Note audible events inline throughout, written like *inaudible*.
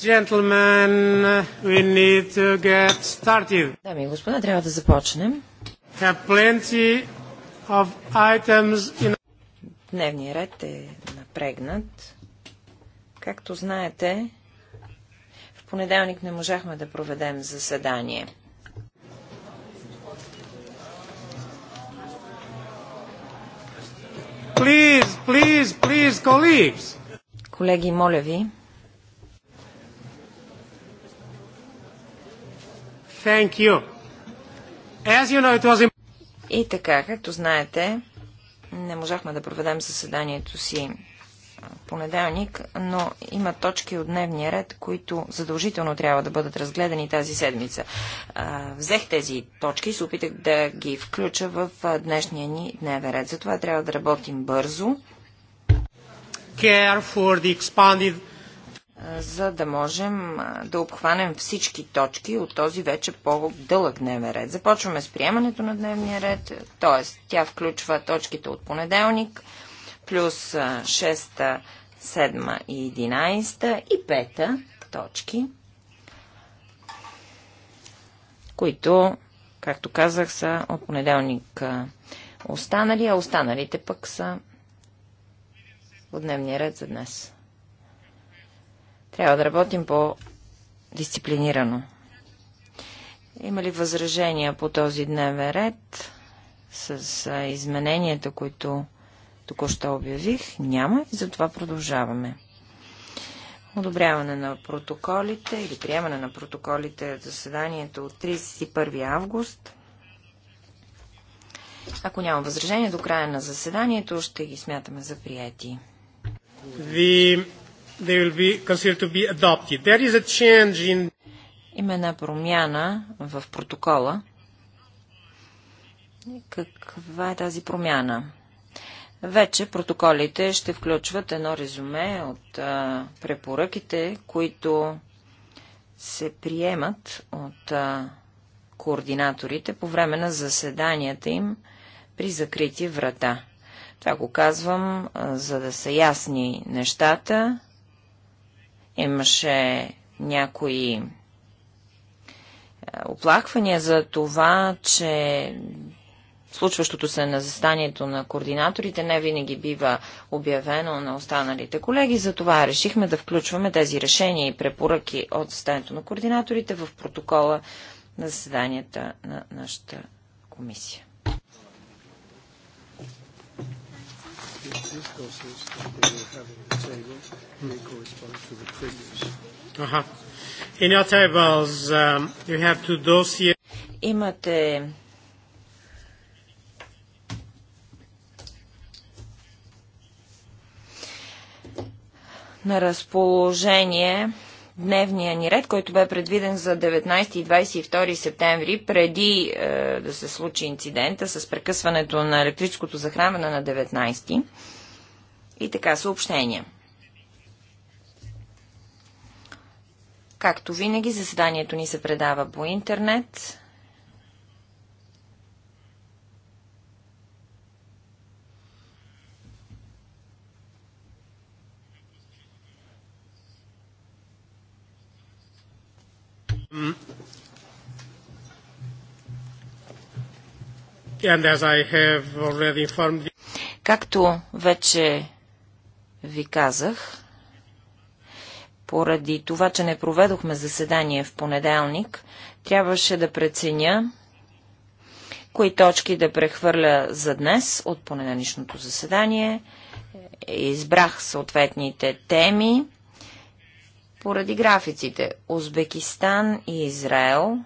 Gentlemen, we need to get started. Дами и господа, трябва да започнем. Have plenty of items in... Дневният ред е напрегнат. Както знаете, в понеделник не можахме да проведем заседание. Please, please, please, colleagues. Колеги, моля ви, Thank you. As you know, it was... И така, както знаете, не можахме да проведем заседанието си понеделник, но има точки от дневния ред, които задължително трябва да бъдат разгледани тази седмица. Взех тези точки и се опитах да ги включа в днешния ни дневен ред. Затова трябва да работим бързо. Care for the expanded за да можем да обхванем всички точки от този вече по-дълъг дневен ред. Започваме с приемането на дневния ред, т.е. тя включва точките от понеделник, плюс 6, 7 и 11 и 5 точки, които, както казах, са от понеделник останали, а останалите пък са от дневния ред за днес. Трябва да работим по-дисциплинирано. Има ли възражения по този дневен ред с измененията, които току-що обявих? Няма и затова продължаваме. Одобряване на протоколите или приемане на протоколите от заседанието от 31 август. Ако няма възражение, до края на заседанието ще ги смятаме за прияти. The they will be considered to be adopted. There is a change in има една промяна в протокола. Каква е тази промяна? Вече протоколите ще включват едно резюме от а, препоръките, които се приемат от а, координаторите по време на заседанията им при закрити врата. Това го казвам, а, за да са ясни нещата Имаше някои е, оплаквания за това, че случващото се на застанието на координаторите не винаги бива обявено на останалите колеги. Затова решихме да включваме тези решения и препоръки от застанието на координаторите в протокола на заседанията на нашата комисия. in this process that they will have in the table may correspond to the figures. Aha. In your tables, um, you have two dossiers. Имате на разположение дневния ни ред, който бе предвиден за 19 и 22 септември, преди е, да се случи инцидента с прекъсването на електрическото захранване на 19. И така, съобщения. Както винаги, заседанието ни се предава по интернет. Както вече ви казах, поради това, че не проведохме заседание в понеделник, трябваше да преценя кои точки да прехвърля за днес от понеделничното заседание. Избрах съответните теми поради графиците Узбекистан и Израел,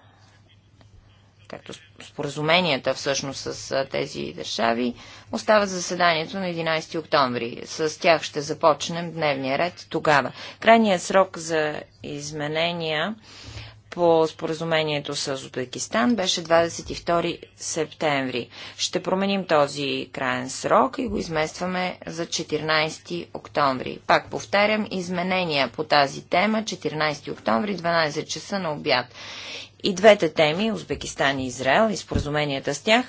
както споразуменията всъщност с тези държави, остават заседанието на 11 октомври. С тях ще започнем дневния ред тогава. Крайният срок за изменения по споразумението с Узбекистан беше 22 септември. Ще променим този крайен срок и го изместваме за 14 октомври. Пак повтарям, изменения по тази тема 14 октомври, 12 часа на обяд. И двете теми, Узбекистан и Израел и споразуменията с тях,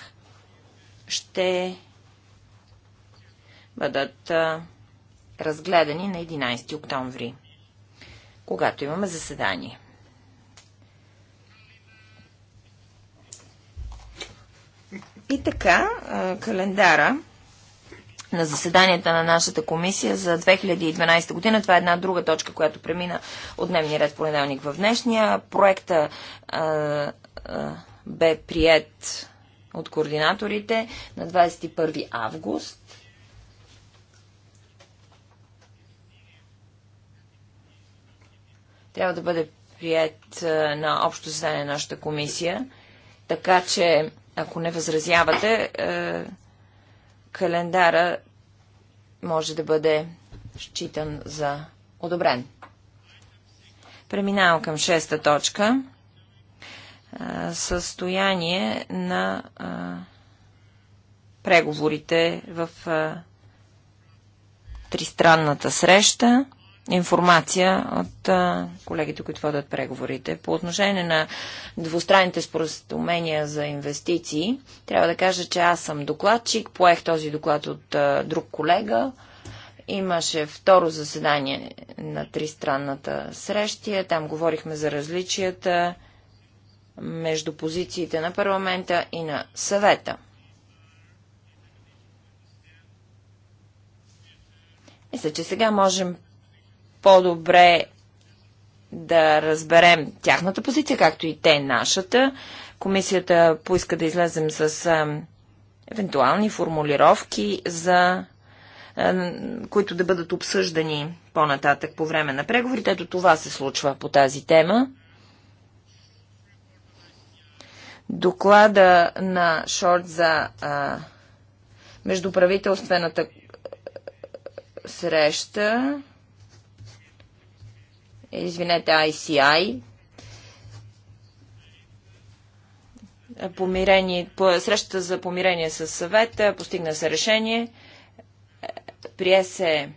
ще бъдат разгледани на 11 октомври, когато имаме заседание. И така, календара на заседанията на нашата комисия за 2012 година. Това е една друга точка, която премина от дневния ред понеделник в днешния. Проекта а, а, бе прият от координаторите на 21 август. Трябва да бъде прият на общо заседание на нашата комисия, така че ако не възразявате, е, календара може да бъде считан за одобрен. Преминавам към шеста точка. Е, състояние на е, преговорите в тристранната среща информация от колегите, които водят преговорите. По отношение на двустранните споразумения за инвестиции, трябва да кажа, че аз съм докладчик, поех този доклад от друг колега. Имаше второ заседание на тристранната среща. Там говорихме за различията между позициите на парламента и на съвета. Мисля, че сега можем по-добре да разберем тяхната позиция, както и те нашата. Комисията поиска да излезем с евентуални формулировки, за, които да бъдат обсъждани по-нататък по време на преговорите. Ето това се случва по тази тема. Доклада на Шорт за а, междуправителствената среща извинете, ICI, помирение, срещата за помирение с съвета, е, постигна се решение, е, прие се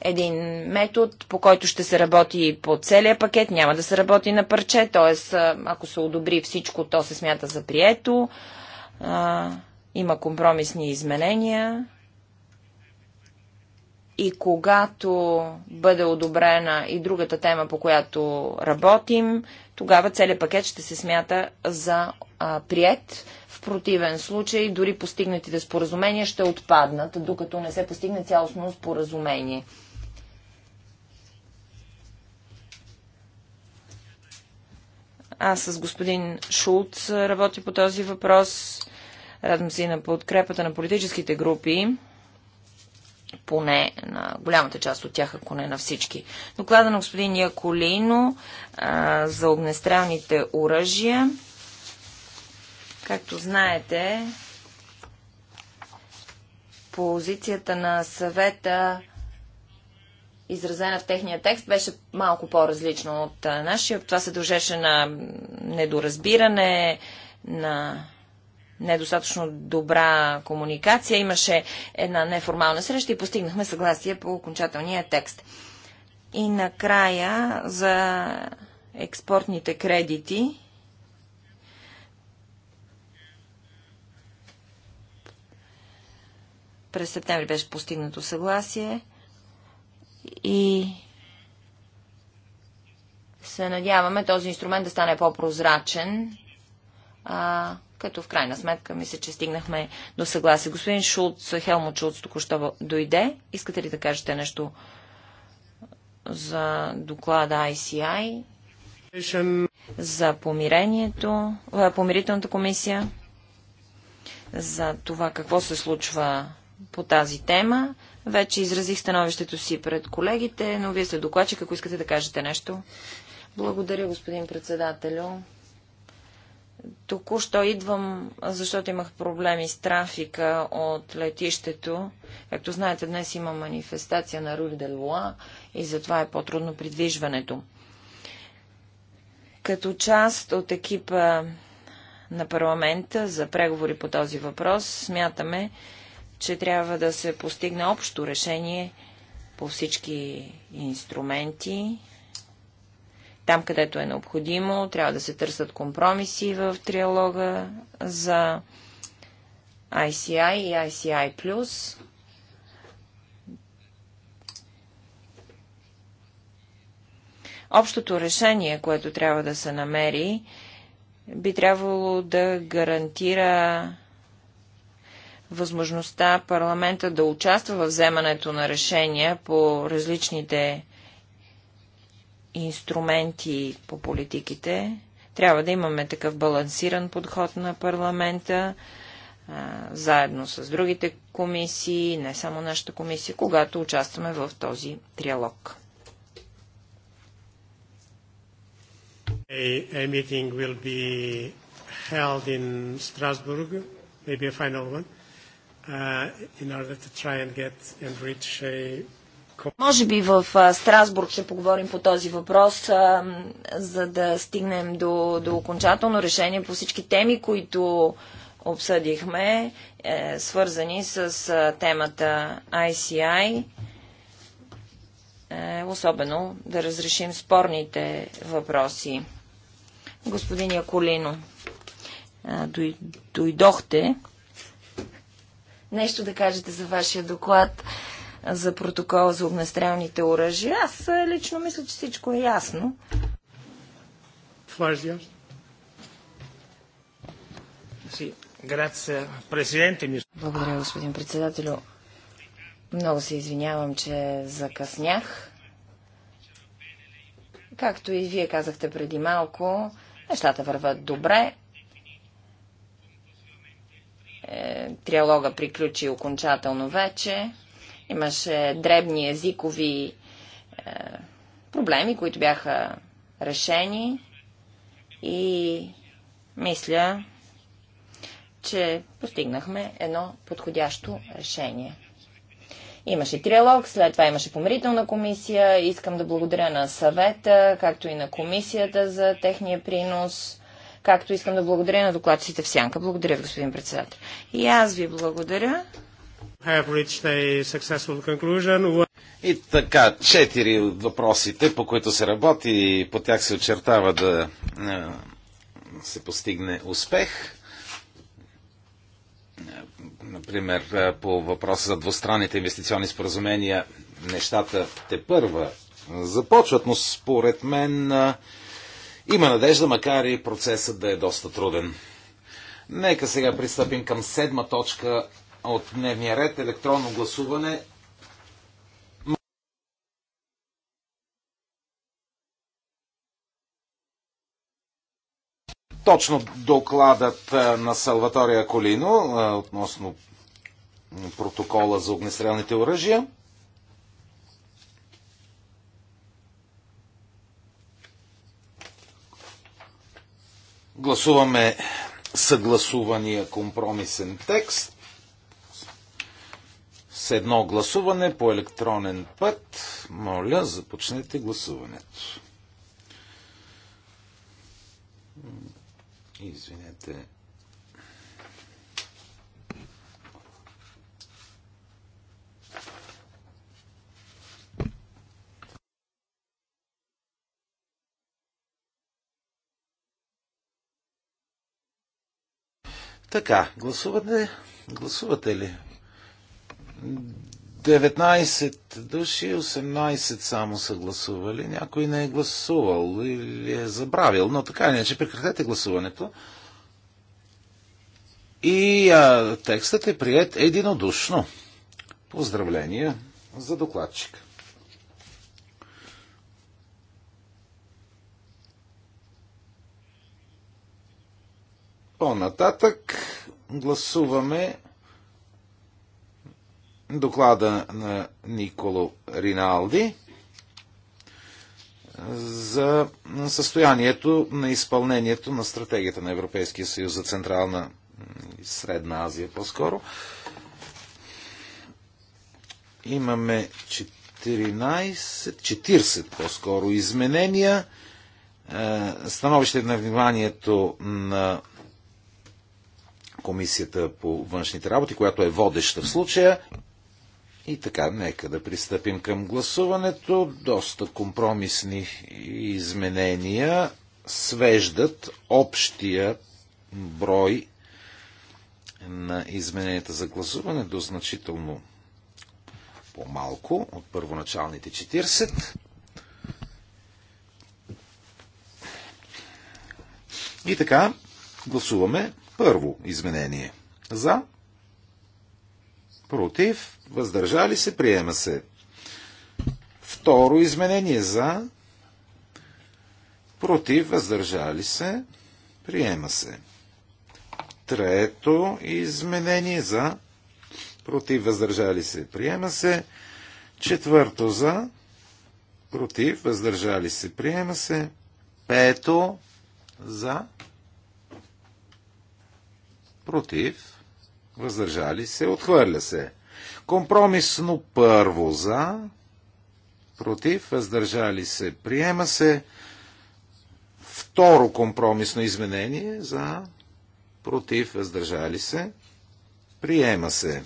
един метод, по който ще се работи по целия пакет, няма да се работи на парче, т.е. Е, ако се одобри всичко, то се смята за прието. има компромисни изменения. И когато бъде одобрена и другата тема, по която работим, тогава целият пакет ще се смята за а, прият. В противен случай, дори постигнатите споразумения ще отпаднат, докато не се постигне цялостно споразумение. Аз с господин Шулц работя по този въпрос. Радвам се и на подкрепата на политическите групи поне на голямата част от тях, ако не на всички. Доклада на господин Яколино а, за огнестрелните оръжия. Както знаете, позицията на съвета, изразена в техния текст, беше малко по-различна от нашия. Това се дължеше на недоразбиране, на недостатъчно добра комуникация. Имаше една неформална среща и постигнахме съгласие по окончателния текст. И накрая за експортните кредити. През септември беше постигнато съгласие и се надяваме този инструмент да стане по-прозрачен. А, като в крайна сметка мисля, че стигнахме до съгласие. Господин Шулц, Хелмут Шулц току-що дойде. Искате ли да кажете нещо за доклада ICI? За помирението, помирителната комисия, за това какво се случва по тази тема. Вече изразих становището си пред колегите, но вие сте докладчик, ако искате да кажете нещо. Благодаря, господин председателю. Току-що идвам, защото имах проблеми с трафика от летището. Както знаете, днес има манифестация на Руль де Луа и затова е по-трудно придвижването. Като част от екипа на парламента за преговори по този въпрос, смятаме, че трябва да се постигне общо решение по всички инструменти, там, където е необходимо, трябва да се търсят компромиси в триалога за ICI и ICI+. Общото решение, което трябва да се намери, би трябвало да гарантира възможността парламента да участва в вземането на решения по различните инструменти по политиките. Трябва да имаме такъв балансиран подход на парламента, а, заедно с другите комисии, не само нашата комисия, когато участваме в този триалог. A, a meeting will be held in Strasbourg, maybe a final one, uh, in order to try and get and reach a може би в Страсбург ще поговорим по този въпрос, за да стигнем до, до окончателно решение по всички теми, които обсъдихме, е, свързани с темата ICI, е, особено да разрешим спорните въпроси. Господин Яколино, дой, дойдохте. Нещо да кажете за вашия доклад за протокол за огнестрелните оръжия. Аз е, лично мисля, че всичко е ясно. Благодаря, господин председател. Много се извинявам, че закъснях. Както и вие казахте преди малко, нещата върват добре. Е, триалога приключи окончателно вече. Имаше дребни езикови е, проблеми, които бяха решени и мисля, че постигнахме едно подходящо решение. Имаше триалог, след това имаше помирителна комисия. Искам да благодаря на съвета, както и на комисията за техния принос, както искам да благодаря на докладчиците в Сянка. Благодаря господин председател. И аз ви благодаря have reached a successful conclusion. И така, четири от въпросите, по които се работи и по тях се очертава да се постигне успех. Например, по въпроса за двустранните инвестиционни споразумения, нещата те първа започват, но според мен има надежда, макар и процесът да е доста труден. Нека сега пристъпим към седма точка от дневния ред електронно гласуване точно докладът е, на Салватория Колино е, относно протокола за огнестрелните оръжия. Гласуваме съгласувания компромисен текст с едно гласуване по електронен път. Моля, започнете гласуването. Извинете. Така, гласувате, гласувате ли? 19 души, 18 само са гласували. Някой не е гласувал или е забравил, но така иначе прекратете гласуването. И а, текстът е прият единодушно. Поздравления за докладчика. По-нататък гласуваме доклада на Николо Риналди за състоянието на изпълнението на стратегията на Европейския съюз за Централна и Средна Азия по-скоро. Имаме 14, 40 по-скоро изменения. Е, становище на вниманието на Комисията по външните работи, която е водеща в случая, и така, нека да пристъпим към гласуването. Доста компромисни изменения свеждат общия брой на измененията за гласуване до значително по-малко от първоначалните 40. И така, гласуваме първо изменение. За против, въздържали се, приема се. Второ изменение за, против, въздържали се, приема се. Трето изменение за, против, въздържали се, приема се. Четвърто за, против, въздържали се, приема се. Пето за, против, въздържали се, отхвърля се. Компромисно първо за, против, въздържали се, приема се. Второ компромисно изменение за, против, въздържали се, приема се.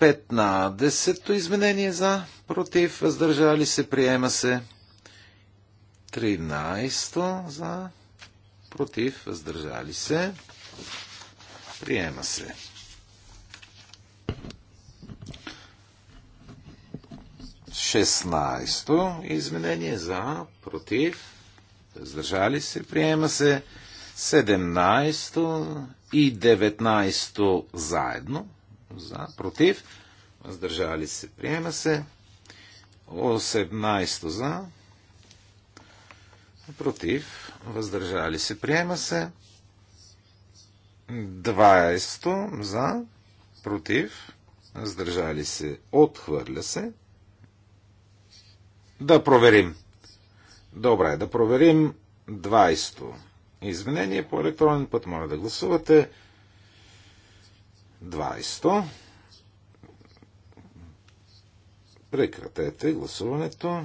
15-то изменение за, против, въздържали се, приема се. 13-то за, против, въздържали се, приема се. Шестнайсто изменение за, против, въздържали се, приема се. 17 и 19 заедно, за, против, въздържали се, приема се, 18 за, против, въздържали се, приема се. 20 за, против, въздържали се, отхвърля се. Да проверим. Добре, да проверим 20-то. Изменение по електронен път. Моля да гласувате. 20-то. Прекратете гласуването.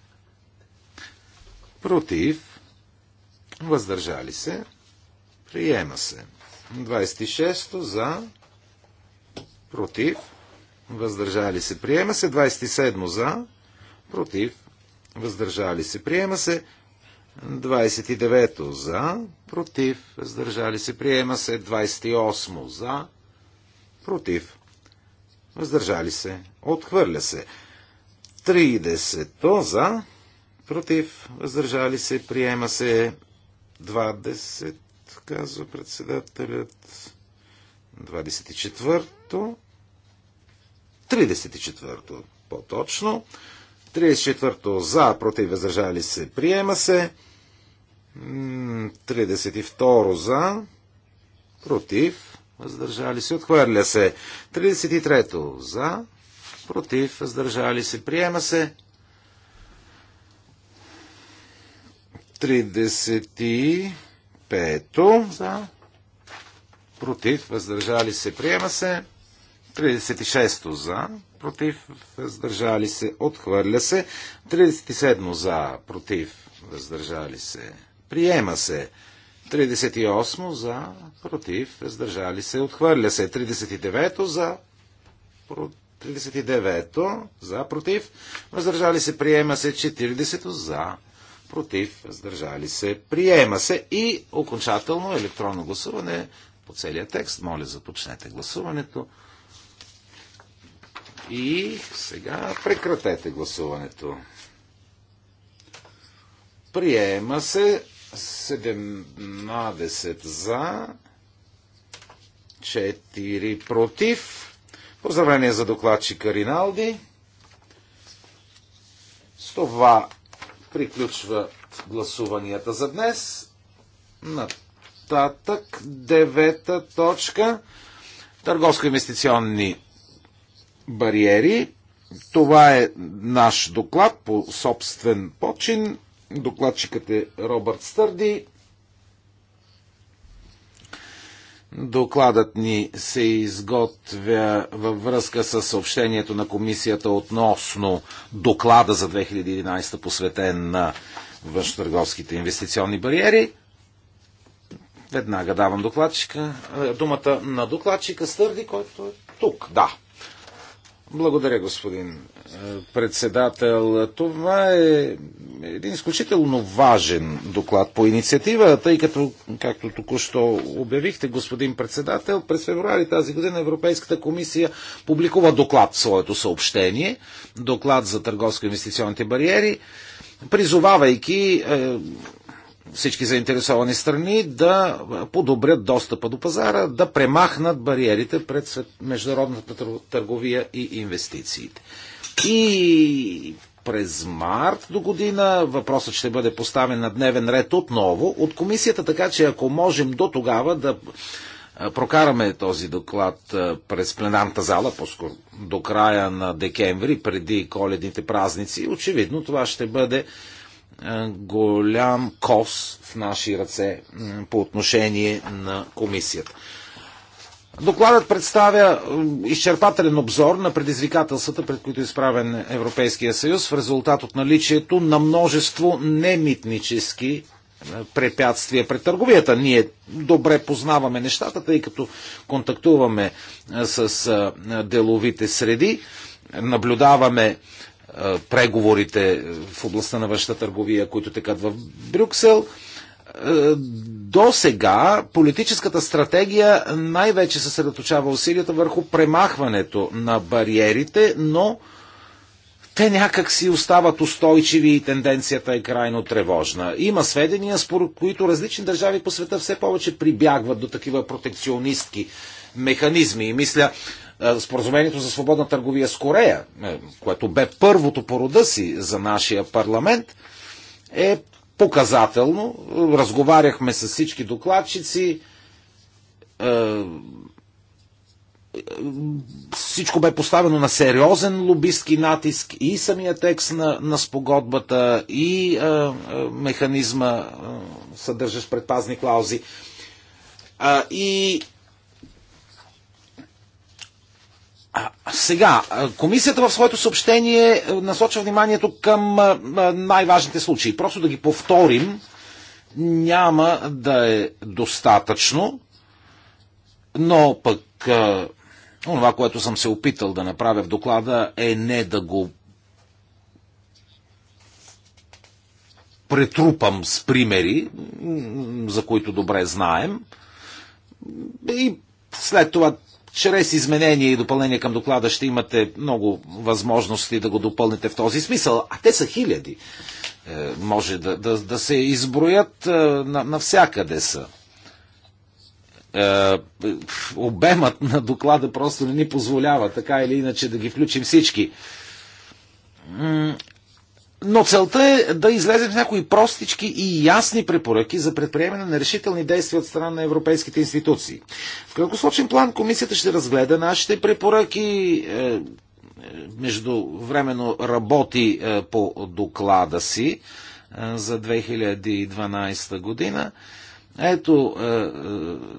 Против. Въздържали се. Приема се. 26 за. Против. Въздържали се. Приема се. 27 за. Против. Въздържали се. Приема се. 29 за. Против. Въздържали се. Приема се. 28 за. Против. Въздържали се. Отхвърля се. 30 за против, въздържали се, приема се 20, казва председателят. 24-то. 34-то по-точно. 34-то за, против, въздържали се, приема се. 32 за, против, въздържали се, отхвърля се. 33 за, против, въздържали се, приема се. 35-то за против, въздържали се, приема се. 36-то за против, въздържали се, отхвърля се. 37 за, против, въздържали се, приема се. 38 за, против, въздържали се, отхвърля се. 39 за, 39 за, против, въздържали се, приема се. 40 за, против, въздържали се, приема се и окончателно електронно гласуване по целия текст. Моля, започнете гласуването. И сега прекратете гласуването. Приема се 17 за, 4 против. Поздравление за докладчика Риналди. С това Приключват гласуванията за днес. Нататък, девета точка. Търговско-инвестиционни бариери. Това е наш доклад по собствен почин. Докладчикът е Робърт Стърди. Докладът ни се изготвя във връзка с съобщението на комисията относно доклада за 2011 посветен на външно-търговските инвестиционни бариери. Веднага давам докладчика, е, думата на докладчика Стърди, който е тук. Да. Благодаря, господин е, председател. Това е един изключително важен доклад по инициатива, тъй като, както току-що обявихте, господин председател, през февруари тази година Европейската комисия публикува доклад в своето съобщение, доклад за търговско-инвестиционните бариери, призовавайки е, всички заинтересовани страни да подобрят достъпа до пазара, да премахнат бариерите пред международната търговия и инвестициите. И през март до година. Въпросът ще бъде поставен на дневен ред отново от комисията, така че ако можем до тогава да прокараме този доклад през пленарната зала, по-скоро до края на декември, преди коледните празници, очевидно това ще бъде голям кос в наши ръце по отношение на комисията. Докладът представя изчерпателен обзор на предизвикателствата, пред които е изправен Европейския съюз в резултат от наличието на множество немитнически е, препятствия пред търговията. Ние добре познаваме нещата, тъй като контактуваме е, с е, деловите среди, наблюдаваме преговорите в областта на външната търговия, които текат в Брюксел – е, до сега политическата стратегия най-вече се съсредоточава усилията върху премахването на бариерите, но те някак си остават устойчиви и тенденцията е крайно тревожна. Има сведения, според които различни държави по света все повече прибягват до такива протекционистки механизми. И мисля, е, споразумението за свободна търговия с Корея, е, което бе първото по рода си за нашия парламент, е показателно. Разговаряхме с всички докладчици. Е, всичко бе поставено на сериозен лобистки натиск и самия текст на, на спогодбата, и а, е, е, механизма, а, съдържащ предпазни клаузи. А, и Сега, комисията в своето съобщение е, насочва вниманието към най-важните случаи. Просто да ги повторим няма да е достатъчно, но пък това, което съм се опитал да направя в доклада е не да го претрупам с примери, за които добре знаем, и след това чрез изменения и допълнение към доклада ще имате много възможности да го допълните в този смисъл, а те са хиляди. Е, може да, да, да се изброят е, навсякъде са е, обемът на доклада просто не ни позволява така или иначе да ги включим всички но целта е да излезем с някои простички и ясни препоръки за предприемане на решителни действия от страна на европейските институции. В краткосрочен план комисията ще разгледа нашите препоръки, между е, междувременно работи е, по доклада си е, за 2012 година. Ето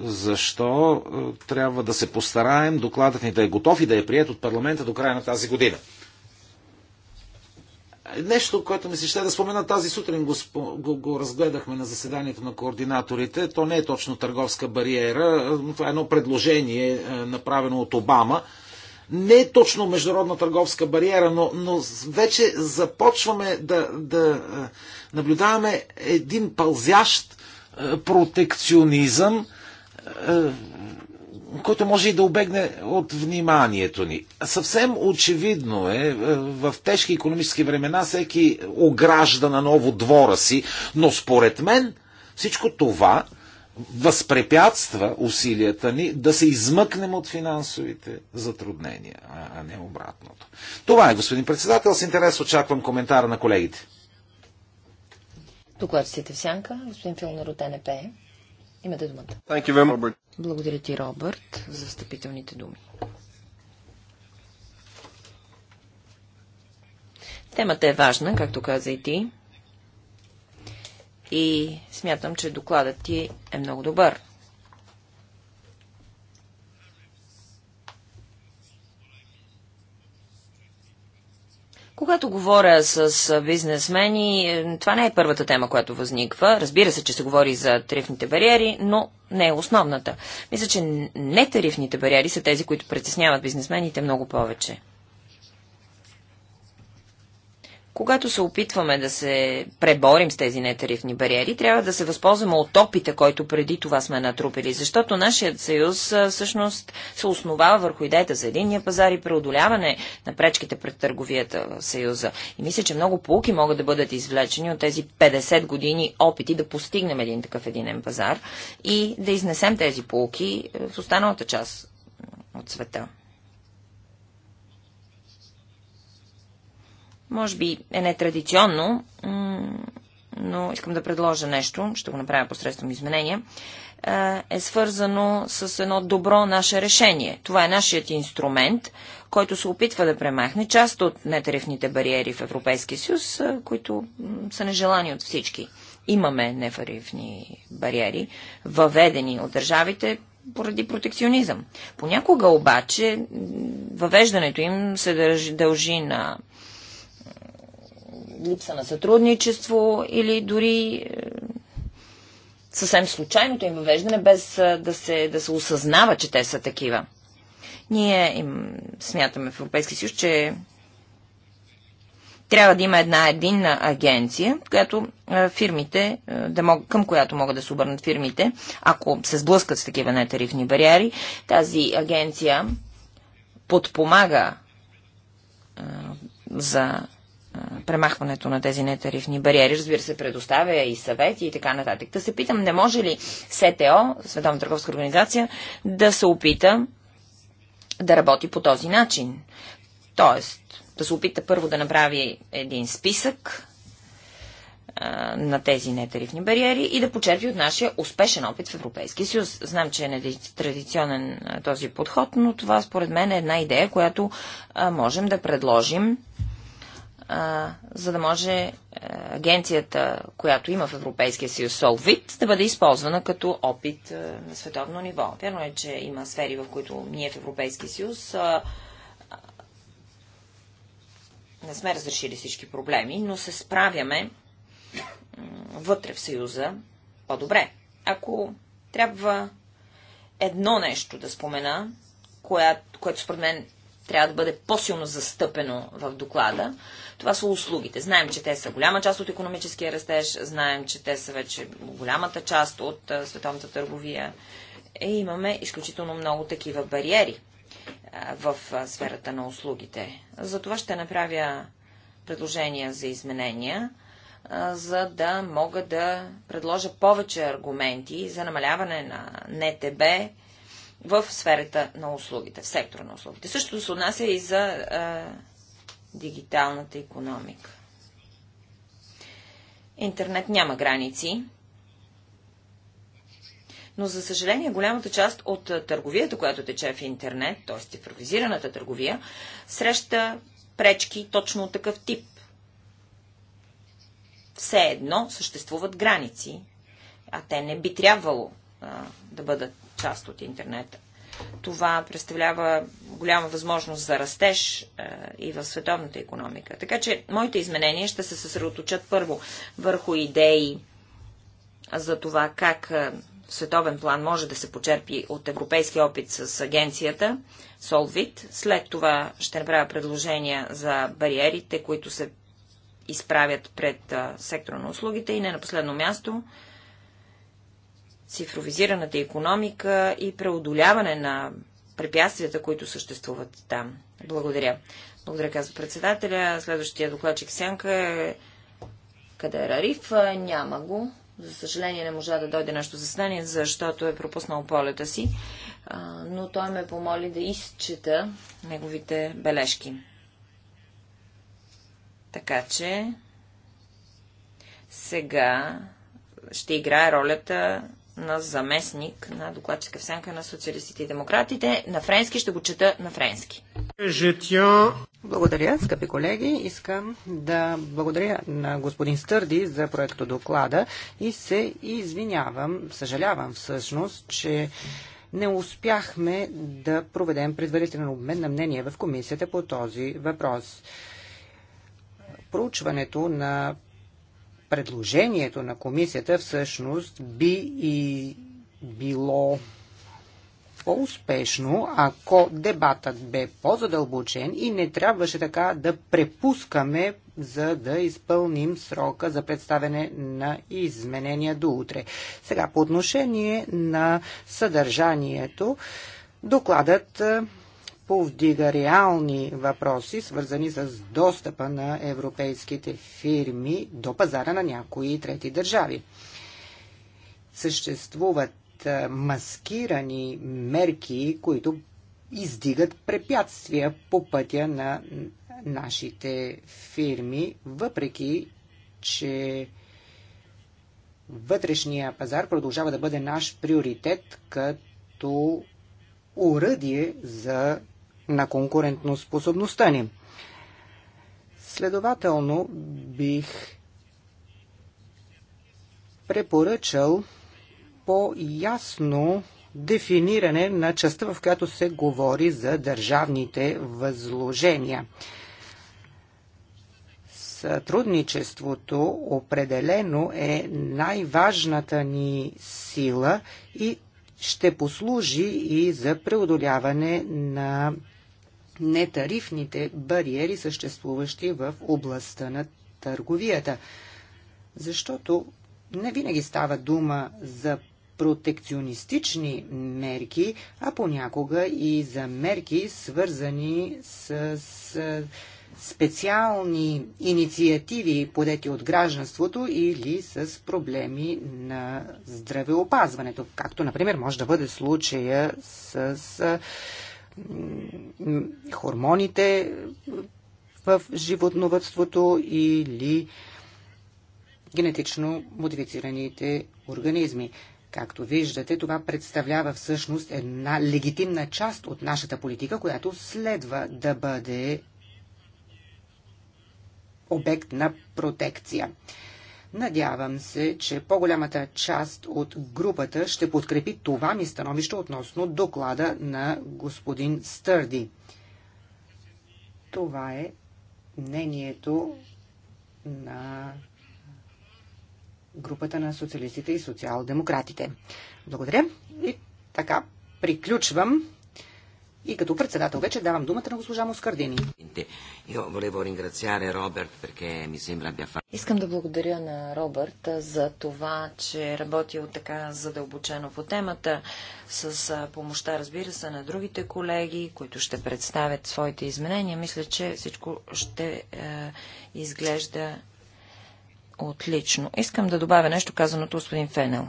защо трябва да се постараем докладът ни да е готов и да е прият от парламента до края на тази година. Нещо, което ми се ще да спомена тази сутрин, го, го, го разгледахме на заседанието на координаторите. То не е точно търговска бариера, но това е едно предложение, е, направено от Обама. Не е точно международна търговска бариера, но, но вече започваме да, да е, наблюдаваме един пълзящ е, протекционизъм, който може и да обегне от вниманието ни. Съвсем очевидно е, е, в тежки економически времена всеки огражда на ново двора си, но според мен всичко това възпрепятства усилията ни да се измъкнем от финансовите затруднения, а не обратното. Това е, господин председател. С интерес очаквам коментара на колегите. Доклад в сянка, господин Филнер от НП. Е. Имате думата. Благодаря ти, Робърт, за встъпителните думи. Темата е важна, както каза и ти. И смятам, че докладът ти е много добър. Когато говоря с бизнесмени, е, това не е първата тема, която възниква. Разбира се, че се говори за тарифните бариери, но не е основната. Мисля, че нетарифните бариери са тези, които притесняват бизнесмените много повече. Когато се опитваме да се преборим с тези нетарифни бариери, трябва да се възползваме от опита, който преди това сме натрупили, защото нашият съюз всъщност се основава върху идеята за единния пазар и преодоляване на пречките пред търговията в съюза. И мисля, че много полуки могат да бъдат извлечени от тези 50 години опити да постигнем един такъв единен пазар и да изнесем тези полуки в останалата част от света. Може би е нетрадиционно, но искам да предложа нещо, ще го направя посредством изменения, е свързано с едно добро наше решение. Това е нашият инструмент, който се опитва да премахне част от нетарифните бариери в Европейския съюз, които са нежелани от всички. Имаме нефарифни бариери, въведени от държавите поради протекционизъм. Понякога обаче въвеждането им се дължи на липса на сътрудничество или дори е, съвсем случайното им въвеждане, без е, да се, да се осъзнава, че те са такива. Ние им смятаме в Европейския съюз, че трябва да има една единна агенция, която е, фирмите, да мог, към която могат да се обърнат фирмите, ако се сблъскат с такива нетарифни бариери. Тази агенция подпомага за премахването на тези нетарифни бариери. Разбира се, предоставя и съвети и така нататък. Да се питам, не може ли СТО, Световна търговска организация, да се опита да работи по този начин? Тоест, да се опита първо да направи един списък на тези нетарифни бариери и да почерпи от нашия успешен опит в Европейския съюз. Знам, че е нетрадиционен този подход, но това според мен е една идея, която можем да предложим за да може е, агенцията, която има в Европейския съюз Solvit, да бъде използвана като опит е, на световно ниво. Вярно е, че има сфери, в които ние в Европейския съюз е, не сме разрешили всички проблеми, но се справяме вътре в съюза по-добре. Ако трябва едно нещо да спомена, което според мен трябва да бъде по-силно застъпено в доклада. Това са услугите. Знаем, че те са голяма част от економическия растеж, знаем, че те са вече голямата част от световната търговия. И е, имаме изключително много такива бариери в сферата на услугите. Затова ще направя предложения за изменения, за да мога да предложа повече аргументи за намаляване на НТБ в сферата на услугите, в сектора на услугите. Същото се отнася и за а, дигиталната економика. Интернет няма граници, но за съжаление голямата част от търговията, която тече в интернет, т.е. цифровизираната търговия, среща пречки точно от такъв тип. Все едно съществуват граници, а те не би трябвало а, да бъдат част от интернета. Това представлява голяма възможност за растеж е, и в световната економика. Така че моите изменения ще се съсредоточат първо върху идеи за това как в е, световен план може да се почерпи от европейски опит с агенцията Solvit. След това ще направя предложения за бариерите, които се изправят пред е, сектора на услугите и не на последно място цифровизираната економика и преодоляване на препятствията, които съществуват там. Благодаря. Благодаря, казва председателя. Следващия докладчик Сянка е... Къде е Рариф? Няма го. За съжаление не можа да дойде нашето заседание, защото е пропуснал полета си. Но той ме помоли да изчета неговите бележки. Така че сега ще играе ролята на заместник на докладчика в сянка на социалистите и демократите. На френски ще го чета на френски. Благодаря, скъпи колеги. Искам да благодаря на господин Стърди за проекто доклада и се извинявам, съжалявам всъщност, че не успяхме да проведем предварителен обмен на мнение в комисията по този въпрос. Проучването на предложението на комисията всъщност би и било по-успешно, ако дебатът бе по-задълбочен и не трябваше така да препускаме, за да изпълним срока за представяне на изменения до утре. Сега, по отношение на съдържанието, докладът повдига реални въпроси, свързани с достъпа на европейските фирми до пазара на някои трети държави. Съществуват маскирани мерки, които издигат препятствия по пътя на нашите фирми, въпреки че вътрешния пазар продължава да бъде наш приоритет като уръдие за на конкурентноспособността ни. Следователно бих препоръчал по-ясно дефиниране на частта, в която се говори за държавните възложения. Сътрудничеството определено е най-важната ни сила и ще послужи и за преодоляване на нетарифните бариери, съществуващи в областта на търговията. Защото не винаги става дума за протекционистични мерки, а понякога и за мерки, свързани с, специални инициативи, подети от гражданството или с проблеми на здравеопазването, както, например, може да бъде случая с хормоните в животновътството или генетично модифицираните организми. Както виждате, това представлява всъщност една легитимна част от нашата политика, която следва да бъде обект на протекция. Надявам се, че по-голямата част от групата ще подкрепи това ми становище относно доклада на господин Стърди. Това е мнението на групата на социалистите и социал-демократите. Благодаря. И така, приключвам и като председател вече давам думата на госпожа Москардини. Искам да благодаря на Робърт за това, че е работил така задълбочено по темата, с помощта, разбира се, на другите колеги, които ще представят своите изменения. Мисля, че всичко ще е, изглежда отлично. Искам да добавя нещо казаното господин Фенел.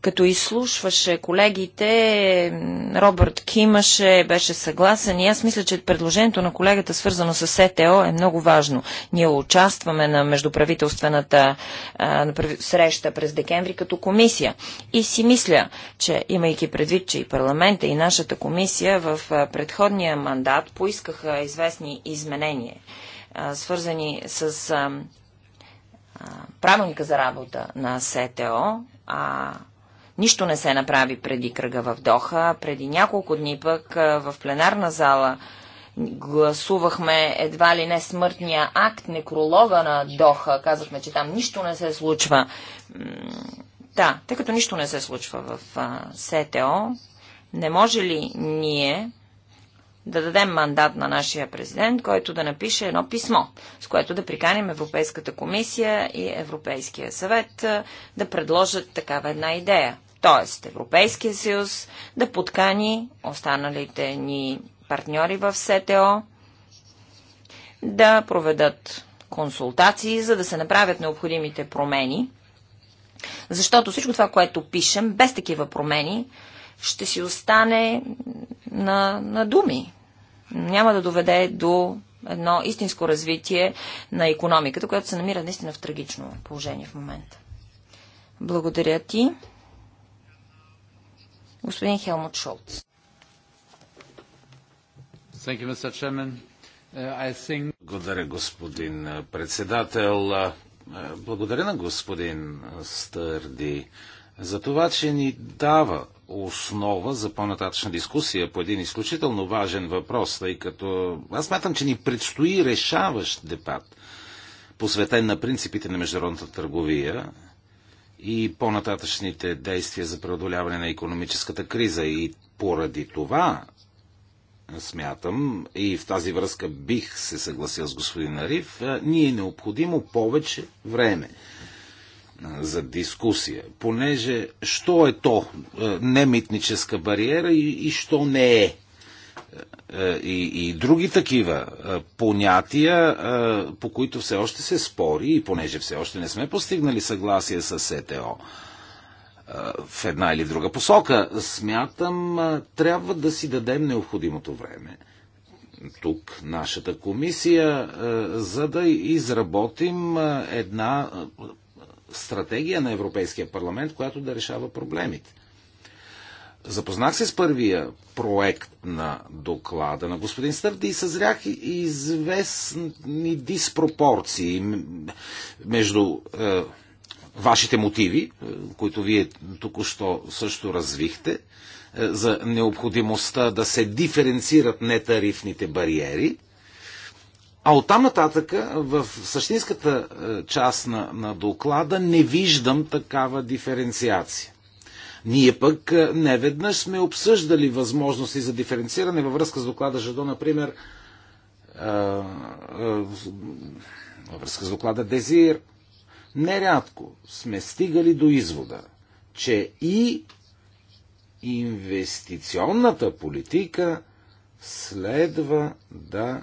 Като изслушваше колегите, Робърт Кимаше, беше съгласен и аз мисля, че предложението на колегата, свързано с СТО, е много важно. Ние участваме на междуправителствената а, среща през декември като комисия. И си мисля, че имайки предвид, че и парламента, и нашата комисия в предходния мандат поискаха известни изменения, а, свързани с а, правилника за работа на СТО, а Нищо не се направи преди кръга в Доха. Преди няколко дни пък в пленарна зала гласувахме едва ли не смъртния акт, некролога на Доха. Казахме, че там нищо не се случва. Да, тъй като нищо не се случва в СТО, не може ли ние да дадем мандат на нашия президент, който да напише едно писмо, с което да приканим Европейската комисия и Европейския съвет да предложат такава една идея. Т.е. Европейския съюз да подкани останалите ни партньори в СТО да проведат консултации, за да се направят необходимите промени. Защото всичко това, което пишем, без такива промени, ще си остане на, на думи. Няма да доведе до едно истинско развитие на економиката, която се намира наистина в трагично положение в момента. Благодаря ти господин Хелмут Шолц. Uh, благодаря, господин председател. Uh, благодаря на господин Стърди за това, че ни дава основа за по-нататъчна дискусия по един изключително важен въпрос, тъй като аз смятам, че ни предстои решаващ дебат, посветен на принципите на международната търговия и по-нататъчните действия за преодоляване на економическата криза. И поради това смятам, и в тази връзка бих се съгласил с господин Ариф, ни е необходимо повече време за дискусия, понеже що е то немитническа бариера и, и що не е. Е, и, и други такива е, понятия, е, по които все още се спори и понеже все още не сме постигнали съгласие с СТО в една или друга посока, смятам, трябва да си дадем необходимото време тук, нашата комисия, за да изработим една стратегия на Европейския парламент, която да решава проблемите. Запознах се с първия проект на доклада на господин Стърди и съзрях известни диспропорции между е, вашите мотиви, е, които вие току-що също развихте, е, за необходимостта да се диференцират нетарифните бариери, а оттам нататък в същинската е, част на, на доклада не виждам такава диференциация. Ние пък е, неведнъж сме обсъждали възможности за диференциране във връзка с доклада Жадо, например, е, е, във връзка с доклада Дезир. Нерядко сме стигали до извода, че и инвестиционната политика следва да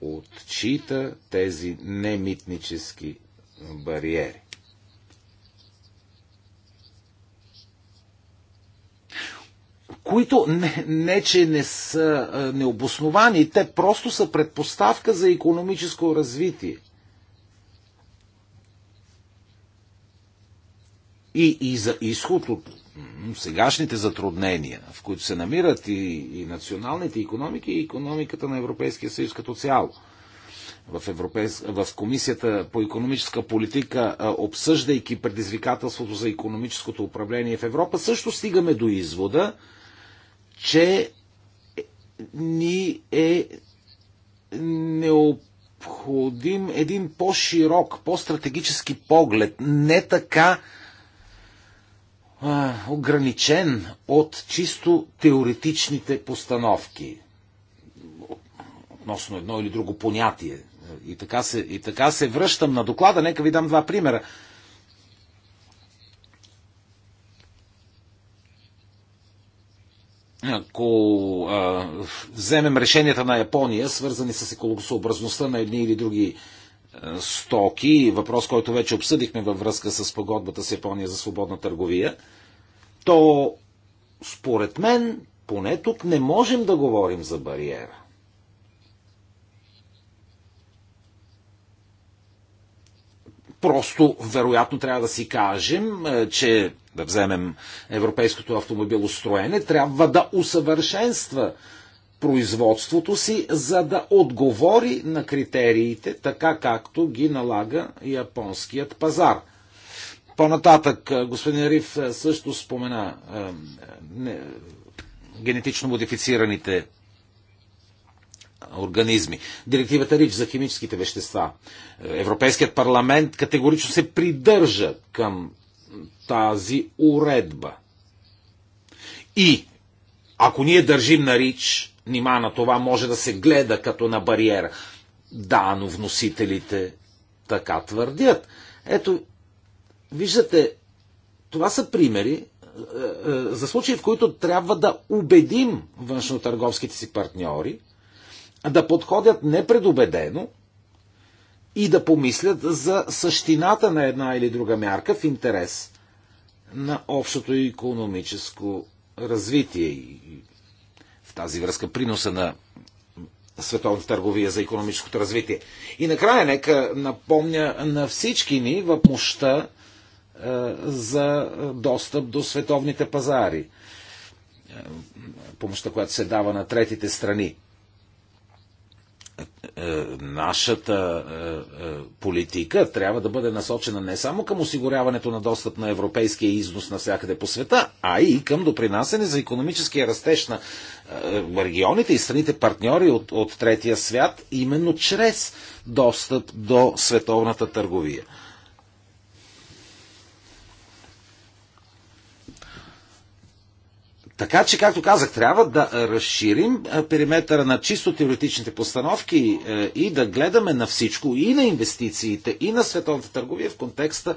отчита тези немитнически бариери. които не, не че не са необосновани, те просто са предпоставка за економическо развитие. И, и за изход от сегашните затруднения, в които се намират и, и националните економики, и економиката на Европейския съюз като цяло. В, Европейс... в Комисията по економическа политика, обсъждайки предизвикателството за економическото управление в Европа, също стигаме до извода, че ни е необходим един по-широк, по-стратегически поглед, не така а, ограничен от чисто теоретичните постановки относно едно или друго понятие. И така, се, и така се връщам на доклада. Нека ви дам два примера. ако а, вземем решенията на Япония, свързани с екологосообразността на едни или други а, стоки, въпрос, който вече обсъдихме във връзка с погодбата с Япония за свободна търговия, то според мен, поне тук не можем да говорим за бариера. Просто, вероятно, трябва да си кажем, че да вземем европейското автомобилостроене, трябва да усъвършенства производството си, за да отговори на критериите, така както ги налага японският пазар. По-нататък господин Риф също спомена е, не, генетично модифицираните организми. Директивата РИЧ за химическите вещества. Европейският парламент категорично се придържа към тази уредба. И ако ние държим на рич, нима на това може да се гледа като на бариера. Да, но вносителите така твърдят. Ето, виждате, това са примери е, е, за случаи, в които трябва да убедим външно-търговските си партньори да подходят непредубедено и да помислят за същината на една или друга мярка в интерес на общото и економическо развитие. И в тази връзка приноса на световната търговия за економическото развитие. И накрая нека напомня на всички ни в мощта е, за достъп до световните пазари. Е, помощта, която се дава на третите страни. Е, нашата е, е, политика трябва да бъде насочена не само към осигуряването на достъп на европейския износ навсякъде по света, а и към допринасене за економическия растеж на регионите и страните партньори от, от третия свят, именно чрез достъп до световната търговия. така че, както казах, трябва да разширим периметъра на чисто теоретичните постановки е, и да гледаме на всичко, и на инвестициите, и на световната търговия в контекста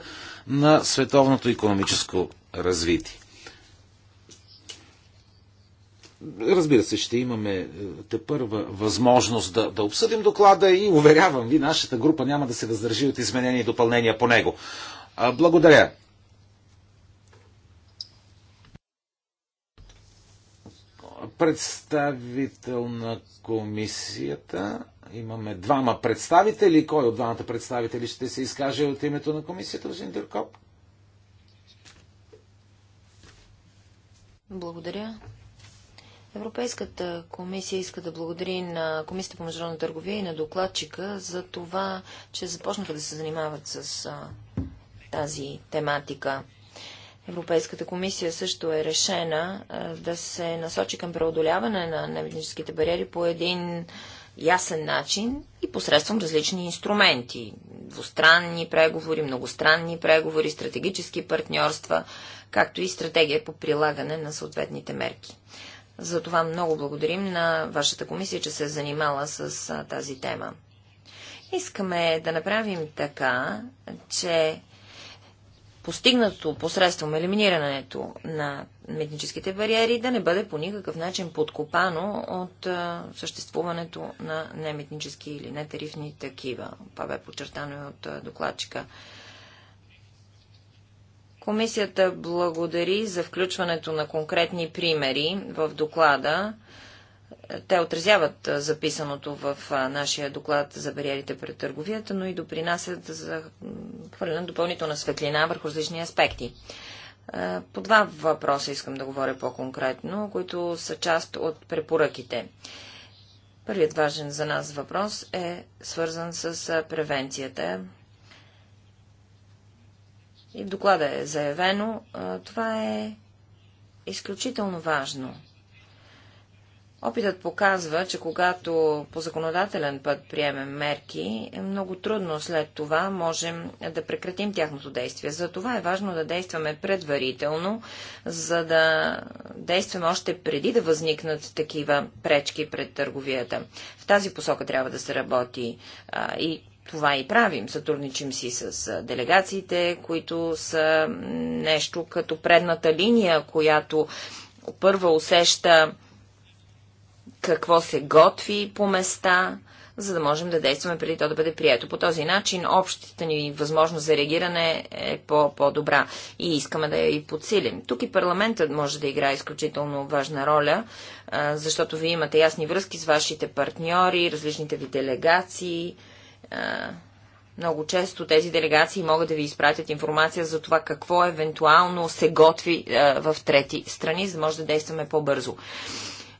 на световното економическо развитие. Разбира се, ще имаме е, те първа възможност да, да обсъдим доклада и уверявам ви, нашата група няма да се въздържи от изменения и допълнения по него. Благодаря. представител на комисията. Имаме двама представители. Кой от двамата представители ще се изкаже от името на комисията, господин Диркоп? Благодаря. Европейската комисия иска да благодари на Комисията по международна търговия и на докладчика за това, че започнаха да се занимават с тази тематика. Европейската комисия също е решена да се насочи към преодоляване на неведническите бариери по един ясен начин и посредством различни инструменти. Двустранни преговори, многостранни преговори, стратегически партньорства, както и стратегия по прилагане на съответните мерки. За това много благодарим на вашата комисия, че се е занимала с тази тема. Искаме да направим така, че постигнато посредством елиминирането на митническите бариери да не бъде по никакъв начин подкопано от съществуването на неметнически или нетарифни такива. Това бе подчертано и от докладчика. Комисията благодари за включването на конкретни примери в доклада те отразяват записаното в нашия доклад за бариерите пред търговията, но и допринасят за хвърлен допълнителна светлина върху различни аспекти. По два въпроса искам да говоря по-конкретно, които са част от препоръките. Първият важен за нас въпрос е свързан с превенцията. И в доклада е заявено, това е изключително важно – Опитът показва, че когато по законодателен път приемем мерки, е много трудно след това можем да прекратим тяхното действие. За това е важно да действаме предварително, за да действаме още преди да възникнат такива пречки пред търговията. В тази посока трябва да се работи а, и това и правим. Сътрудничим си с делегациите, които са нещо като предната линия, която първа усеща какво се готви по места, за да можем да действаме преди то да бъде прието. По този начин общата ни възможност за реагиране е по-добра -по и искаме да я и подсилим. Тук и парламентът може да играе изключително важна роля, защото вие имате ясни връзки с вашите партньори, различните ви делегации. Много често тези делегации могат да ви изпратят информация за това какво евентуално се готви в трети страни, за да може да действаме по-бързо.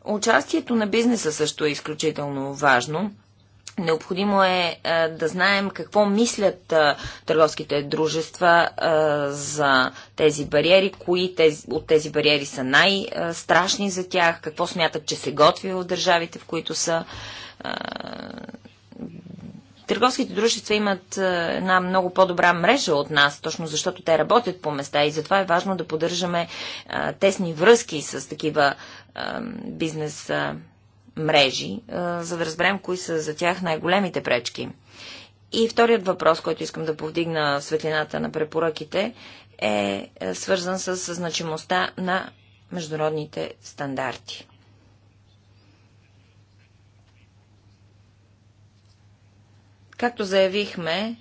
Участието на бизнеса също е изключително важно. Необходимо е, е да знаем какво мислят е, търговските дружества е, за тези бариери, кои от тези бариери са най-страшни за тях, какво смятат, че се готви от държавите, в които са Търговските дружества имат е, една много по-добра мрежа от нас, точно защото те работят по места и затова е важно да поддържаме е, тесни връзки с такива е, бизнес мрежи, за да разберем кои са за тях най-големите пречки. И вторият въпрос, който искам да повдигна в светлината на препоръките, е свързан с значимостта на международните стандарти. Както заявихме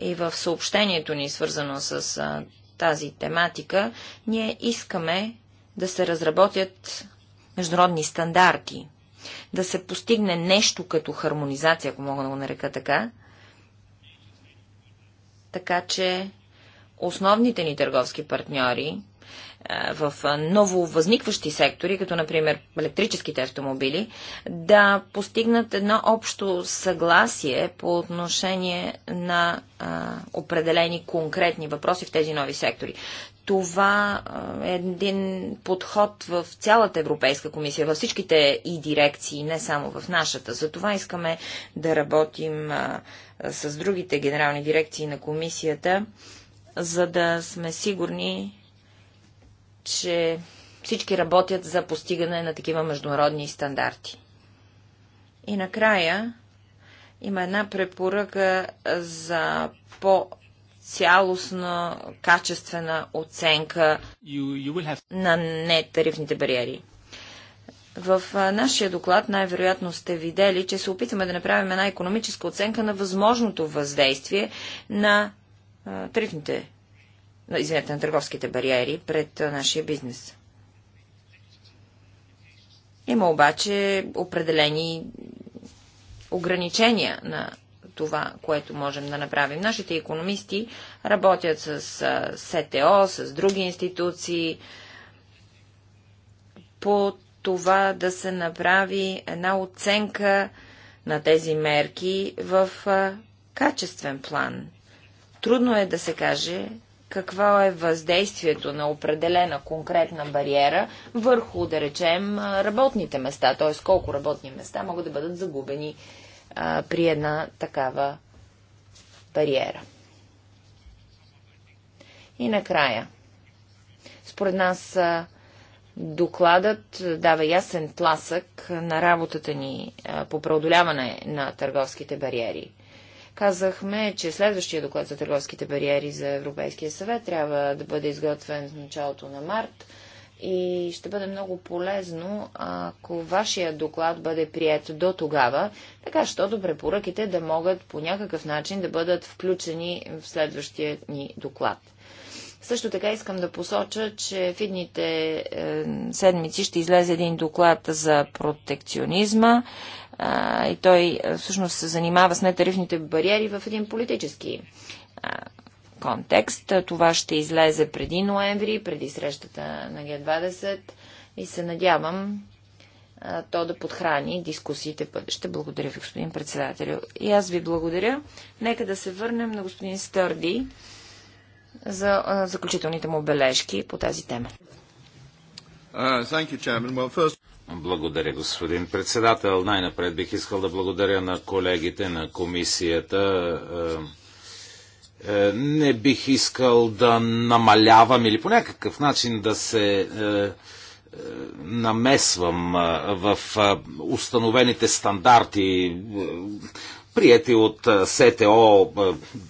и в съобщението ни, свързано с а, тази тематика, ние искаме да се разработят международни стандарти, да се постигне нещо като хармонизация, ако мога да го нарека така, така че основните ни търговски партньори в ново възникващи сектори, като например електрическите автомобили, да постигнат едно общо съгласие по отношение на а, определени конкретни въпроси в тези нови сектори. Това е един подход в цялата Европейска комисия, във всичките и дирекции, не само в нашата. За това искаме да работим а, с другите генерални дирекции на комисията, за да сме сигурни, че всички работят за постигане на такива международни стандарти. И накрая има една препоръка за по- цялостна, качествена оценка you, you have... на нетарифните бариери. В нашия доклад най-вероятно сте видели, че се опитваме да направим една економическа оценка на възможното въздействие на тарифните извинете, на търговските бариери пред нашия бизнес. Има обаче определени ограничения на това, което можем да направим. Нашите економисти работят с СТО, с други институции по това да се направи една оценка на тези мерки в качествен план. Трудно е да се каже какво е въздействието на определена конкретна бариера върху, да речем, работните места, т.е. колко работни места могат да бъдат загубени а, при една такава бариера. И накрая. Според нас докладът дава ясен тласък на работата ни по преодоляване на търговските бариери. Казахме, че следващия доклад за търговските бариери за Европейския съвет трябва да бъде изготвен в началото на март и ще бъде много полезно, ако вашия доклад бъде прият до тогава, така щото препоръките да могат по някакъв начин да бъдат включени в следващия ни доклад. Също така искам да посоча, че в едните е, седмици ще излезе един доклад за протекционизма а, и той всъщност се занимава с нетарифните бариери в един политически а, контекст. Това ще излезе преди ноември, преди срещата на Г20 и се надявам а, то да подхрани дискусиите в бъдеще. Благодаря ви, господин председател. И аз ви благодаря. Нека да се върнем на господин Стърди за а, заключителните му бележки по тази тема. Uh, you, well, first... Благодаря, господин председател. Най-напред бих искал да благодаря на колегите на комисията. Е, е, не бих искал да намалявам или по някакъв начин да се е, намесвам в установените стандарти, приети от СТО,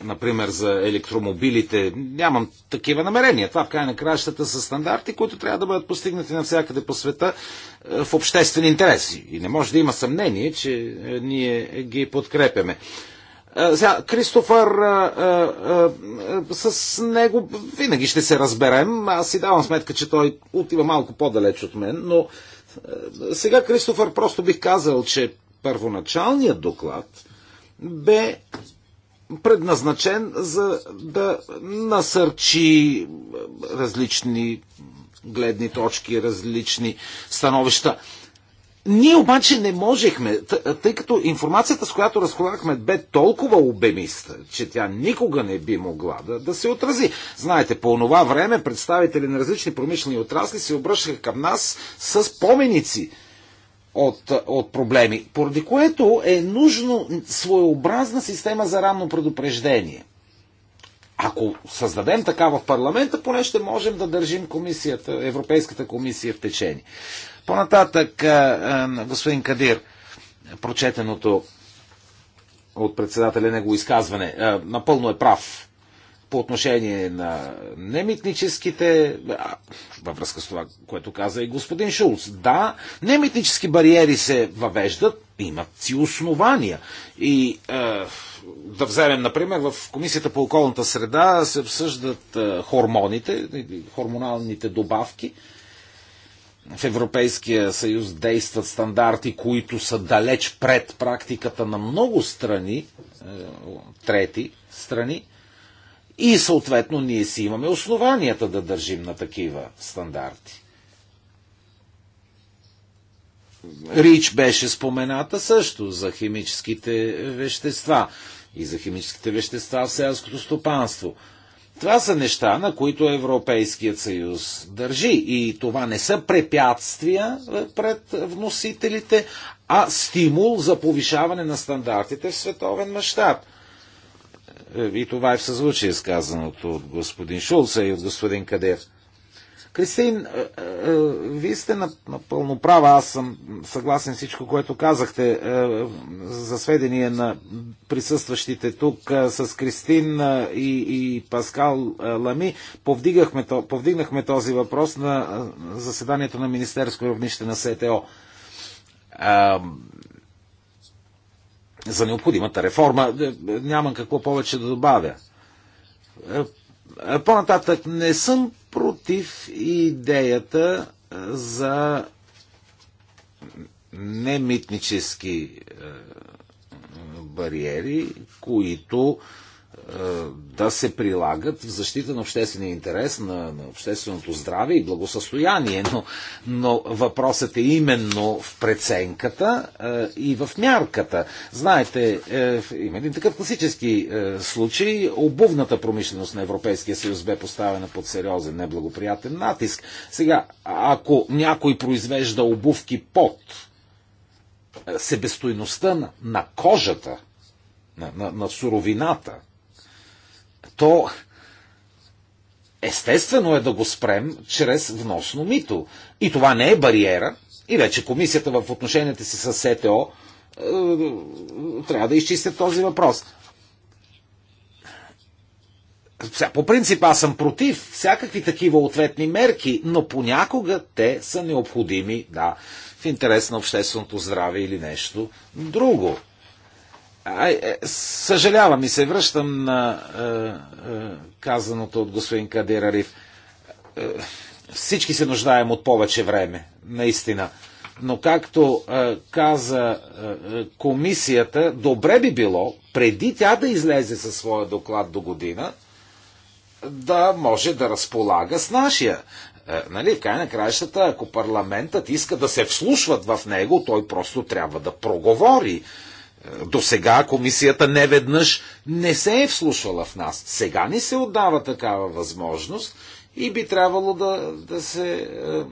например, за електромобилите. Нямам такива намерения. Това в край на краищата са стандарти, които трябва да бъдат постигнати навсякъде по света в обществен интерес. И не може да има съмнение, че ние ги подкрепяме. Сега, Кристофър, а, а, а, с него винаги ще се разберем. Аз си давам сметка, че той отива малко по-далеч от мен, но а, сега Кристофър просто бих казал, че първоначалният доклад бе предназначен за да насърчи различни гледни точки, различни становища. Ние обаче не можехме, тъй като информацията, с която разполагахме, бе толкова обемиста, че тя никога не би могла да, да се отрази. Знаете, по това време представители на различни промишлени отрасли се обръщаха към нас с поменици от, от проблеми, поради което е нужно своеобразна система за ранно предупреждение. Ако създадем такава в парламента, поне ще можем да държим комисията, Европейската комисия в течение. Понататък, господин Кадир, прочетеното от председателя него изказване, напълно е прав по отношение на немитническите, във връзка с това, което каза и господин Шулц, да, немитнически бариери се въвеждат, имат си основания. И е, да вземем, например, в Комисията по околната среда се обсъждат е, хормоните, хормоналните добавки. В Европейския съюз действат стандарти, които са далеч пред практиката на много страни, е, трети страни. И съответно ние си имаме основанията да държим на такива стандарти. Рич беше спомената също за химическите вещества и за химическите вещества в селското стопанство. Това са неща, на които Европейският съюз държи. И това не са препятствия е, пред вносителите, а стимул за повишаване на стандартите в световен мащаб. И това е в съзвучие сказаното от господин Шулца и от господин Кадев. Кристин, вие сте напълно права. Аз съм съгласен всичко, което казахте. За сведение на присъстващите тук с Кристин и, и Паскал Лами, повдигнахме, повдигнахме този въпрос на заседанието на Министерско равнище на СТО за необходимата реформа. Е, нямам какво повече да добавя. Е, е, по-нататък не съм против идеята за немитнически бариери, които да се прилагат в защита на обществения интерес, на, на общественото здраве и благосъстояние. Но, но въпросът е именно в преценката е, и в мярката. Знаете, е, има един такъв класически е, случай. Обувната промишленост на Европейския съюз бе поставена под сериозен неблагоприятен натиск. Сега, ако някой произвежда обувки под е, себестойността на, на кожата, на, на, на суровината, то естествено е да го спрем чрез вносно мито. И това не е бариера. И вече комисията в отношенията си с СТО е, трябва да изчистят този въпрос. По принцип аз съм против всякакви такива ответни мерки, но понякога те са необходими, да, в интерес на общественото здраве или нещо друго. Ай, е, съжалявам и се връщам на е, е, казаното от господин Кадир Ариф. Е, всички се нуждаем от повече време, наистина. Но както е, каза е, е, комисията, добре би било, преди тя да излезе със своя доклад до година, да може да разполага с нашия. Е, нали, в край на краищата, ако парламентът иска да се вслушват в него, той просто трябва да проговори до сега комисията не веднъж не се е вслушвала в нас. Сега ни се отдава такава възможност и би трябвало да, да се е,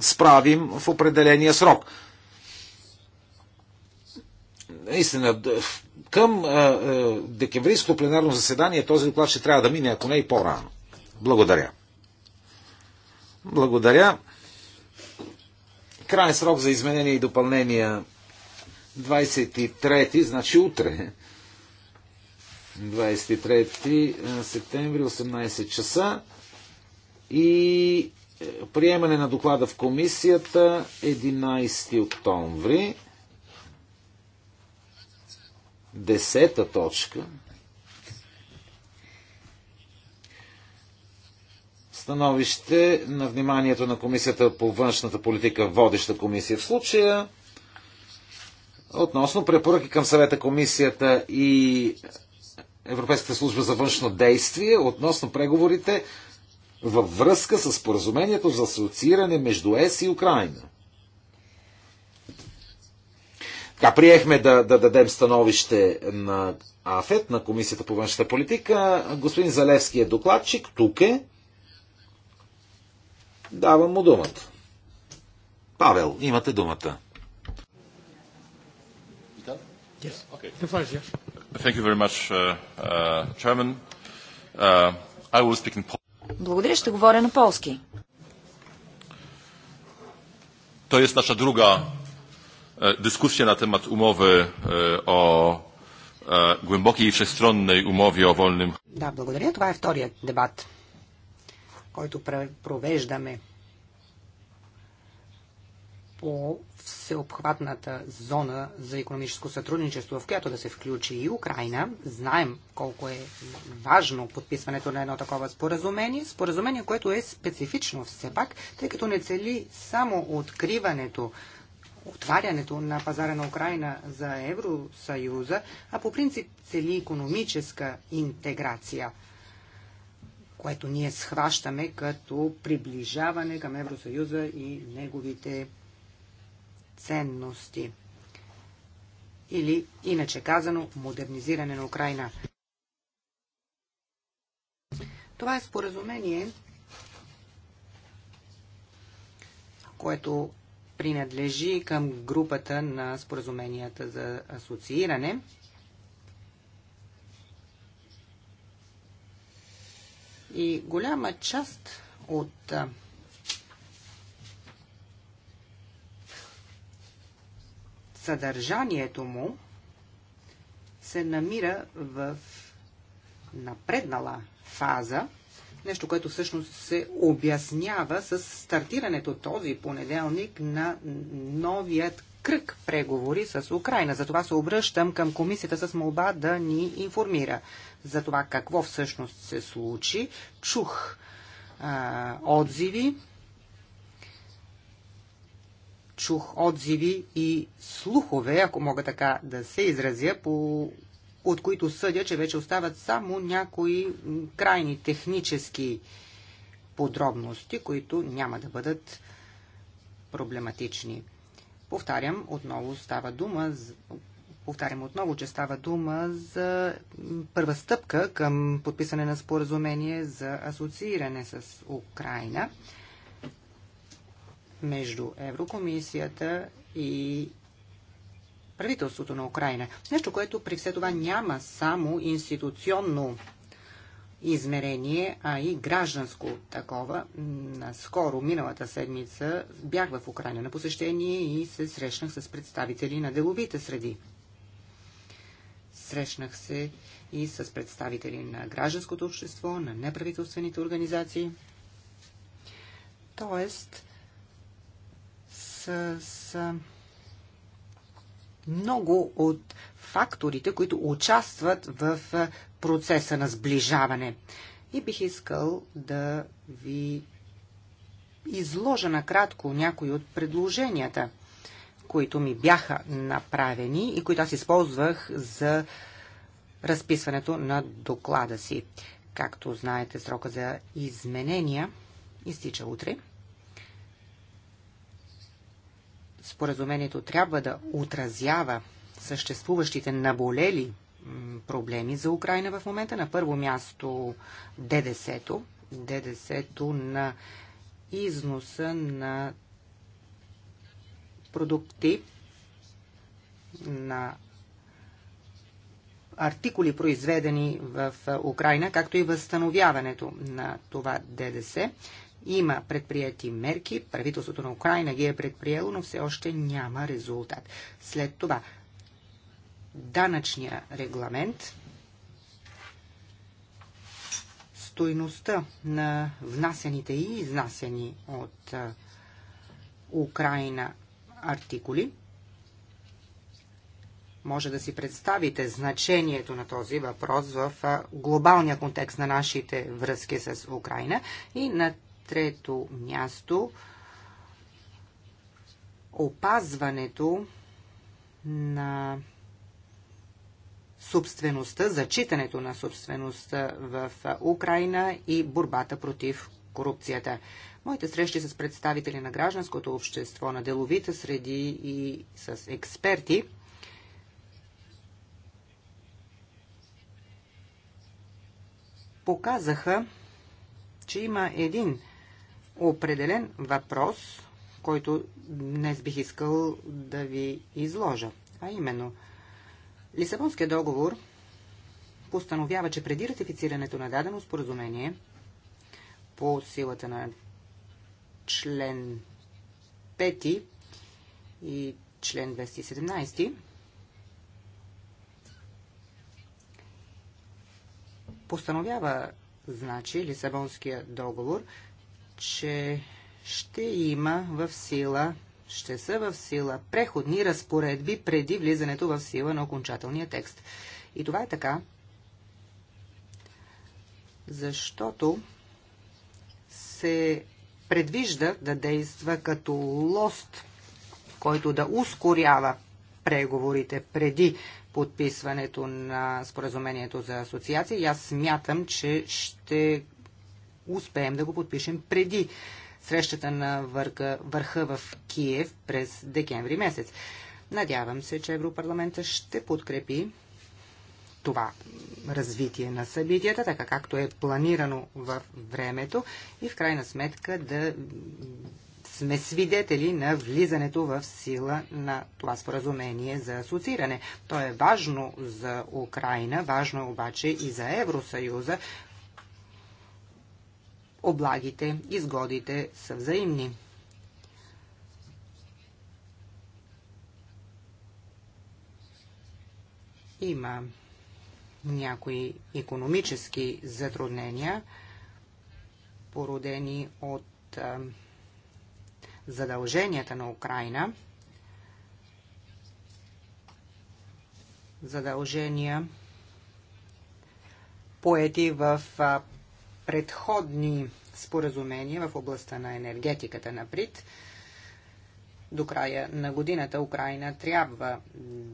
справим в определения срок. Наистина, към е, е, декемврийското пленарно заседание този доклад ще трябва да мине, ако не и по-рано. Благодаря. Благодаря. Крайен срок за изменение и допълнение 23, значи утре, 23 септември, 18 часа и е, приемане на доклада в комисията 11 октомври. Десета точка. Становище на вниманието на комисията по външната политика, водеща комисия в случая – относно препоръки към съвета комисията и Европейската служба за външно действие относно преговорите във връзка с споразумението за асоцииране между ЕС и Украина. Така, приехме да, да дадем становище на АФЕТ, на Комисията по външната политика. Господин Залевски е докладчик, тук е. Давам му думата. Павел, имате думата. Yes. Okay. The floor is yours. Thank you very much, uh, uh, Chairman. Uh, I will speak in Благодаря, ще говоря на полски. To jest nasza druga dyskusja na temat umowy o głębokiej i wszechstronnej umowie o wolnym. Да, благодаря. Това е вторият дебат, който провеждаме по всеобхватната зона за економическо сътрудничество, в която да се включи и Украина. Знаем колко е важно подписването на едно такова споразумение. Споразумение, което е специфично все пак, тъй като не цели само откриването отварянето на пазара на Украина за Евросъюза, а по принцип цели економическа интеграция, което ние схващаме като приближаване към Евросъюза и неговите ценности. Или, иначе казано, модернизиране на Украина. Това е споразумение, което принадлежи към групата на споразуменията за асоцииране. И голяма част от съдържанието му се намира в напреднала фаза, нещо, което всъщност се обяснява с стартирането този понеделник на новият кръг преговори с Украина. Затова се обръщам към комисията с молба да ни информира за това какво всъщност се случи. Чух а, отзиви чух отзиви и слухове, ако мога така да се изразя, по... от които съдя, че вече остават само някои крайни технически подробности, които няма да бъдат проблематични. Повтарям, отново става дума за повтарям отново, че става дума за първа стъпка към подписане на споразумение за асоцииране с Украина между Еврокомисията и правителството на Украина. Нещо, което при все това няма само институционно измерение, а и гражданско такова. Наскоро, миналата седмица, бях в Украина на посещение и се срещнах с представители на деловите среди. Срещнах се и с представители на гражданското общество, на неправителствените организации. Тоест, с много от факторите, които участват в процеса на сближаване. И бих искал да ви изложа накратко някои от предложенията, които ми бяха направени и които аз използвах за разписването на доклада си. Както знаете, срока за изменения изтича утре. Споразумението трябва да отразява съществуващите наболели проблеми за Украина в момента. На първо място ДДС-то, ДДС-то на износа на продукти, на артикули, произведени в Украина, както и възстановяването на това ДДС. Има предприяти мерки, правителството на Украина ги е предприело, но все още няма резултат. След това данъчния регламент, стойността на внасяните и изнасяни от Украина артикули. Може да си представите значението на този въпрос в глобалния контекст на нашите връзки с Украина. И на трето място опазването на собствеността, зачитането на собствеността в Украина и борбата против корупцията. Моите срещи с представители на гражданското общество, на деловите среди и с експерти показаха, че има един определен въпрос, който днес бих искал да ви изложа. А именно, Лисабонския договор постановява, че преди ратифицирането на дадено споразумение по силата на член 5 и член 217 постановява, значи, Лисабонския договор, че ще има в сила, ще са в сила преходни разпоредби преди влизането в сила на окончателния текст. И това е така, защото се предвижда да действа като лост, който да ускорява преговорите преди подписването на споразумението за асоциация и аз смятам, че ще успеем да го подпишем преди срещата на върха, върха в Киев през декември месец. Надявам се, че Европарламента ще подкрепи това развитие на събитията, така както е планирано във времето и в крайна сметка да сме свидетели на влизането в сила на това споразумение за асоцииране. То е важно за Украина, важно е обаче и за Евросъюза, облагите, изгодите са взаимни. Има някои економически затруднения, породени от задълженията на Украина, задължения поети в предходни споразумения в областта на енергетиката на ПРИТ. До края на годината Украина трябва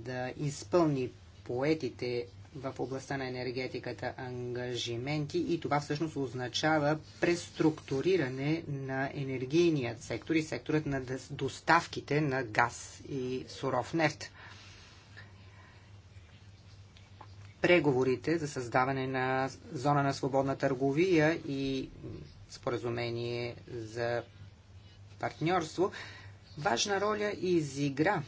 да изпълни поетите в областта на енергетиката ангажименти и това всъщност означава преструктуриране на енергийният сектор и секторът на доставките на газ и суров нефт преговорите за създаване на зона на свободна търговия и споразумение за партньорство, важна роля изигра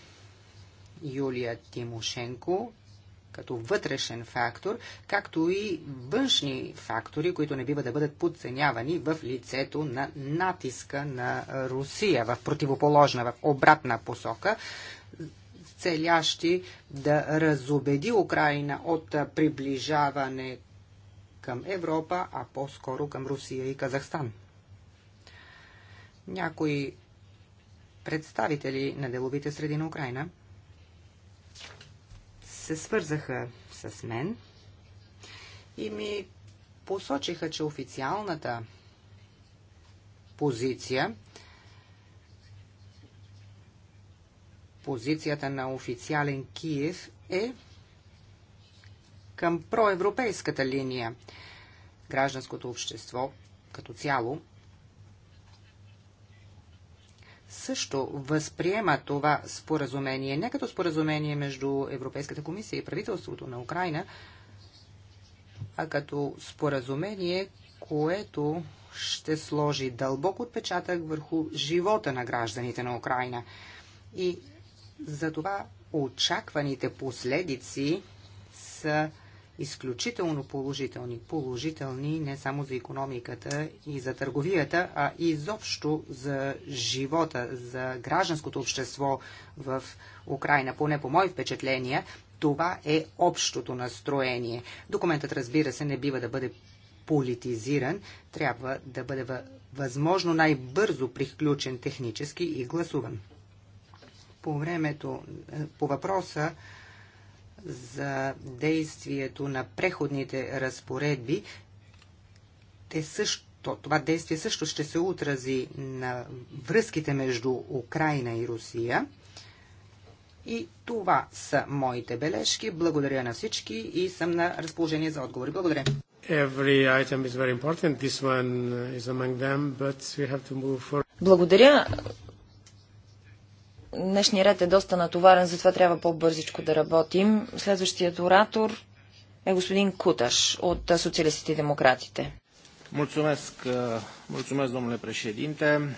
Юлия Тимошенко като вътрешен фактор, както и външни фактори, които не бива да бъдат подценявани в лицето на натиска на Русия в противоположна, в обратна посока целящи да разобеди Украина от приближаване към Европа, а по-скоро към Русия и Казахстан. Някои представители на деловите среди на Украина се свързаха с мен и ми посочиха, че официалната позиция позицията на официален Киев е към проевропейската линия. Гражданското общество като цяло също възприема това споразумение не като споразумение между Европейската комисия и правителството на Украина, а като споразумение, което ще сложи дълбок отпечатък върху живота на гражданите на Украина. И затова очакваните последици са изключително положителни. Положителни не само за економиката и за търговията, а и изобщо за живота, за гражданското общество в Украина. Поне по мои впечатления, това е общото настроение. Документът, разбира се, не бива да бъде политизиран, трябва да бъде възможно най-бързо приключен технически и гласуван по времето, е, по въпроса за действието на преходните разпоредби, те също, това действие също ще се отрази на връзките между Украина и Русия. И това са моите бележки. Благодаря на всички и съм на разположение за отговори. Благодаря. Them, Благодаря днешния ред е доста натоварен, затова трябва по-бързичко да работим. Следващият оратор е господин Куташ от Социалистите и Демократите. Mulțumesc, mulțumesc, е, domnule președinte.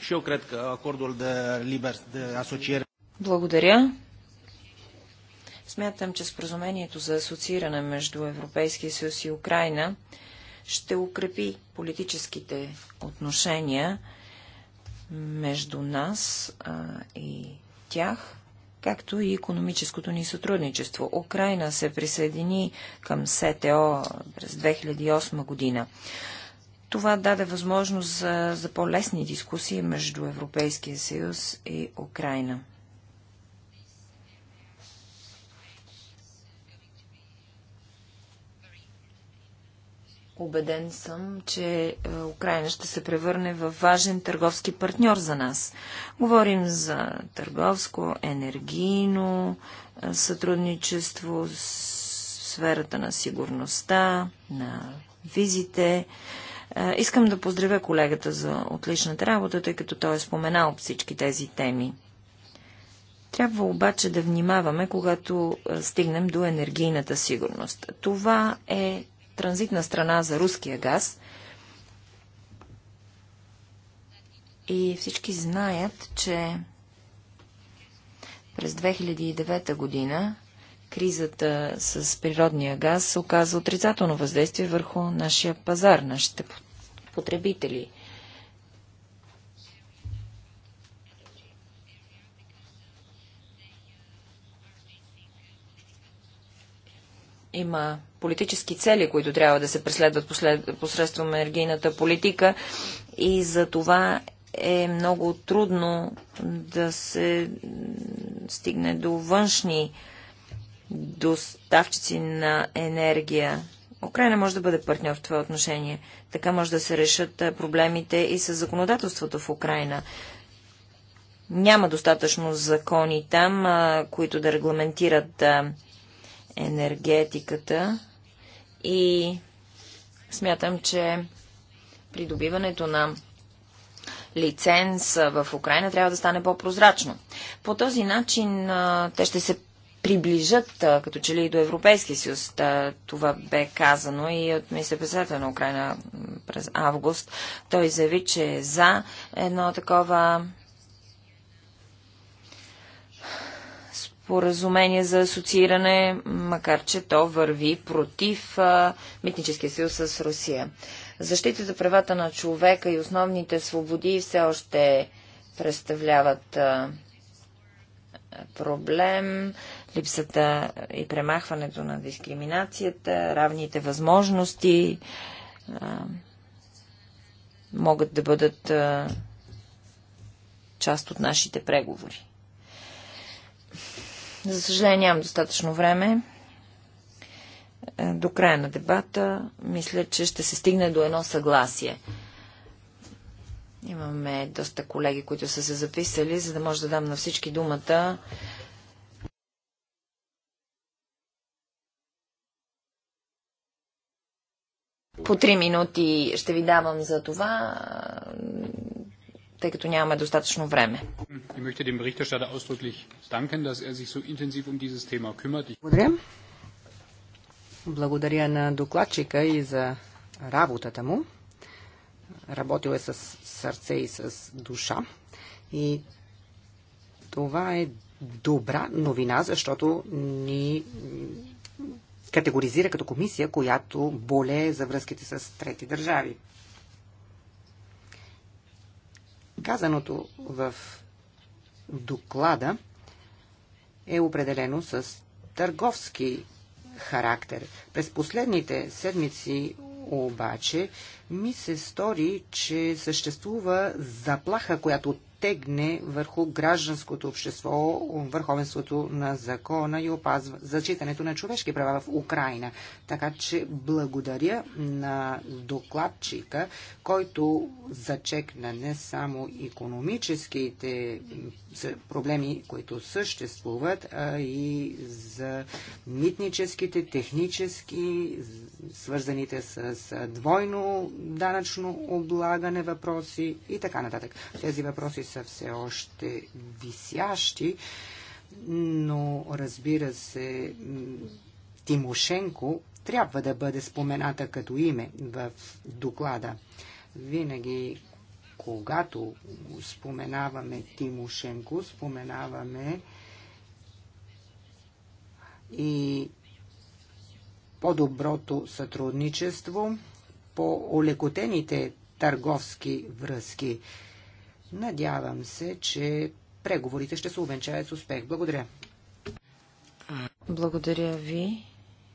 Și eu cred că acordul de liber de asociere... Благодаря. Смятам, че споразумението за асоцииране между Европейския съюз и Украина ще укрепи политическите отношения между нас а, и тях, както и економическото ни сътрудничество. Украина се присъедини към СТО през 2008 година. Това даде възможност за, за по-лесни дискусии между Европейския съюз и Украина. Обеден съм, че е, Украина ще се превърне в важен търговски партньор за нас. Говорим за търговско, енергийно е, сътрудничество, сферата на сигурността, на визите. Е, искам да поздравя колегата за отличната работа, тъй като той е споменал всички тези теми. Трябва обаче да внимаваме, когато стигнем до енергийната сигурност. Това е транзитна страна за руския газ. И всички знаят, че през 2009 година кризата с природния газ оказа отрицателно въздействие върху нашия пазар, нашите потребители. Има политически цели, които трябва да се преследват послед... посредством енергийната политика и за това е много трудно да се стигне до външни доставчици на енергия. Украина може да бъде партньор в това отношение. Така може да се решат проблемите и с законодателството в Украина. Няма достатъчно закони там, които да регламентират енергетиката и смятам, че придобиването на лиценз в Украина трябва да стане по-прозрачно. По този начин те ще се приближат като че ли и до Европейския съюз. Това бе казано и от министър-председател на Украина през август. Той заяви, че е за едно такова споразумение за асоцииране, макар че то върви против а, митническия съюз с Русия. Защита за правата на човека и основните свободи все още представляват а, проблем. Липсата и премахването на дискриминацията, равните възможности а, могат да бъдат част от нашите преговори. За съжаление, нямам достатъчно време. Е, до края на дебата мисля, че ще се стигне до едно съгласие. Имаме доста колеги, които са се записали, за да може да дам на всички думата. По три минути ще ви давам за това тъй като нямаме достатъчно време. Er um Благодаря. Благодаря на докладчика и за работата му. Работил е с сърце и с душа. И това е добра новина, защото ни категоризира като комисия, която боле за връзките с трети държави. Казаното в доклада е определено с търговски характер. През последните седмици обаче ми се стори, че съществува заплаха, която тегне върху гражданското общество, върховенството на закона и опазва зачитането на човешки права в Украина. Така че благодаря на докладчика, който зачекна не само економическите проблеми, които съществуват, а и за митническите, технически, свързаните с двойно данъчно облагане въпроси и така нататък. Тези въпроси са все още висящи, но разбира се, Тимошенко трябва да бъде спомената като име в доклада. Винаги, когато споменаваме Тимошенко, споменаваме и по-доброто сътрудничество, по-олекотените търговски връзки. Надявам се, че преговорите ще се увенчаят с успех. Благодаря. Благодаря ви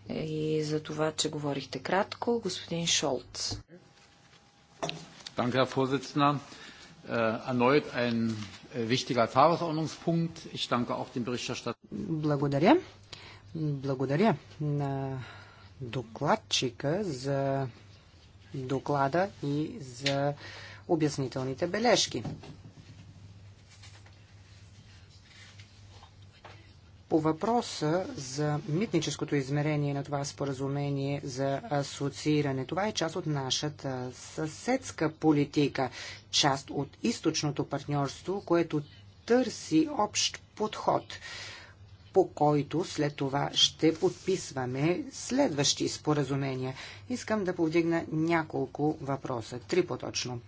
и за това, че говорихте кратко. Господин Шолц. Danke, Herr Vorsitzender. Äh, erneut ein äh, wichtiger Tagesordnungspunkt. Ich danke auch dem Berichterstatter. Благодаря. Благодаря на докладчика за доклада и за обяснителните бележки. По въпроса за митническото измерение на това споразумение за асоцииране, това е част от нашата съседска политика, част от източното партньорство, което търси общ подход, по който след това ще подписваме следващи споразумения. Искам да повдигна няколко въпроса, три по-точно.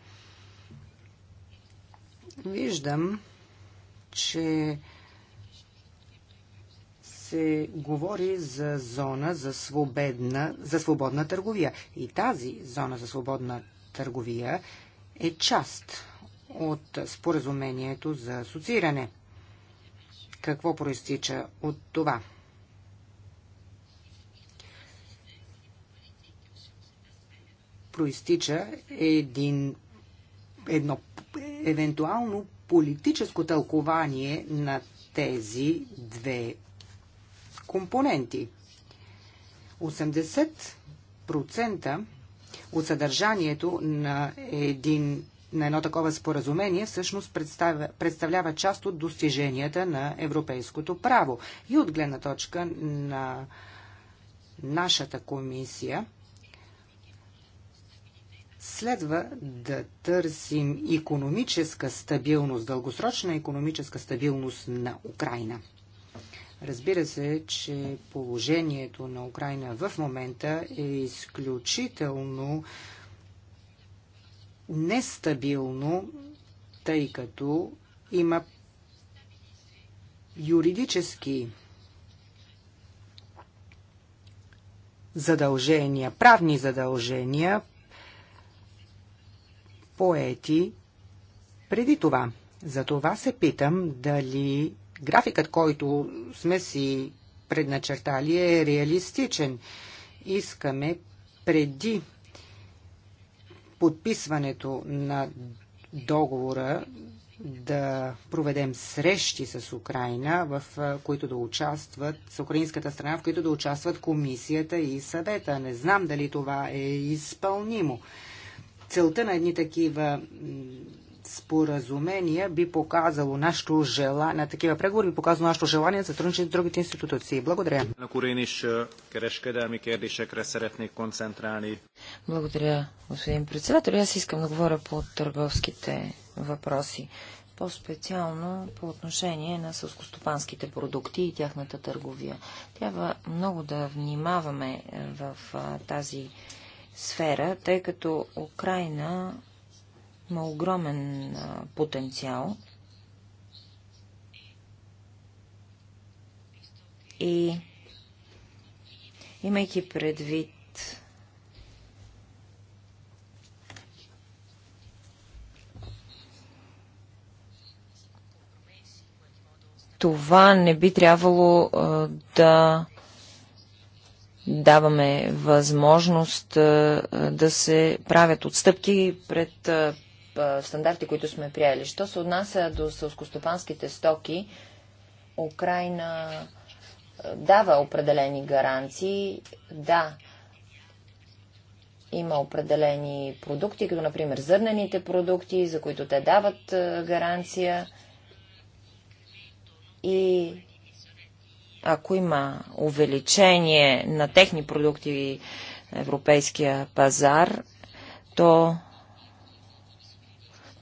Виждам, че се говори за зона за свободна, за свободна търговия. И тази зона за свободна търговия е част от споразумението за асоцииране. Какво проистича от това? Проистича един едно евентуално политическо тълкование на тези две компоненти. 80% от съдържанието на, един, на едно такова споразумение всъщност представя, представлява част от достиженията на европейското право. И от гледна точка на нашата комисия – Следва да търсим економическа стабилност, дългосрочна економическа стабилност на Украина. Разбира се, че положението на Украина в момента е изключително нестабилно, тъй като има юридически задължения, правни задължения поети преди това. За това се питам дали графикът, който сме си предначертали е реалистичен. Искаме преди подписването на договора да проведем срещи с Украина, в които да участват, с украинската страна, в които да участват комисията и съвета. Не знам дали това е изпълнимо целта на едни такива споразумения би показало нашето желание, на такива преговори би показало нашето желание за сътрудничим с другите институции. Благодаря. Е, Благодаря, господин председател. Аз искам да говоря по търговските въпроси. По-специално по отношение на сълскостопанските продукти и тяхната търговия. Трябва много да внимаваме е, в тази сфера, тъй като Украина има огромен потенциал и имайки предвид това не би трябвало да даваме възможност да се правят отстъпки пред стандарти, които сме приели. Що се отнася до сълскостопанските стоки, Украина дава определени гаранции. Да, има определени продукти, като например зърнените продукти, за които те дават гаранция. И ако има увеличение на техни продукти на европейския пазар, то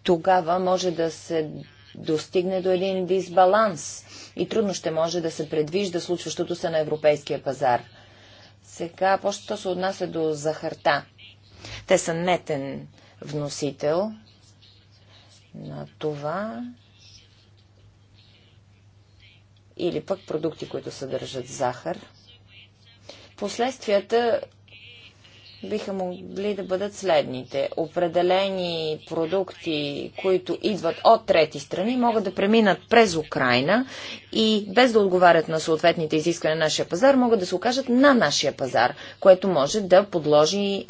тогава може да се достигне до един дисбаланс и трудно ще може да се предвижда случващото се на европейския пазар. Сега, по се отнася до захарта. Те са нетен вносител на това или пък продукти, които съдържат захар. Последствията биха могли да бъдат следните. Определени продукти, които идват от трети страни, могат да преминат през Украина и без да отговарят на съответните изисквания на нашия пазар, могат да се окажат на нашия пазар, което може да подложи е,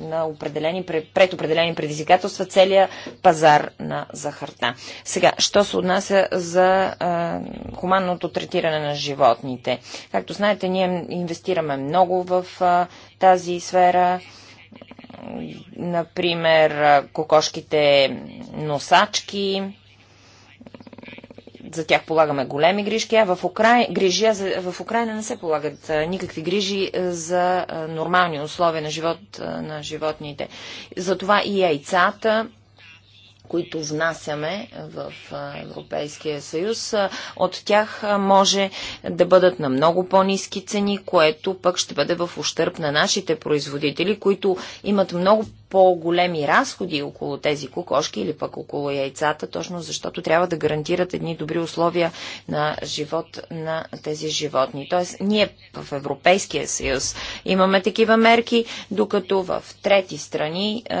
на определени, пред определени предизвикателства целия пазар на захарта. Сега, що се отнася за е, хуманното третиране на животните? Както знаете, ние инвестираме много в тази сфера. Например, кокошките носачки, за тях полагаме големи грижки, а в, Украй... грижи, а в Украина не се полагат никакви грижи за нормални условия на живот на животните. Затова и яйцата които внасяме в Европейския съюз, от тях може да бъдат на много по-низки цени, което пък ще бъде в ущърп на нашите производители, които имат много по-големи разходи около тези кокошки или пък около яйцата, точно защото трябва да гарантират едни добри условия на живот на тези животни. Тоест, ние в Европейския съюз имаме такива мерки, докато в трети страни е,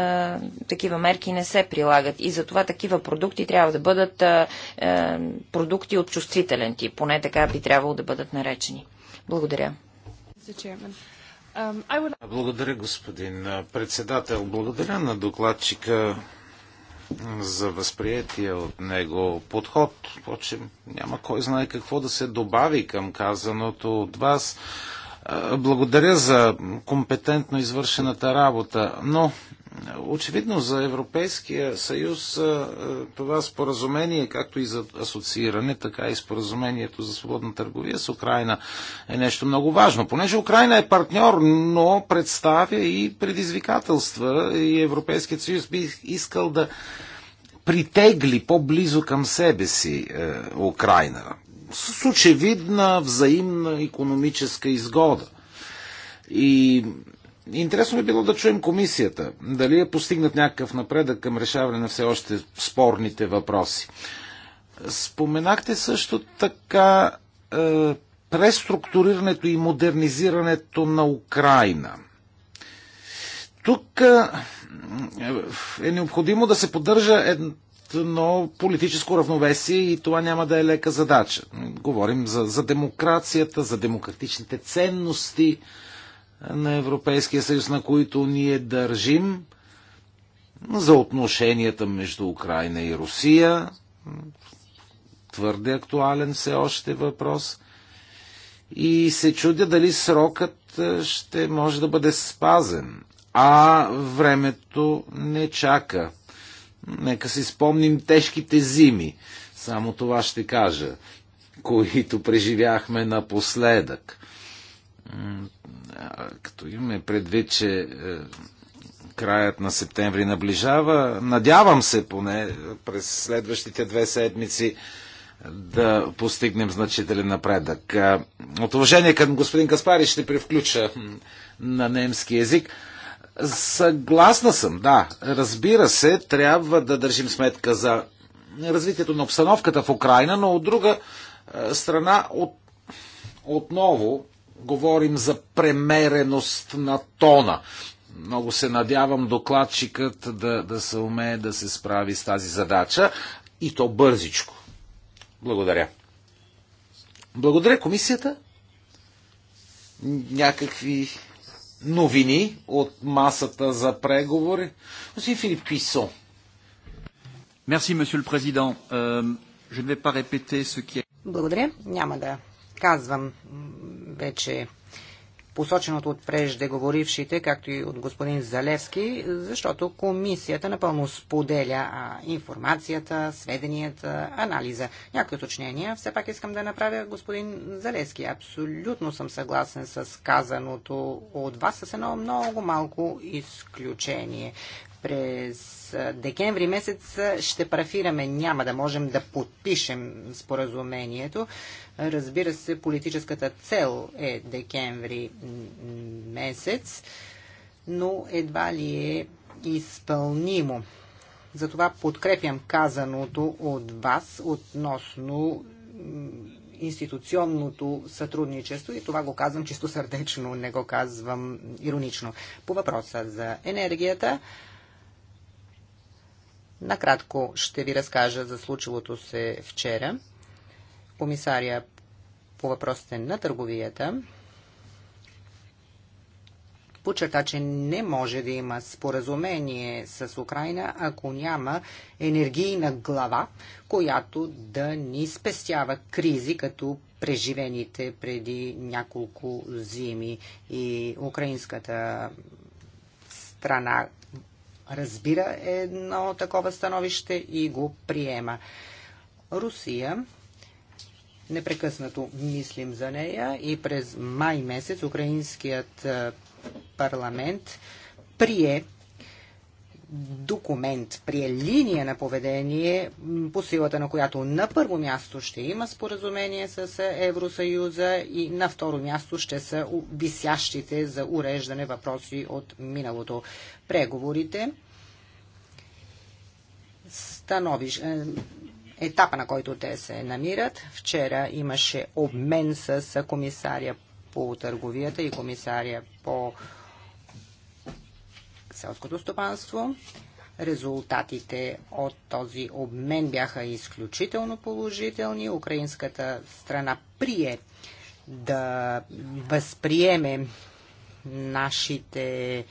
такива мерки не се прилагат. И затова такива продукти трябва да бъдат е, е продукти от чувствителен тип, поне така би трябвало да бъдат наречени. Благодаря. Um, благодаря, господин председател. Благодаря на докладчика за възприятия от него подход. Впрочем, няма кой знае какво да се добави към казаното от вас. Благодаря за компетентно извършената работа, но Очевидно за Европейския съюз това споразумение, както и за асоцииране, така и споразумението за свободна търговия с Украина е нещо много важно. Понеже Украина е партньор, но представя и предизвикателства и Европейският съюз би искал да притегли по-близо към себе си е, Украина. С очевидна взаимна економическа изгода. И Интересно би било да чуем комисията. Дали е постигнат някакъв напредък към решаване на все още спорните въпроси. Споменахте също така е, преструктурирането и модернизирането на Украина. Тук е, е необходимо да се поддържа едно политическо равновесие и това няма да е лека задача. Говорим за, за демокрацията, за демократичните ценности, на Европейския съюз, на които ние държим, за отношенията между Украина и Русия, твърде актуален все още въпрос, и се чудя дали срокът е, ще може да бъде спазен, а времето не чака. Нека си спомним тежките зими, само това ще кажа, *laughs* които преживяхме напоследък като имаме предвид, че е, краят на септември наближава, надявам се поне е, през следващите две седмици е, да постигнем значителен напредък. От уважение към господин Каспари ще превключа на немски язик. Съгласна съм, да. Разбира се, трябва да държим сметка за развитието на обстановката в Украина, но от друга страна от, отново говорим за премереност на тона. Много се надявам докладчикът да, да се умее да се справи с тази задача и то бързичко. Благодаря. Благодаря комисията. Някакви новини от масата за преговори. Господин Филип Писо. Мерси, monsieur президент. Euh, je ne vais pas répéter ce qui Благодаря. Няма да казвам вече посоченото от преждеговорившите, както и от господин Залевски, защото комисията напълно споделя а, информацията, сведенията, анализа. Някои уточнения все пак искам да направя господин Залевски. Абсолютно съм съгласен с казаното от вас, с едно много малко изключение. През декември месец ще парафираме, няма да можем да подпишем споразумението. Разбира се, политическата цел е декември месец, но едва ли е изпълнимо. Затова подкрепям казаното от вас относно институционното сътрудничество и това го казвам чисто сърдечно, не го казвам иронично. По въпроса за енергията, Накратко ще ви разкажа за случилото се вчера. Комисария по въпросите на търговията подчерта, че не може да има споразумение с Украина, ако няма енергийна глава, която да ни спестява кризи, като преживените преди няколко зими и украинската страна разбира едно такова становище и го приема. Русия Непрекъснато мислим за нея и през май месец украинският парламент прие документ, прие линия на поведение, по силата на която на първо място ще има споразумение с Евросъюза и на второ място ще са висящите за уреждане въпроси от миналото. Преговорите, становиш, е, етапа на който те се намират. Вчера имаше обмен с комисария по търговията и комисария по селското стопанство. Резултатите от този обмен бяха изключително положителни. Украинската страна прие да възприеме нашите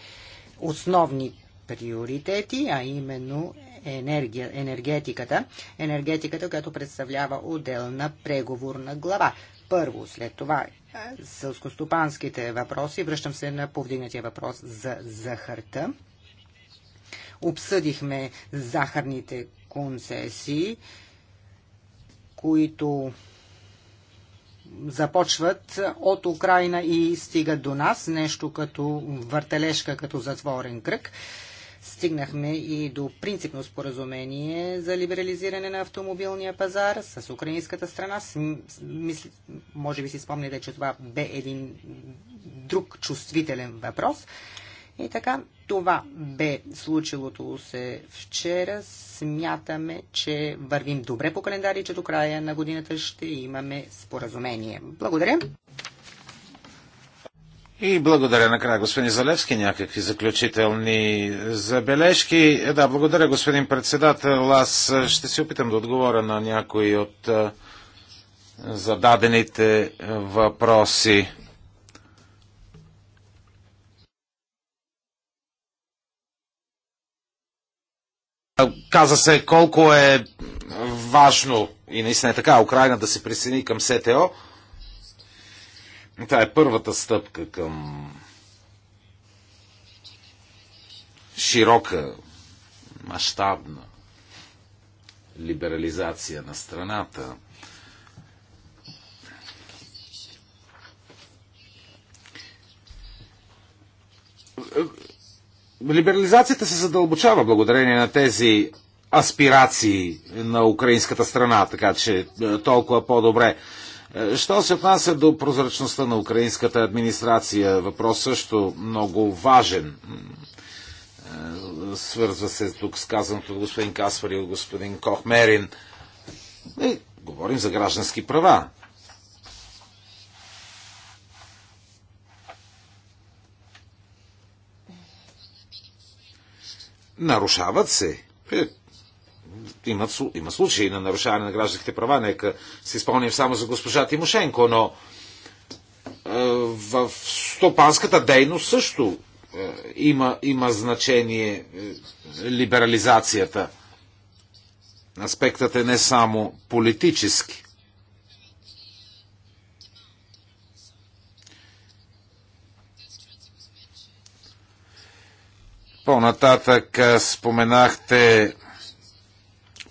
основни приоритети, а именно енергия, енергетиката, енергетиката, която представлява отделна преговорна глава. Първо, след това сълскостопанските въпроси. Връщам се на повдигнатия въпрос за захарта. Обсъдихме захарните концесии, които започват от Украина и стигат до нас, нещо като въртележка, като затворен кръг. Стигнахме и до принципно споразумение за либерализиране на автомобилния пазар с украинската страна. Мисли, може би си спомняте, че това бе един друг чувствителен въпрос. И така, това бе случилото се вчера. Смятаме, че вървим добре по календари, че до края на годината ще имаме споразумение. Благодаря. И благодаря накрая, господин Залевски, някакви заключителни забележки. Е, да, благодаря, господин председател. Аз е, ще се опитам да отговоря на някои от е, зададените е, въпроси. Каза се колко е важно и наистина е така Украина да се присъедини към СТО. Това е първата стъпка към широка, мащабна либерализация на страната. Либерализацията се задълбочава благодарение на тези аспирации на украинската страна, така че е, толкова по-добре. Що се отнася до прозрачността на украинската администрация, въпрос също много важен. Е, свързва се тук с казаното от господин Каспар и от господин Кохмерин. И, е, говорим за граждански права. Нарушават се е, има, има случаи на нарушаване на гражданските права. Нека се изпълним само за госпожа Тимошенко, но е, в стопанската дейност също е, има, има значение е, либерализацията. Аспектът е не само политически. По-нататък споменахте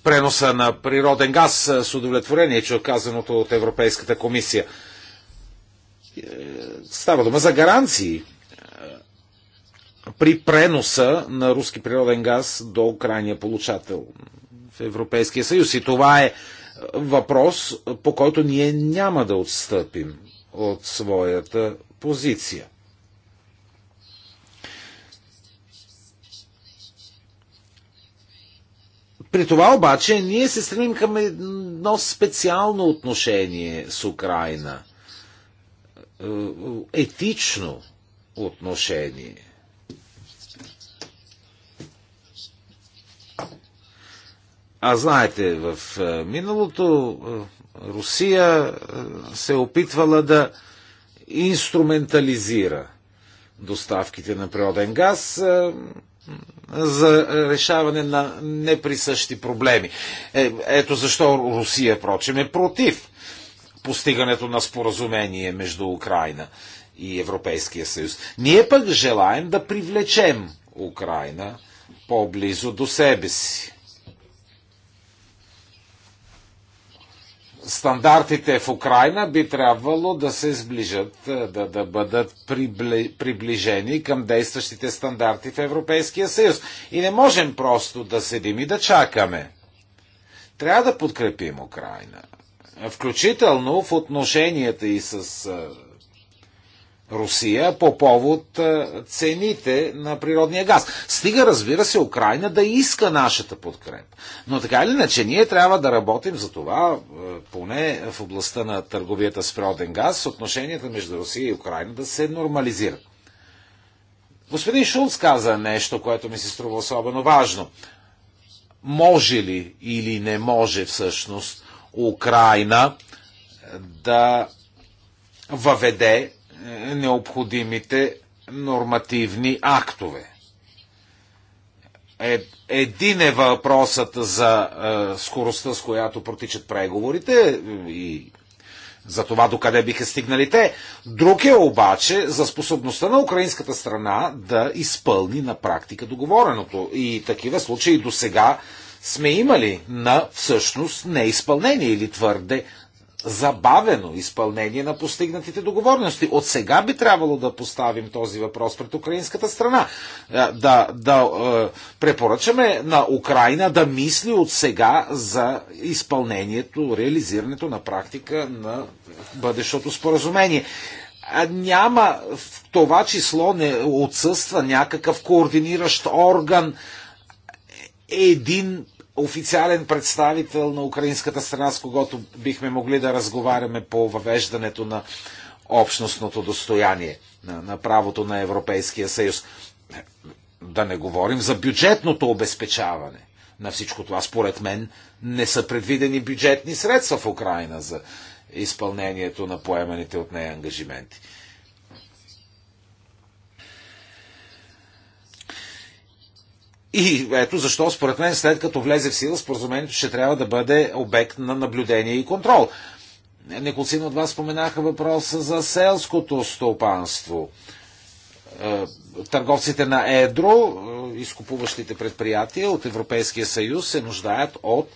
преноса на природен газ с удовлетворение, че оказаното от Европейската комисия. Е, става дума за гаранции е, при преноса на руски природен газ до крайния получател в Европейския съюз. И това е въпрос, по който ние няма да отстъпим от своята позиция. При това обаче ние се стремим към едно специално отношение с Украина. Е, етично отношение. А знаете, в е, миналото е, Русия се опитвала да инструментализира доставките на природен газ за решаване на неприсъщи проблеми. Е, ето защо Русия, прочим, е против постигането на споразумение между Украина и Европейския съюз. Ние пък желаем да привлечем Украина по-близо до себе си. стандартите в Украина би трябвало да се сближат, е, да, да бъдат приближени към действащите стандарти в Европейския съюз. И не можем просто да седим и да чакаме. Трябва да подкрепим Украина. Включително в отношенията и с е, Русия по повод цените на природния газ. Стига, разбира се, Украина да иска нашата подкрепа. Но така или иначе, ние трябва да работим за това, поне в областта на търговията с природен газ, отношенията между Русия и Украина да се нормализират. Господин Шулц каза нещо, което ми се струва особено важно. Може ли или не може всъщност Украина да въведе необходимите нормативни актове. Е, един е въпросът за е, скоростта, с която протичат преговорите е, и за това докъде биха стигнали те. Друг е обаче за способността на украинската страна да изпълни на практика договореното. И такива случаи до сега сме имали на всъщност неизпълнение или твърде забавено изпълнение на постигнатите договорности. От сега би трябвало да поставим този въпрос пред украинската страна. Е, да, да е, препоръчаме на Украина да мисли от сега за изпълнението, реализирането на практика на бъдещото споразумение е, няма в това число не отсъства някакъв координиращ орган, един официален представител на украинската страна, с когото бихме могли да разговаряме по въвеждането на общностното достояние на, на правото на Европейския съюз. Да не говорим за бюджетното обезпечаване на всичко това. Според мен не са предвидени бюджетни средства в Украина за изпълнението на поеманите от нея ангажименти. И ето защо, според мен, след като влезе в сила, споразумението ще трябва да бъде обект на наблюдение и контрол. Неколци от вас споменаха въпроса за селското стопанство. Е, търговците на Едро, е, изкупуващите предприятия от Европейския съюз се нуждаят от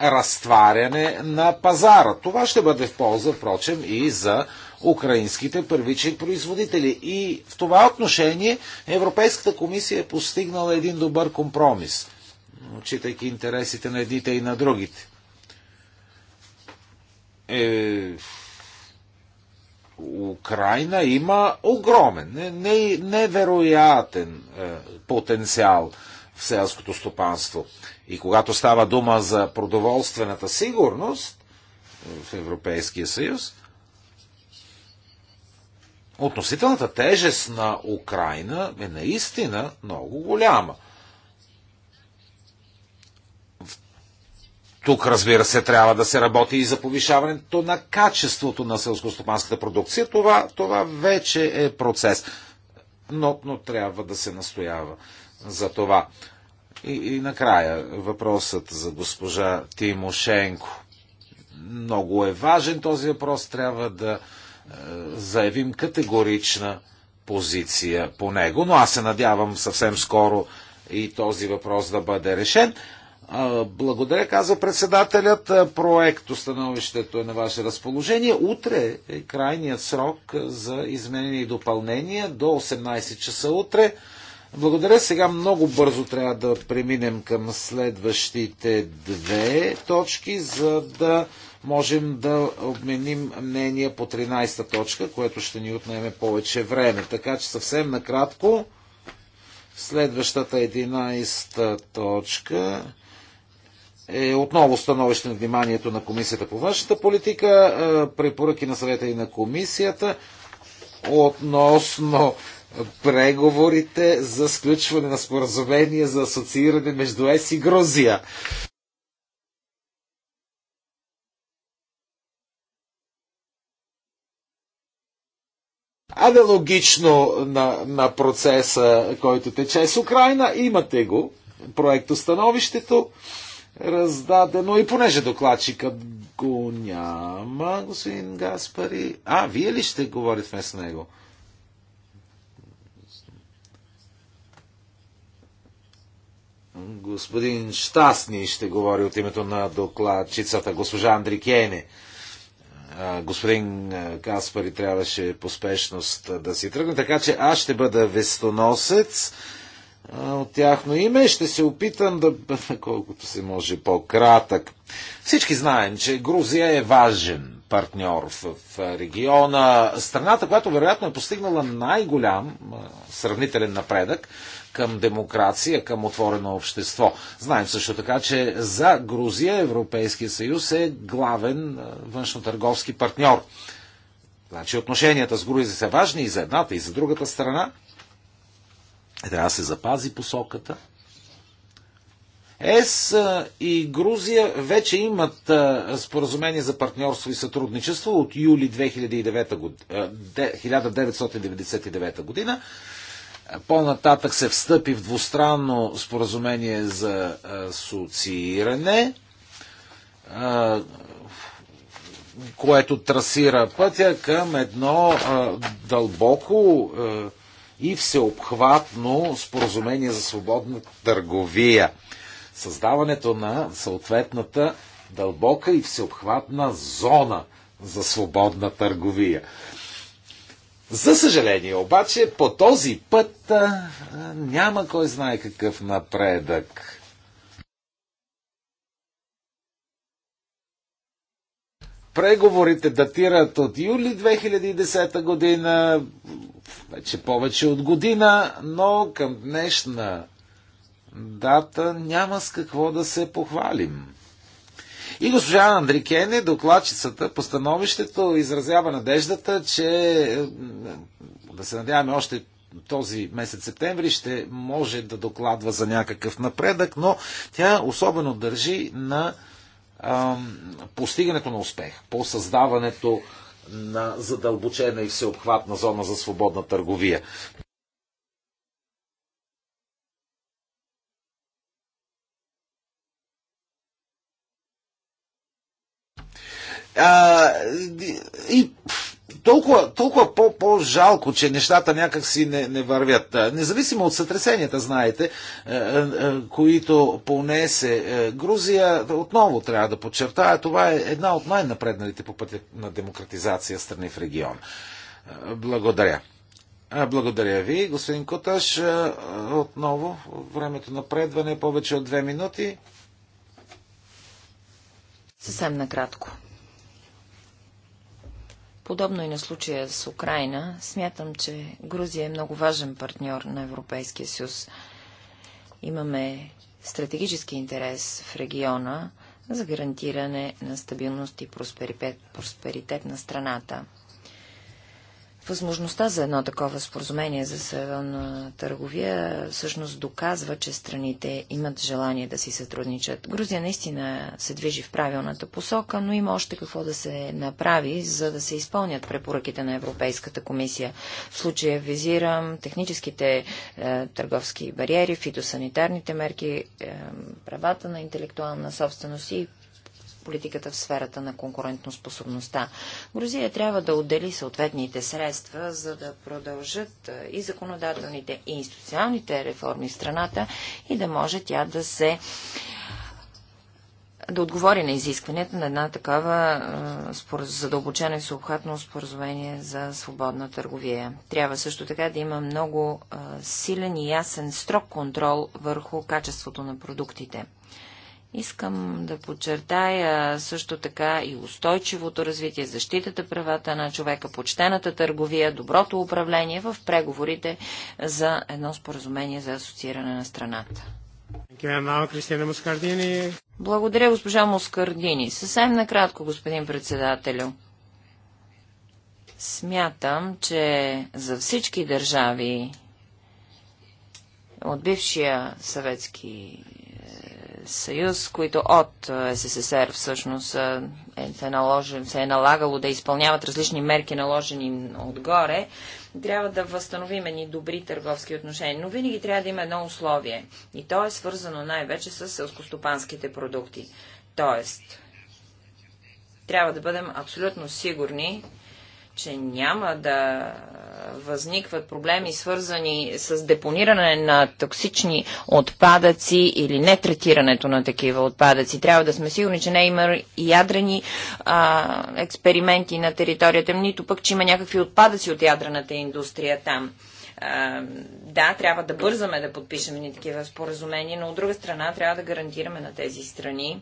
разтваряне на пазара. Това ще бъде в полза, впрочем, и за украинските първични производители. И в това отношение Европейската комисия е постигнала един добър компромис, отчитайки интересите на едните и на другите. Е, Украина има огромен, не, невероятен е, потенциал в селското стопанство. И когато става дума за продоволствената сигурност в Европейския съюз, относителната тежест на Украина е наистина много голяма. Тук, разбира се, трябва да се работи и за повишаването на качеството на селскостопанската продукция. Това, това вече е процес. Но, но трябва да се настоява за това. И, и накрая въпросът за госпожа Тимошенко. Много е важен този въпрос. Трябва да заявим категорична позиция по него, но аз се надявам съвсем скоро и този въпрос да бъде решен. Благодаря, казва председателят. Проект установището е на ваше разположение. Утре е крайният срок за изменение и допълнение до 18 часа утре. Благодаря. Сега много бързо трябва да преминем към следващите две точки, за да можем да обменим мнение по 13-та точка, което ще ни отнеме повече време. Така че съвсем накратко, следващата 11-та точка е отново становище на вниманието на Комисията по външната политика, е, препоръки на съвета и на Комисията относно преговорите за сключване на споразумение за асоцииране между ЕС и Грузия. аналогично на, на процеса, който тече с Украина. Имате го, проектостановището, раздадено и понеже докладчикът го няма, господин Гаспари. А, вие ли ще говорите вместо него? Господин Штасни ще говори от името на докладчицата, госпожа Андрикене господин Каспари трябваше по спешност да си тръгне, така че аз ще бъда вестоносец от тяхно име. Ще се опитам да бъда *laughs* колкото се може по-кратък. Всички знаем, че Грузия е важен партньор в, в региона. Страната, която вероятно е постигнала най-голям сравнителен напредък към демокрация, към отворено общество. Знаем също така, че за Грузия Европейския съюз е главен външно-търговски партньор. Значи отношенията с Грузия са важни и за едната, и за другата страна. Е, трябва да се запази посоката. ЕС и Грузия вече имат споразумение за партньорство и сътрудничество от юли 2009, 1999 година по-нататък се встъпи в двустранно споразумение за асоцииране, което трасира пътя към едно дълбоко и всеобхватно споразумение за свободна търговия. Създаването на съответната дълбока и всеобхватна зона за свободна търговия. За съжаление обаче, по този път а, няма кой знае какъв напредък. Преговорите датират от юли 2010 година, вече повече от година, но към днешна дата няма с какво да се похвалим. И госпожа Андрикене, докладчицата по становището, изразява надеждата, че да се надяваме още този месец септември ще може да докладва за някакъв напредък, но тя особено държи на ам, постигането на успех, по създаването на задълбочена и всеобхватна зона за свободна търговия. А, и толкова, толкова по-жалко, -по че нещата някакси не, не вървят. Независимо от сътресенията, знаете, които понесе Грузия, отново трябва да подчертая, това е една от най-напредналите по пътя на демократизация страни в региона. Благодаря. Благодаря ви, господин Куташ. Отново, времето напредване е повече от две минути. Съвсем накратко. Подобно и на случая с Украина, смятам, че Грузия е много важен партньор на Европейския съюз. Имаме стратегически интерес в региона за гарантиране на стабилност и просперитет, просперитет на страната. Възможността за едно такова споразумение за северна търговия всъщност доказва, че страните имат желание да си сътрудничат. Грузия наистина се движи в правилната посока, но има още какво да се направи, за да се изпълнят препоръките на Европейската комисия. В случая визирам техническите е, търговски бариери, фитосанитарните мерки, е, правата на интелектуална собственост и политиката в сферата на конкурентоспособността. Грузия трябва да отдели съответните средства, за да продължат и законодателните, и институционалните реформи в страната и да може тя да се да отговори на изискванията на една такава задълбочена и съобхватно споразумение за свободна търговия. Трябва също така да има много силен и ясен строг контрол върху качеството на продуктите. Искам да подчертая също така и устойчивото развитие, защитата правата на човека, почтената търговия, доброто управление в преговорите за едно споразумение за асоцииране на страната. Благодаря, госпожа Москардини. Съвсем накратко, господин председателю. Смятам, че за всички държави от бившия съветски съюз, които от е, СССР всъщност е, е се, е наложи, се е налагало да изпълняват различни мерки, наложени отгоре, трябва да възстановим едни добри търговски отношения. Но винаги трябва да има едно условие. И то е свързано най-вече с селскостопанските продукти. Тоест, трябва да бъдем абсолютно сигурни, че няма да възникват проблеми, свързани с депониране на токсични отпадъци или нетретирането на такива отпадъци. Трябва да сме сигурни, че не има ядрени а, експерименти на територията, нито пък, че има някакви отпадъци от ядрената индустрия там да, трябва да бързаме да подпишем ни такива споразумения, но от друга страна трябва да гарантираме на тези страни,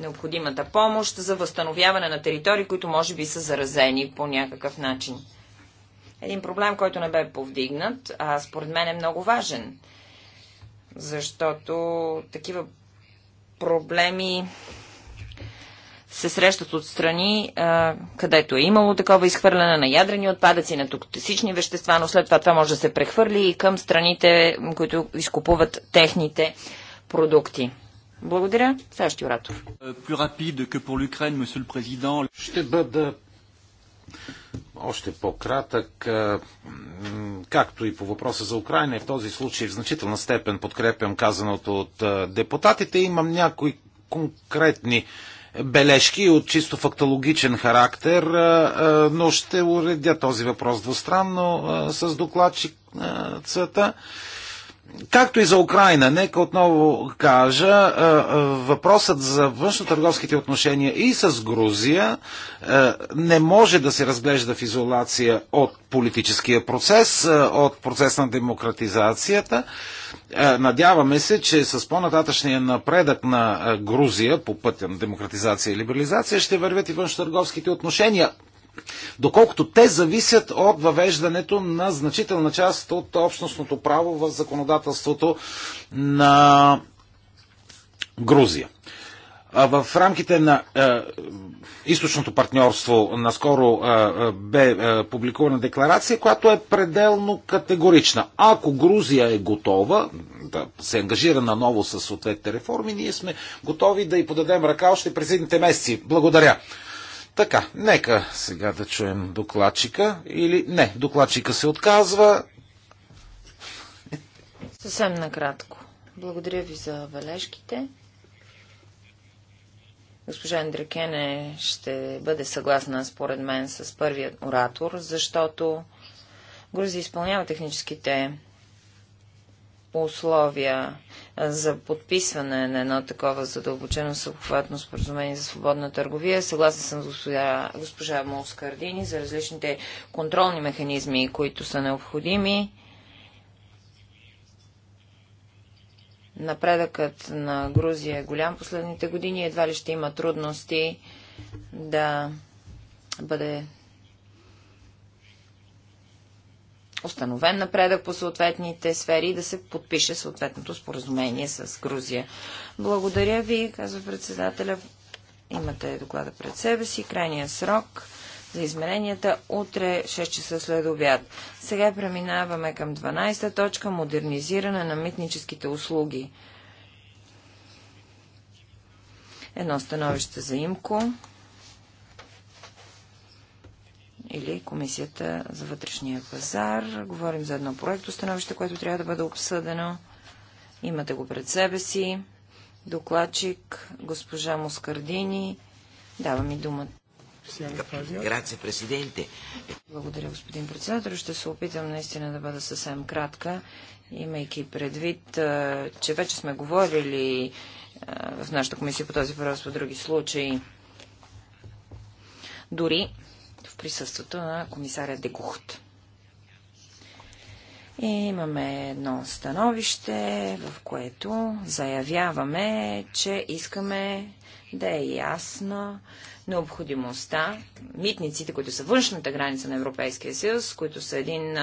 необходимата помощ за възстановяване на територии, които може би са заразени по някакъв начин. Един проблем, който не бе повдигнат, а според мен е много важен, защото такива проблеми се срещат от страни, където е имало такова изхвърляне на ядрени отпадъци, на токсични вещества, но след това това може да се прехвърли и към страните, които изкупуват техните продукти. Благодаря. Следващия оратор. Е, ще бъда още по-кратък. Е, както и по въпроса за Украина, в този случай в значителна степен подкрепям казаното от е, депутатите. Имам някои конкретни бележки от чисто фактологичен характер, но ще уредя този въпрос двустранно с докладчицата. Както и за Украина, нека отново кажа, въпросът за външно-търговските отношения и с Грузия не може да се разглежда в изолация от политическия процес, от процес на демократизацията. Надяваме се, че с по-нататъчния напредък на Грузия по пътя на демократизация и либерализация ще вървят и външно-търговските отношения доколкото те зависят от въвеждането на значителна част от общностното право в законодателството на Грузия. В рамките на е, източното партньорство наскоро е, е, бе е, публикувана декларация, която е пределно категорична. Ако Грузия е готова да се ангажира наново с съответните реформи, ние сме готови да й подадем ръка още през едните месеци. Благодаря. Така, нека сега да чуем докладчика или не, докладчика се отказва. Съвсем накратко. Благодаря ви за бележките. Госпожа Андрекене ще бъде съгласна според мен с първият оратор, защото Грузия изпълнява техническите условия за подписване на едно такова задълбочено съобхватно споразумение за свободна търговия. Съгласен съм с госпожа, госпожа Москардини за различните контролни механизми, които са необходими. Напредъкът на Грузия е голям последните години. Едва ли ще има трудности да бъде установен напредък по съответните сфери и да се подпише съответното споразумение с Грузия. Благодаря ви, казва председателя. Имате доклада пред себе си. Крайния срок за измеренията утре 6 часа след обяд. Сега преминаваме към 12 та точка модернизиране на митническите услуги. Едно становище за имко или Комисията за вътрешния пазар. Говорим за едно проекто становище, което трябва да бъде обсъдено. Имате го пред себе си. Докладчик, госпожа Москардини. Дава ми думата. Благодаря, господин председател. Ще се опитам наистина да бъда съвсем кратка, имайки предвид, че вече сме говорили в нашата комисия по този въпрос по други случаи. Дори присъствието на комисаря Дегухт. И имаме едно становище, в което заявяваме, че искаме да е ясна необходимостта митниците, които са външната граница на Европейския съюз, които са един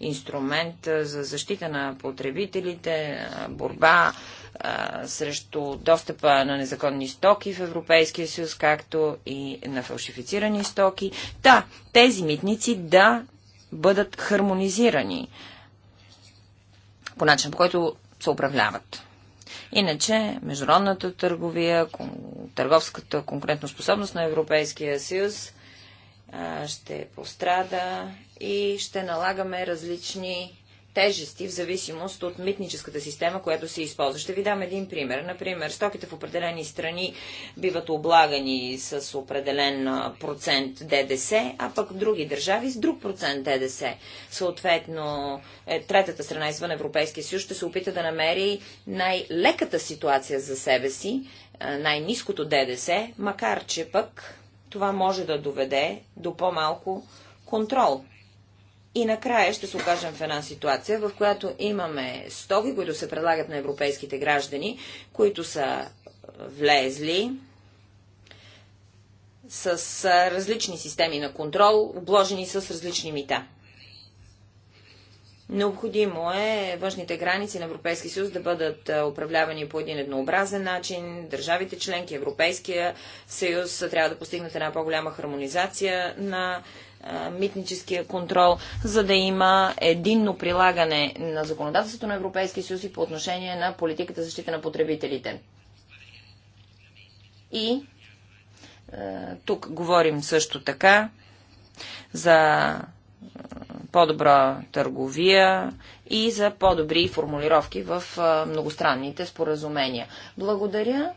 инструмент за защита на потребителите, борба срещу достъпа на незаконни стоки в Европейския съюз, както и на фалшифицирани стоки. Та, да, тези митници да бъдат хармонизирани по начин, по който се управляват. Иначе, международната търговия, търговската конкурентоспособност на Европейския съюз ще пострада и ще налагаме различни тежести в зависимост от митническата система, която се използва. Ще ви дам един пример. Например, стоките в определени страни биват облагани с определен процент ДДС, а пък в други държави с друг процент ДДС. Съответно, е, третата страна извън Европейския съюз ще се опита да намери най-леката ситуация за себе си, най-низкото ДДС, макар че пък това може да доведе до по-малко контрол и накрая ще се окажем в една ситуация, в която имаме стоки, които се предлагат на европейските граждани, които са е, влезли с е, различни системи на контрол, обложени с различни мита. Необходимо е външните граници на Европейския съюз да бъдат е, управлявани по един еднообразен начин. Държавите членки, Европейския съюз трябва да постигнат една по-голяма хармонизация на митническия контрол, за да има единно прилагане на законодателството на Европейския съюз и по отношение на политиката защита на потребителите. И тук говорим също така за по-добра търговия и за по-добри формулировки в многостранните споразумения. Благодаря,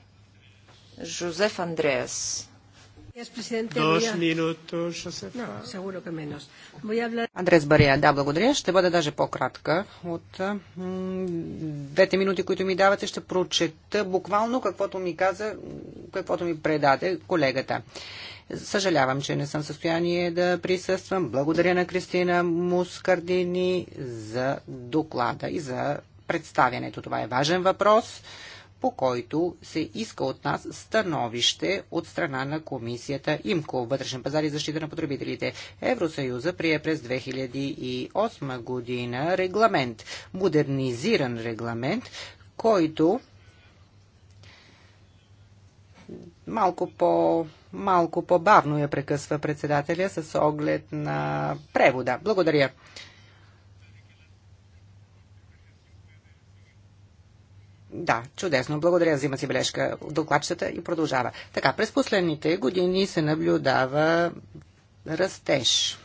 Жозеф Андреас. Dos minutos, no, Андрес Бария, да, благодаря. Ще бъда даже по-кратка от двете минути, които ми давате. Ще прочета буквално каквото ми каза, каквото ми предаде колегата. Съжалявам, че не съм в състояние да присъствам. Благодаря на Кристина Мускардини за доклада и за представянето. Това е важен въпрос по който се иска от нас становище от страна на комисията ИМКО, вътрешен пазар и защита на потребителите. Евросъюза прие през 2008 година регламент, модернизиран регламент, който малко по малко по-бавно я прекъсва председателя с оглед на превода. Благодаря. Да, чудесно. Благодаря, взима си бележка докладчета и продължава. Така, през последните години се наблюдава растеж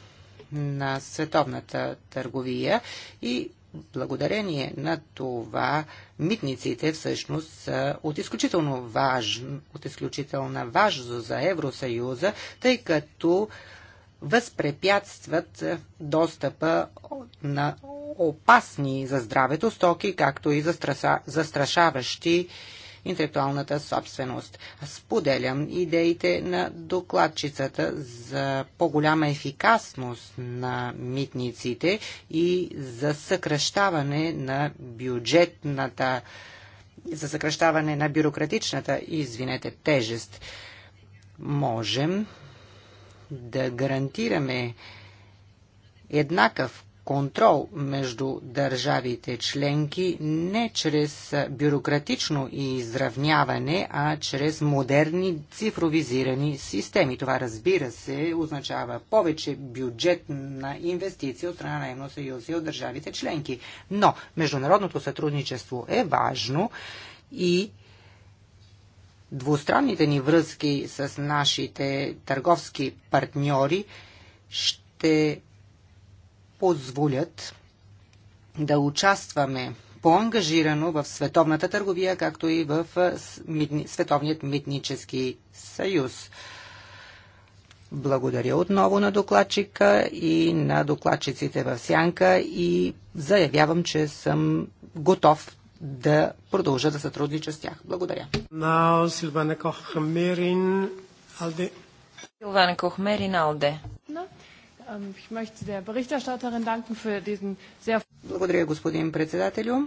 на световната търговия и благодарение на това митниците всъщност са от изключително важно, от изключителна важност за Евросъюза, тъй като възпрепятстват е, достъпа на опасни за здравето стоки, както и застрашаващи интелектуалната собственост. Споделям идеите на докладчицата за по-голяма ефикасност на митниците и за съкръщаване на бюджетната за съкръщаване на бюрократичната, извинете, тежест. Можем да гарантираме еднакъв контрол между държавите членки не чрез бюрократично изравняване, а чрез модерни цифровизирани системи. Това разбира се означава повече бюджетна инвестиция от страна на Евросъюз и от държавите членки. Но международното сътрудничество е важно и двустранните ни връзки с нашите търговски партньори ще позволят да участваме по-ангажирано в световната търговия, както и в Световният митнически съюз. Благодаря отново на докладчика и на докладчиците в Сянка и заявявам, че съм готов да продължа да сътруднича с тях. Благодаря. Now, Силвана Кохмерин, Алде. Силвана Кохмерин, Алде. Благодаря, господин председателю.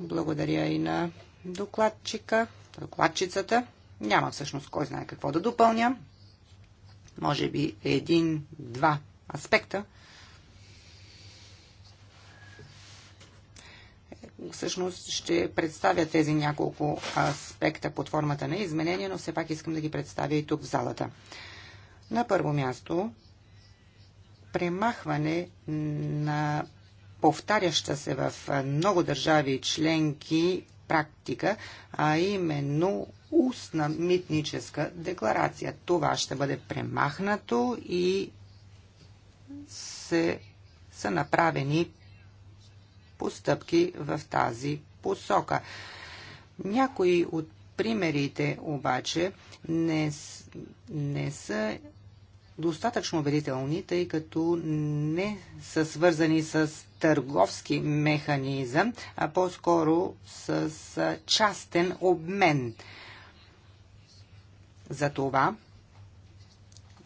Благодаря и на докладчика, докладчицата. Няма всъщност кой знае какво да допълня. Може би един-два аспекта, всъщност ще представя тези няколко аспекта под формата на изменения, но все пак искам да ги представя и тук в залата. На първо място, премахване на повтаряща се в много държави членки практика, а именно устна митническа декларация. Това ще бъде премахнато и се, са направени постъпки в тази посока. Някои от примерите обаче не, не са достатъчно убедителни, тъй като не са свързани с търговски механизъм, а по-скоро с частен обмен. Затова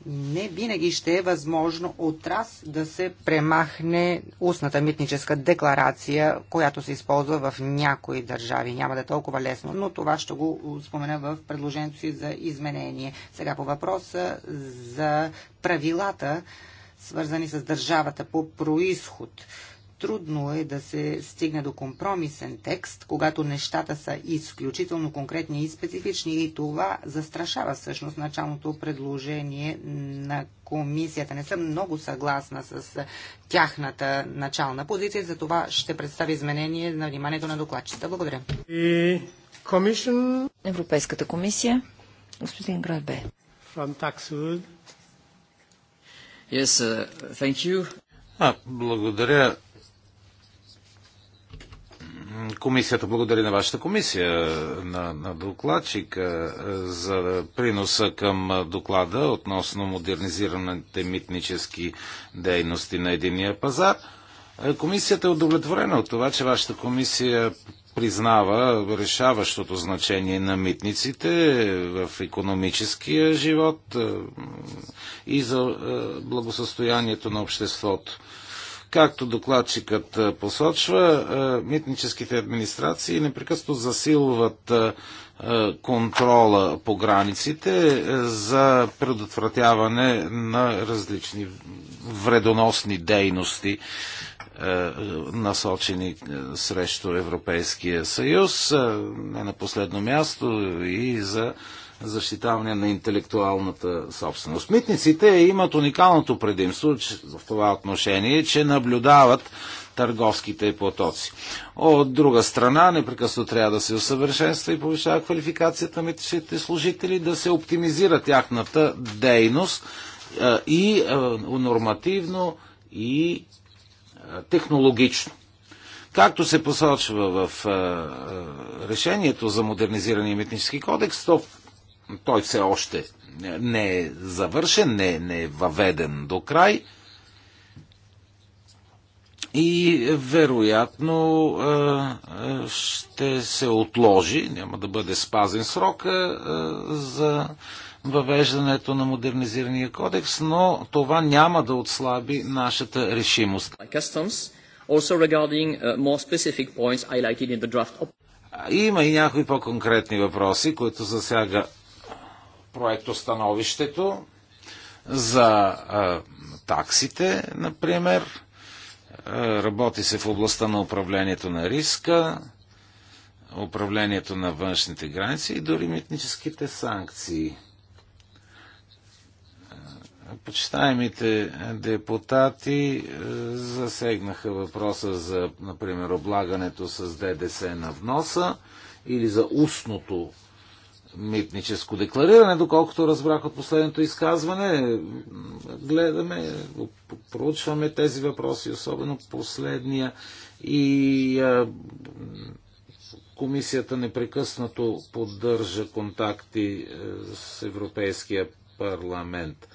не винаги ще е възможно от раз да се премахне устната митническа декларация, която се използва в някои държави. Няма да е толкова лесно, но това ще го спомена в предложението си за изменение. Сега по въпроса за правилата, свързани с държавата по происход трудно е да се стигне до компромисен текст, когато нещата са изключително конкретни и специфични и това застрашава всъщност началното предложение на комисията. Не съм много съгласна с тяхната начална позиция, за това ще представя изменение на вниманието на докладчета. Благодаря. И комисион... Европейската комисия. Господин Гройбе. Yes, uh, you. А, благодаря. Комисията благодари на вашата комисия, на, на докладчика е, за приноса към доклада относно модернизираните митнически дейности на единия пазар. Е, комисията е удовлетворена от това, че вашата комисия признава решаващото значение на митниците в економическия живот е, и за благосъстоянието на обществото. Както докладчикът посочва, митническите администрации непрекъснато засилват контрола по границите за предотвратяване на различни вредоносни дейности, насочени срещу Европейския съюз, не на последно място и за защитаване на интелектуалната собственост. Митниците имат уникалното предимство че, в това отношение, че наблюдават търговските потоци. От друга страна, непрекъснато трябва да се усъвършенства и повишава квалификацията митничните служители, да се оптимизира тяхната дейност е, и е, нормативно, и е, технологично. Както се посочва в решението за модернизирания митнически кодекс, то той все още не е завършен, не, не е въведен до край. И вероятно ще се отложи, няма да бъде спазен срока за въвеждането на модернизирания кодекс, но това няма да отслаби нашата решимост. Uh, Има и някои по-конкретни въпроси, които засяга проектостановището за а, таксите, например. Работи се в областта на управлението на риска, управлението на външните граници и дори митническите санкции. Почитаемите депутати засегнаха въпроса за, например, облагането с ДДС на вноса или за устното митническо деклариране, доколкото разбрах от последното изказване. Гледаме, проучваме тези въпроси, особено последния и а, комисията непрекъснато поддържа контакти е, с Европейския парламент.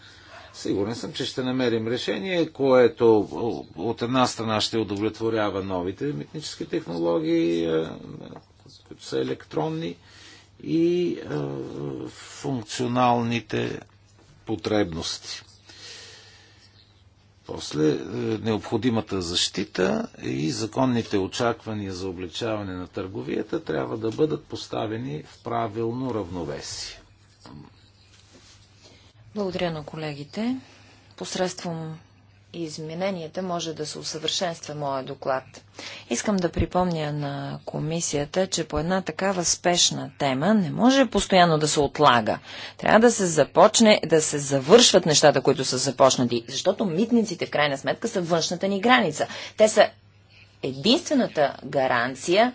Сигурен съм, че ще намерим решение, което от една страна ще удовлетворява новите митнически технологии, е, които са електронни, и а, функционалните потребности. После е, необходимата защита и законните очаквания за облегчаване на търговията трябва да бъдат поставени в правилно равновесие. Благодаря на колегите. Посредством измененията може да се усъвършенства моя доклад. Искам да припомня на комисията, че по една такава спешна тема не може постоянно да се отлага. Трябва да се започне, да се завършват нещата, които са започнати, защото митниците в крайна сметка са външната ни граница. Те са единствената гаранция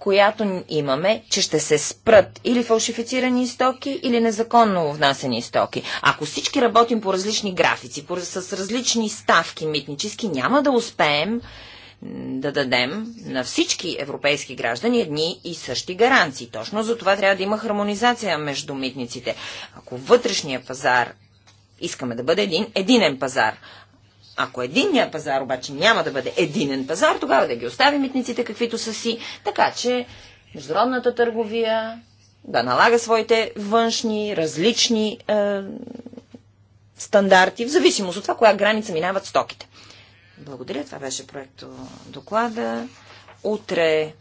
която имаме, че ще се спрат или фалшифицирани стоки, или незаконно внасени стоки. Ако всички работим по различни графици, по, с различни ставки митнически, няма да успеем да дадем на всички европейски граждани едни и същи гаранции. Точно за това трябва да има хармонизация между митниците. Ако вътрешния пазар искаме да бъде един единен пазар, ако единният пазар обаче няма да бъде единен пазар, тогава да ги остави митниците каквито са си, така че международната търговия да налага своите външни, различни е, стандарти, в зависимост от това, коя граница минават стоките. Благодаря, това беше проекто доклада. Утре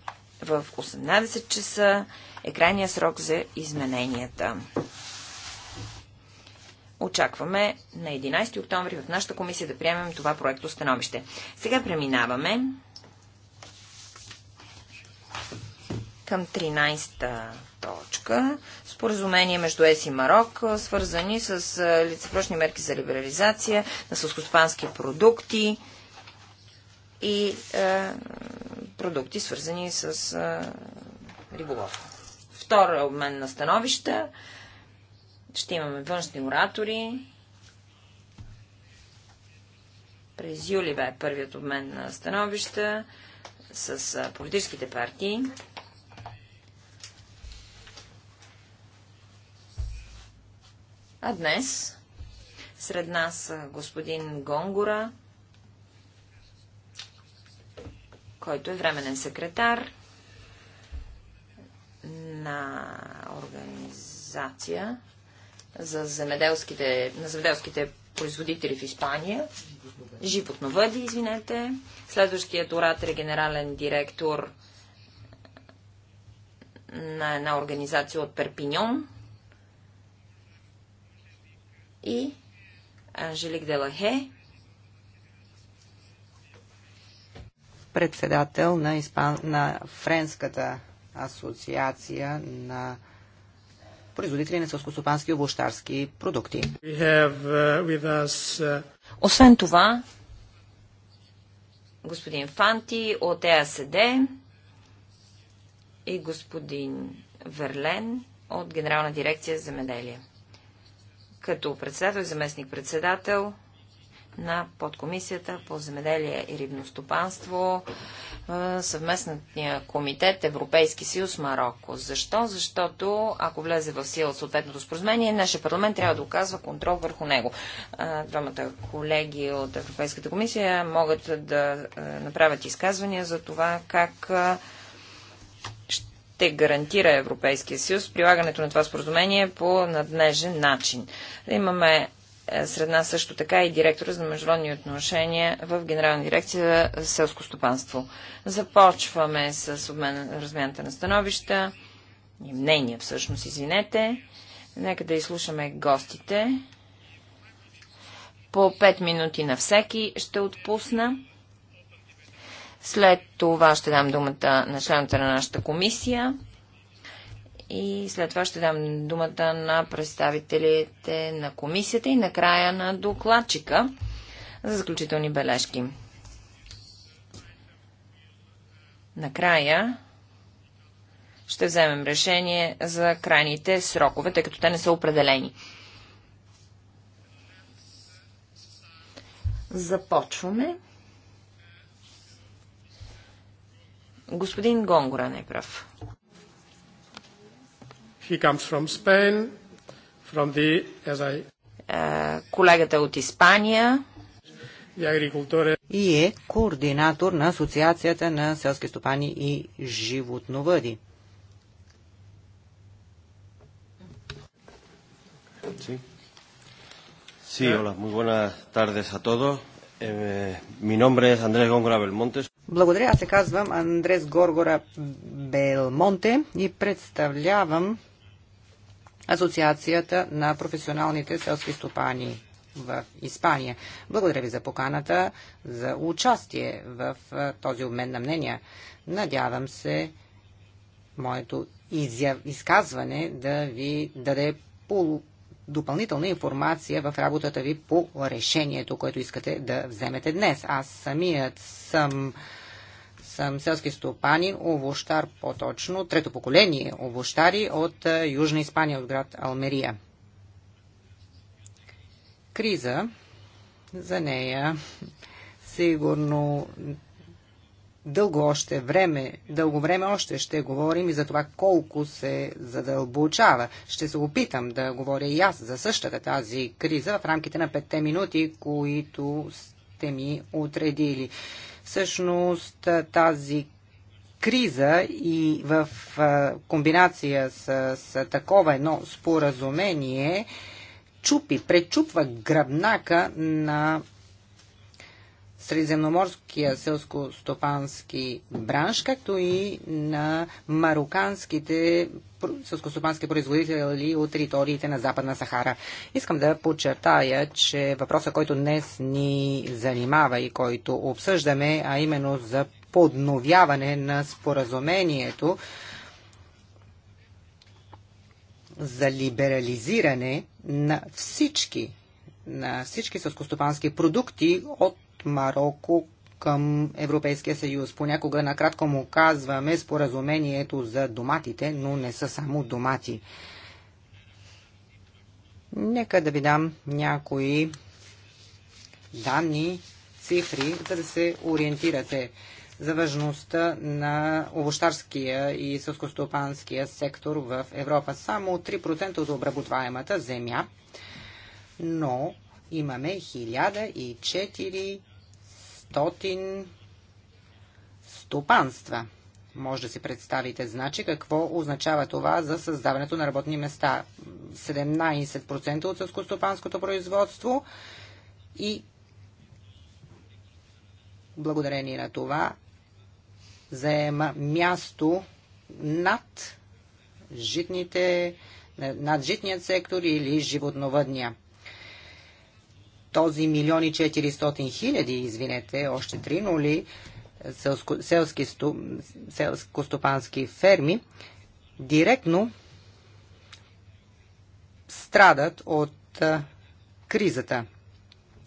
в 18 часа е крайния срок за измененията. Очакваме на 11 октомври в нашата комисия да приемем това проекто становище. Сега преминаваме към 13-та точка. Споразумение между ЕС и Марок, свързани с лицепрочни мерки за либерализация на сълскоспански продукти и е, продукти, свързани с е, риболов. Втора обмен на становища. Е, ще имаме външни оратори. През юли бе първият обмен на становища с политическите партии. А днес сред нас господин Гонгора, който е временен секретар на организация за земеделските, на земеделските производители в Испания. Животновъди, извинете. Следващият оратор е генерален директор на една организация от Перпиньон. И Анжелик Делахе, председател на, Испан... на Френската асоциация на производители на сълскостопански и овощарски продукти. Uh, us... Uh, Освен това, господин Фанти от ЕАСД и господин Верлен от Генерална дирекция за Земеделие. Като председател и заместник-председател на подкомисията по земеделие и рибностопанство съвместния комитет Европейски съюз Марокко. Защо? Защото ако влезе в сила съответното споразумение, нашия парламент трябва да оказва контрол върху него. Двамата колеги от Европейската комисия могат да направят изказвания за това как ще гарантира Европейския съюз прилагането на това споразумение по наднежен начин. Имаме е, сред нас също така и директора за международни отношения в Генерална дирекция за селско стопанство. Започваме с обмен, размяната на становища и мнения всъщност, извинете. Нека да изслушаме гостите. По 5 минути на всеки ще отпусна. След това ще дам думата на членовете на нашата комисия и след това ще дам думата на представителите на комисията и накрая на докладчика за заключителни бележки. Накрая ще вземем решение за крайните срокове, тъй като те не са определени. Започваме. Господин Гонгора не е прав. He comes from Spain, from the, as I... Е, колегата от Испания и е координатор на Асоциацията на селски стопани и животновъди. Sí. Sí, hola, muy buenas tardes a todos. Eh, mi nombre es Andrés Góngora Belmonte. Благодаря, аз се казвам Андрес Горгора Белмонте и представлявам Асоциацията на професионалните селски стопани в Испания. Благодаря ви за поканата, за участие в този обмен на мнения. Надявам се моето изяв... изказване да ви даде полу допълнителна информация в работата ви по решението, което искате да вземете днес. Аз самият съм съм селски стопанин, овощар по-точно, трето поколение овощари от Южна Испания, от град Алмерия. Криза, за нея сигурно дълго още време, дълго време още ще говорим и за това колко се задълбочава. Ще се опитам да говоря и аз за същата тази криза в рамките на петте минути, които сте ми отредили. Всъщност тази криза и в комбинация с, с такова едно споразумение чупи, пречупва гръбнака на средиземноморския селско-стопански бранш, както и на мароканските селско-стопански производители от териториите на Западна Сахара. Искам да подчертая, че въпросът, който днес ни занимава и който обсъждаме, а именно за подновяване на споразумението за либерализиране на всички на всички сълскостопански продукти от Марокко към Европейския съюз. Понякога накратко му казваме споразумението за доматите, но не са само домати. Нека да ви дам някои данни, цифри, за да се ориентирате за важността на овощарския и сълскостопанския сектор в Европа. Само 3% от обработваемата земя, но имаме 1004 500 стопанства. Може да си представите, значи, какво означава това за създаването на работни места. 17% от сълскостопанското производство и благодарение на това заема място над житните, над житният сектор или животновъдния този милион и 400 хиляди, извинете, още три нули селско, селски, селско-стопански ферми, директно страдат от кризата.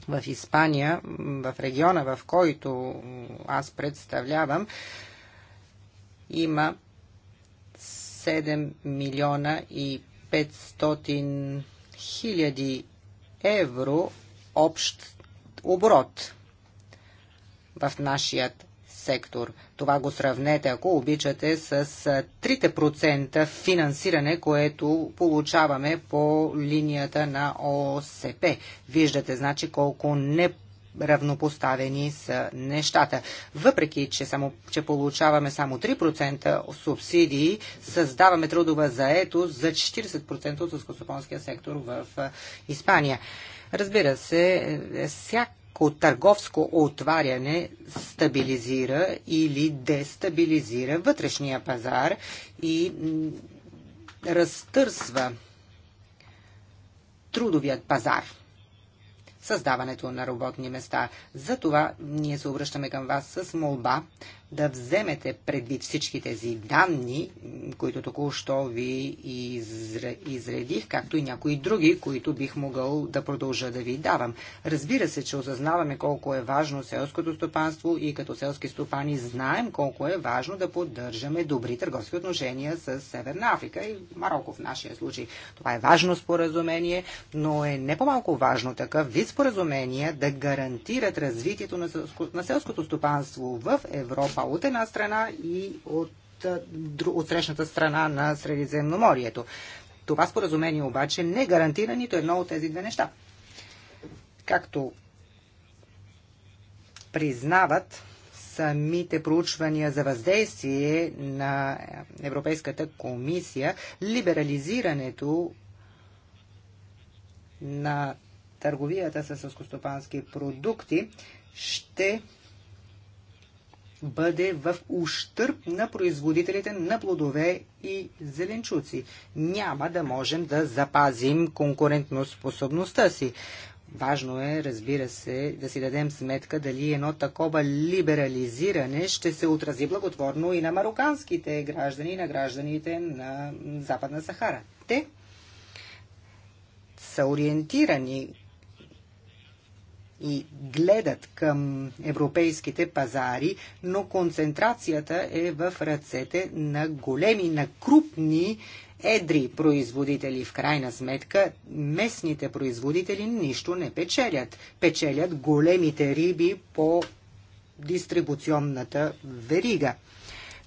В Испания, в региона, в който аз представлявам, има 7 милиона и 500 хиляди евро общ оборот в нашият сектор. Това го сравнете, ако обичате, с 3% финансиране, което получаваме по линията на ОСП. Виждате, значи, колко не равнопоставени са нещата. Въпреки, че, само, че получаваме само 3% субсидии, създаваме трудова заето за 40% от скосопонския сектор в Испания. Разбира се, всяко търговско отваряне стабилизира или дестабилизира вътрешния пазар и разтърсва трудовият пазар създаването на работни места. За това ние се обръщаме към вас с молба да вземете предвид всички тези данни, които току-що ви изредих, както и някои други, които бих могъл да продължа да ви давам. Разбира се, че осъзнаваме колко е важно селското стопанство и като селски стопани знаем колко е важно да поддържаме добри търговски отношения с Северна Африка и Марокко в нашия случай. Това е важно споразумение, но е не по-малко важно такъв вид споразумения да гарантират развитието на селското стопанство в Европа Европа от една страна и от, от срещната страна на Средиземноморието. Това споразумение обаче не гарантира нито едно от тези две неща. Както признават самите проучвания за въздействие на Европейската комисия, либерализирането на търговията с сълскостопански продукти ще бъде в ущърп на производителите на плодове и зеленчуци. Няма да можем да запазим конкурентноспособността си. Важно е, разбира се, да си дадем сметка дали едно такова либерализиране ще се отрази благотворно и на мароканските граждани, и на гражданите на Западна Сахара. Те са ориентирани и гледат към европейските пазари, но концентрацията е в ръцете на големи, на крупни едри производители. В крайна сметка, местните производители нищо не печелят. Печелят големите риби по дистрибуционната верига.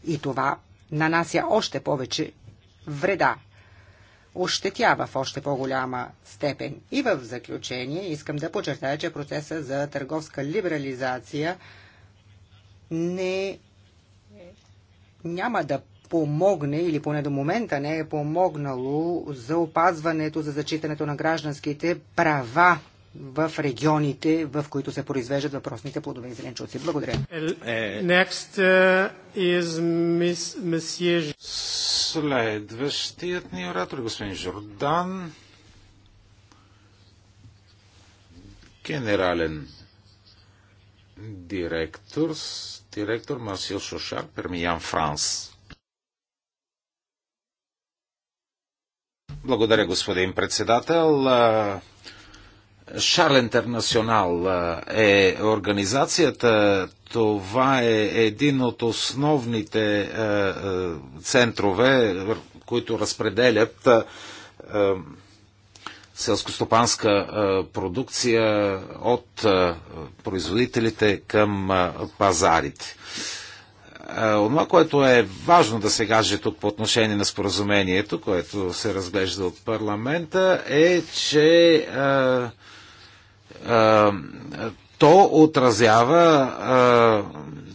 И това нанася още повече вреда ощетява в още по-голяма степен. И в заключение искам да подчертая, че процеса за търговска либерализация не няма да помогне или поне до момента не е помогнало за опазването, за зачитането на гражданските права в регионите, в които се произвеждат въпросните плодове и зеленчуци. Благодаря. Е, е, е. Next is Miss, Следващият ни оратор, е господин Жордан, генерален директор, директор Марсил Шошар, Пермиян Франс. Благодаря, господин председател. Шарл Интернационал е организацията, това е един от основните е, е, центрове, които разпределят е, е селскостопанска е, продукция от е, производителите към пазарите. Онова, което е важно да се каже тук по отношение на споразумението, което се разглежда от парламента, е, че то отразява а,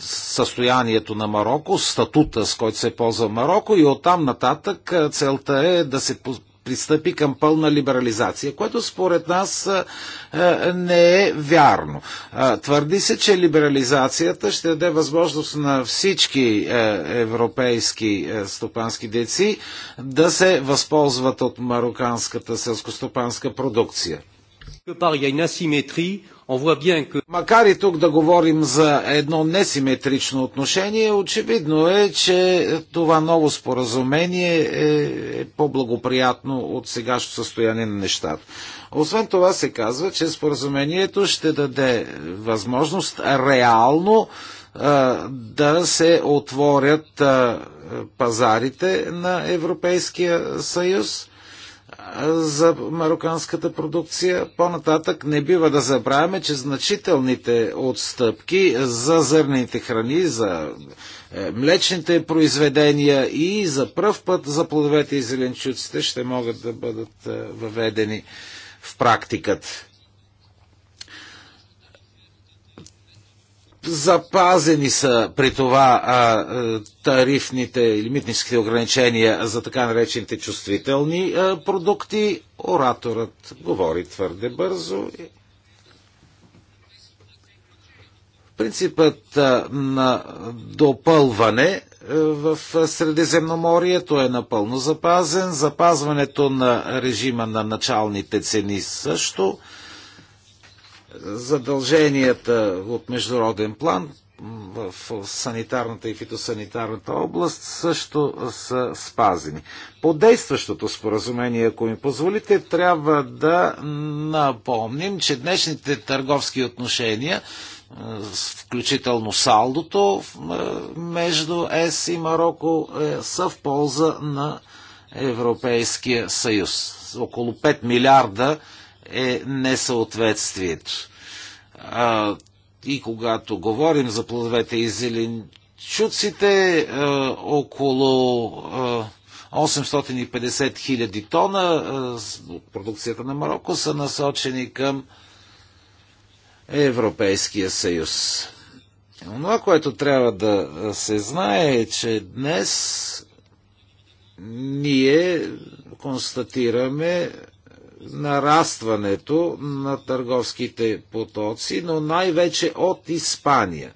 състоянието на Марокко, статута, с който се ползва Марокко и оттам нататък целта е да се пристъпи към пълна либерализация, което според нас не е вярно. Твърди се, че либерализацията ще даде възможност на всички европейски стопански деци да се възползват от мароканската селскостопанска продукция. Макар и тук да говорим за едно несиметрично отношение, очевидно е, че това ново споразумение е, е по-благоприятно от сегашното състояние на нещата. Освен това се казва, че споразумението ще даде възможност реално да се отворят пазарите на Европейския съюз за мароканската продукция. По-нататък не бива да забравяме, че значителните отстъпки за зърните храни, за е, млечните произведения и за пръв път за плодовете и зеленчуците ще могат да бъдат е, въведени в практиката. Запазени са при това а, тарифните и лимитническите ограничения за така наречените чувствителни а, продукти. Ораторът говори твърде бързо. Принципът а, на допълване в Средиземноморието е напълно запазен. Запазването на режима на началните цени също задълженията от международен план в санитарната и фитосанитарната област също са спазени. По действащото споразумение, ако ми позволите, трябва да напомним, че днешните търговски отношения, е, включително салдото е, между ЕС и Марокко, е, са в полза на Европейския съюз. Около 5 милиарда е несъответствието. А, и когато говорим за плодовете и зеленчуците, а, е, около а, е, 850 хиляди тона е, от продукцията на Марокко са насочени към Европейския съюз. Това, което трябва да се знае е, че днес ние констатираме нарастването на търговските потоци, но най-вече от Испания.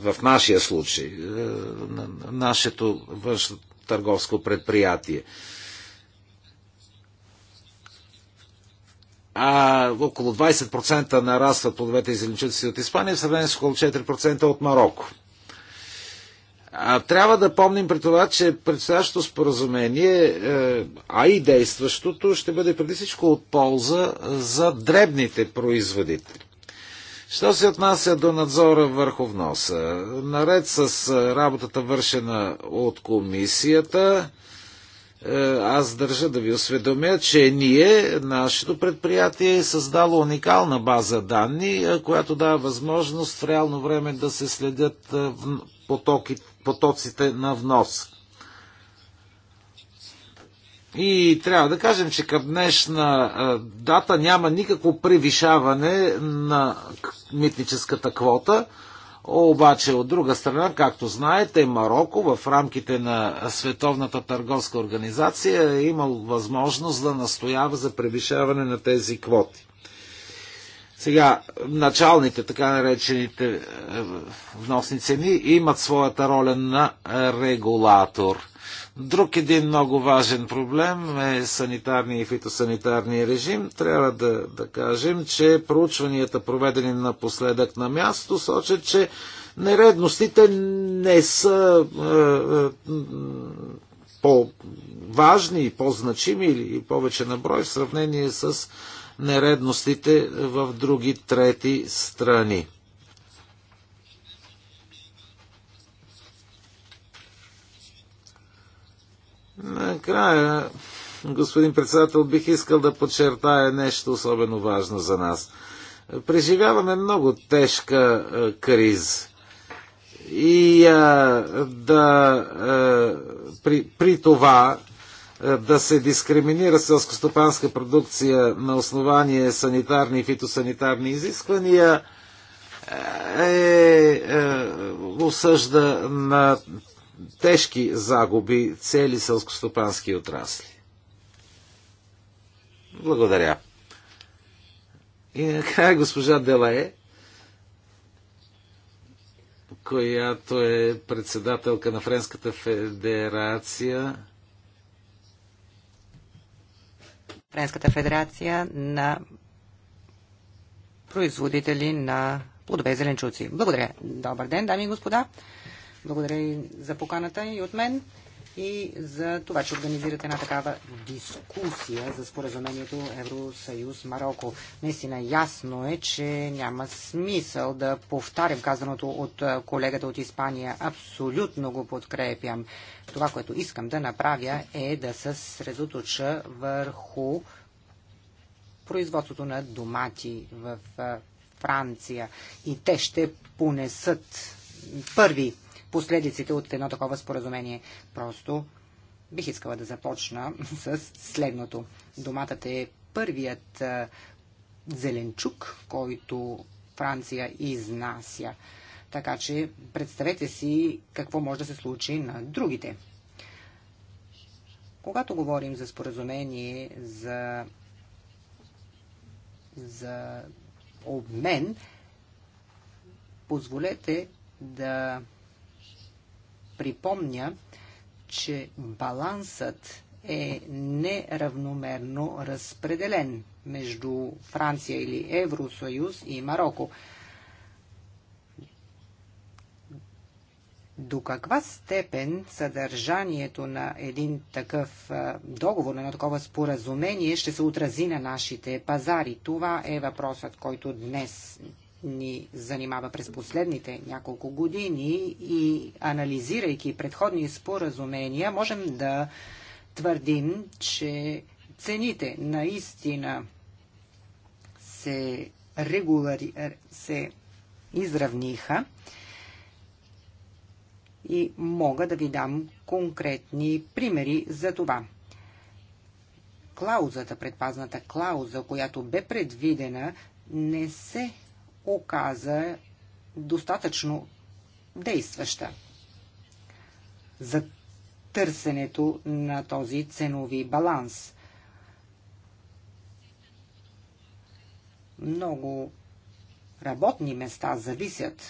В нашия случай, е, на нашето външно търговско предприятие. а около 20% нарастват плодовете и зеленчуците от Испания, в сравнение с около 4% от Марокко. А трябва да помним при това, че предстоящото споразумение, е, а и действащото, ще бъде преди всичко от полза за дребните производители. Що се отнася до надзора върху вноса? Наред с е, работата вършена от комисията, е, аз държа да ви осведомя, че ние, нашето предприятие е създало уникална база данни, която дава възможност в реално време да се следят потоките потоците на внос. И трябва да кажем, че към днешна дата няма никакво превишаване на митническата квота. Обаче, от друга страна, както знаете, Марокко в рамките на Световната търговска организация е имал възможност да настоява за превишаване на тези квоти. Сега, началните, така наречените е, вносни цени имат своята роля на е, регулатор. Друг един много важен проблем е санитарния и фитосанитарния режим. Трябва да, да кажем, че проучванията, проведени напоследък на място, сочат, че нередностите не са е, е, по-важни и по-значими или повече на брой в сравнение с нередностите в други трети страни. Накрая, господин председател, бих искал да подчертая нещо особено важно за нас. Преживяваме много тежка е, криз. И а, е, да а, е, при, при това да се дискриминира селскостопанска продукция на основание санитарни и фитосанитарни изисквания е, е осъжда на тежки загуби цели селскостопански отрасли. Благодаря. И накрая госпожа Делае, която е председателка на Френската федерация Френската федерация на производители на плодове и зеленчуци. Благодаря. Добър ден, дами и господа. Благодаря и за поканата и от мен и за това, че организирате една такава дискусия за споразумението Евросъюз Марокко. Наистина ясно е, че няма смисъл да повтарям казаното от колегата от Испания. Абсолютно го подкрепям. Това, което искам да направя е да се средоточа върху производството на домати в Франция. И те ще понесат първи последиците от едно такова споразумение. Просто бих искала да започна *laughs* с следното. Доматът е първият зеленчук, който Франция изнася. Така че представете си какво може да се случи на другите. Когато говорим за споразумение, за, за обмен, позволете да припомня, че балансът е неравномерно разпределен между Франция или Евросоюз и Марокко. До каква степен съдържанието на един такъв договор, на едно такова споразумение ще се отрази на нашите пазари? Това е въпросът, който днес ни занимава през последните няколко години и анализирайки предходни споразумения, можем да твърдим, че цените наистина се, регулари... се изравниха и мога да ви дам конкретни примери за това. Клаузата, предпазната клауза, която бе предвидена, не се оказа достатъчно действаща за търсенето на този ценови баланс. Много работни места зависят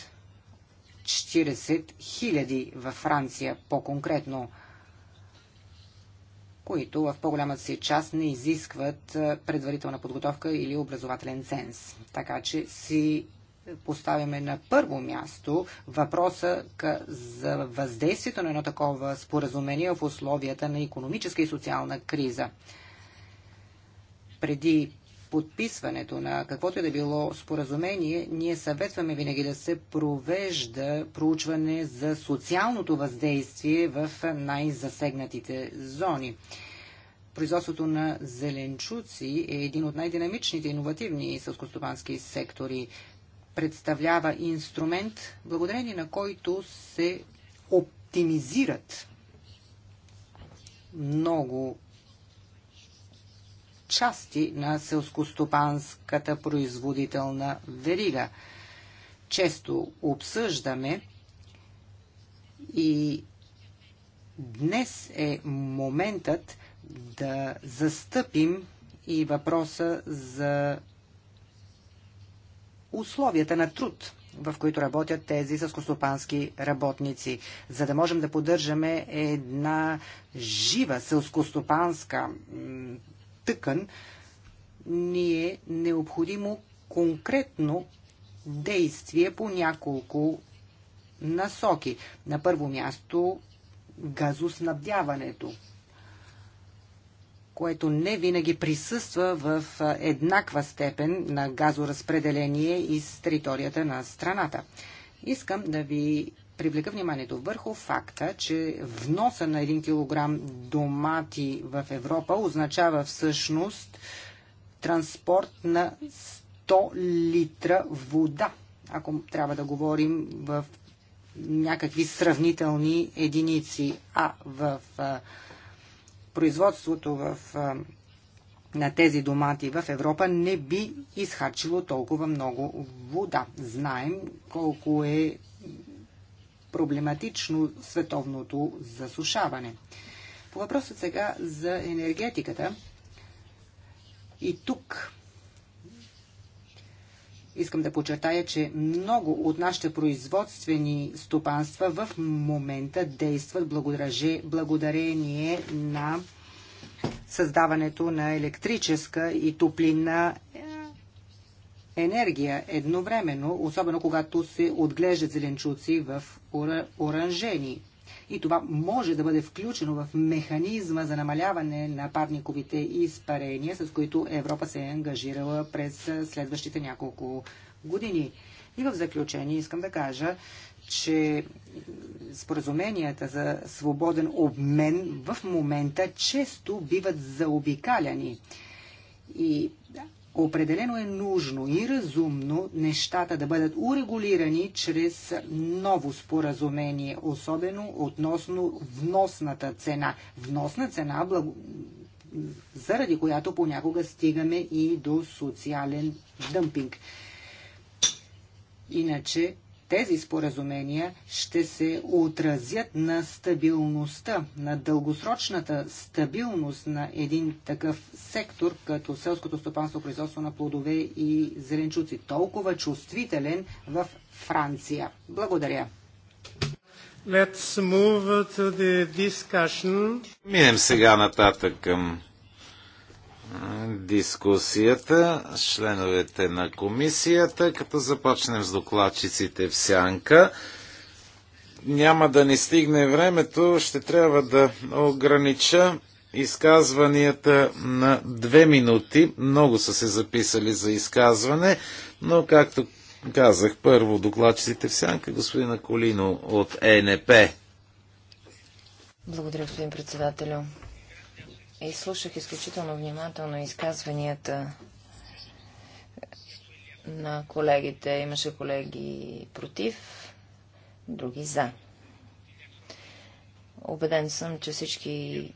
40 000 във Франция по-конкретно – които в по-голямата си част не изискват предварителна подготовка или образователен ценз. Така че си поставяме на първо място въпроса за въздействието на едно такова споразумение в условията на економическа и социална криза. Преди подписването на каквото е да било споразумение, ние съветваме винаги да се провежда проучване за социалното въздействие в най-засегнатите зони. Производството на зеленчуци е един от най-динамичните иновативни сълскостопански сектори. Представлява инструмент, благодарение на който се оптимизират много части на селскостопанската производителна верига. Често обсъждаме и днес е моментът да застъпим и въпроса за условията на труд в които работят тези селскостопански работници, за да можем да поддържаме една жива селскостопанска тъкан, ни е необходимо конкретно действие по няколко насоки. На първо място газоснабдяването, което не винаги присъства в еднаква степен на газоразпределение из територията на страната. Искам да ви привлека вниманието върху факта, че вноса на 1 кг домати в Европа означава всъщност транспорт на 100 литра вода, ако трябва да говорим в някакви сравнителни единици. А в а, производството в а, на тези домати в Европа не би изхарчило толкова много вода. Знаем колко е проблематично световното засушаване. По въпросът сега за енергетиката. И тук Искам да подчертая, че много от нашите производствени стопанства в момента действат благодарение на създаването на електрическа и топлинна енергия едновременно, особено когато се отглеждат зеленчуци в оранжени. И това може да бъде включено в механизма за намаляване на парниковите изпарения, с които Европа се е ангажирала през следващите няколко години. И в заключение искам да кажа, че споразуменията за свободен обмен в момента често биват заобикаляни. И Определено е нужно и разумно нещата да бъдат урегулирани чрез ново споразумение, особено относно вносната цена. Вносна цена, заради която понякога стигаме и до социален дъмпинг. Иначе тези споразумения ще се отразят на стабилността, на дългосрочната стабилност на един такъв сектор, като селското стопанство, производство на плодове и зеленчуци, толкова чувствителен в Франция. Благодаря. Let's move to the discussion. Минем сега нататък към дискусията, членовете на комисията, като започнем с докладчиците в сянка. Няма да ни стигне времето, ще трябва да огранича изказванията на две минути. Много са се записали за изказване, но както казах, първо докладчиците в сянка, господина Колино от ЕНП. Благодаря, господин председателю и слушах изключително внимателно изказванията на колегите. Имаше колеги против, други за. Обеден съм, че всички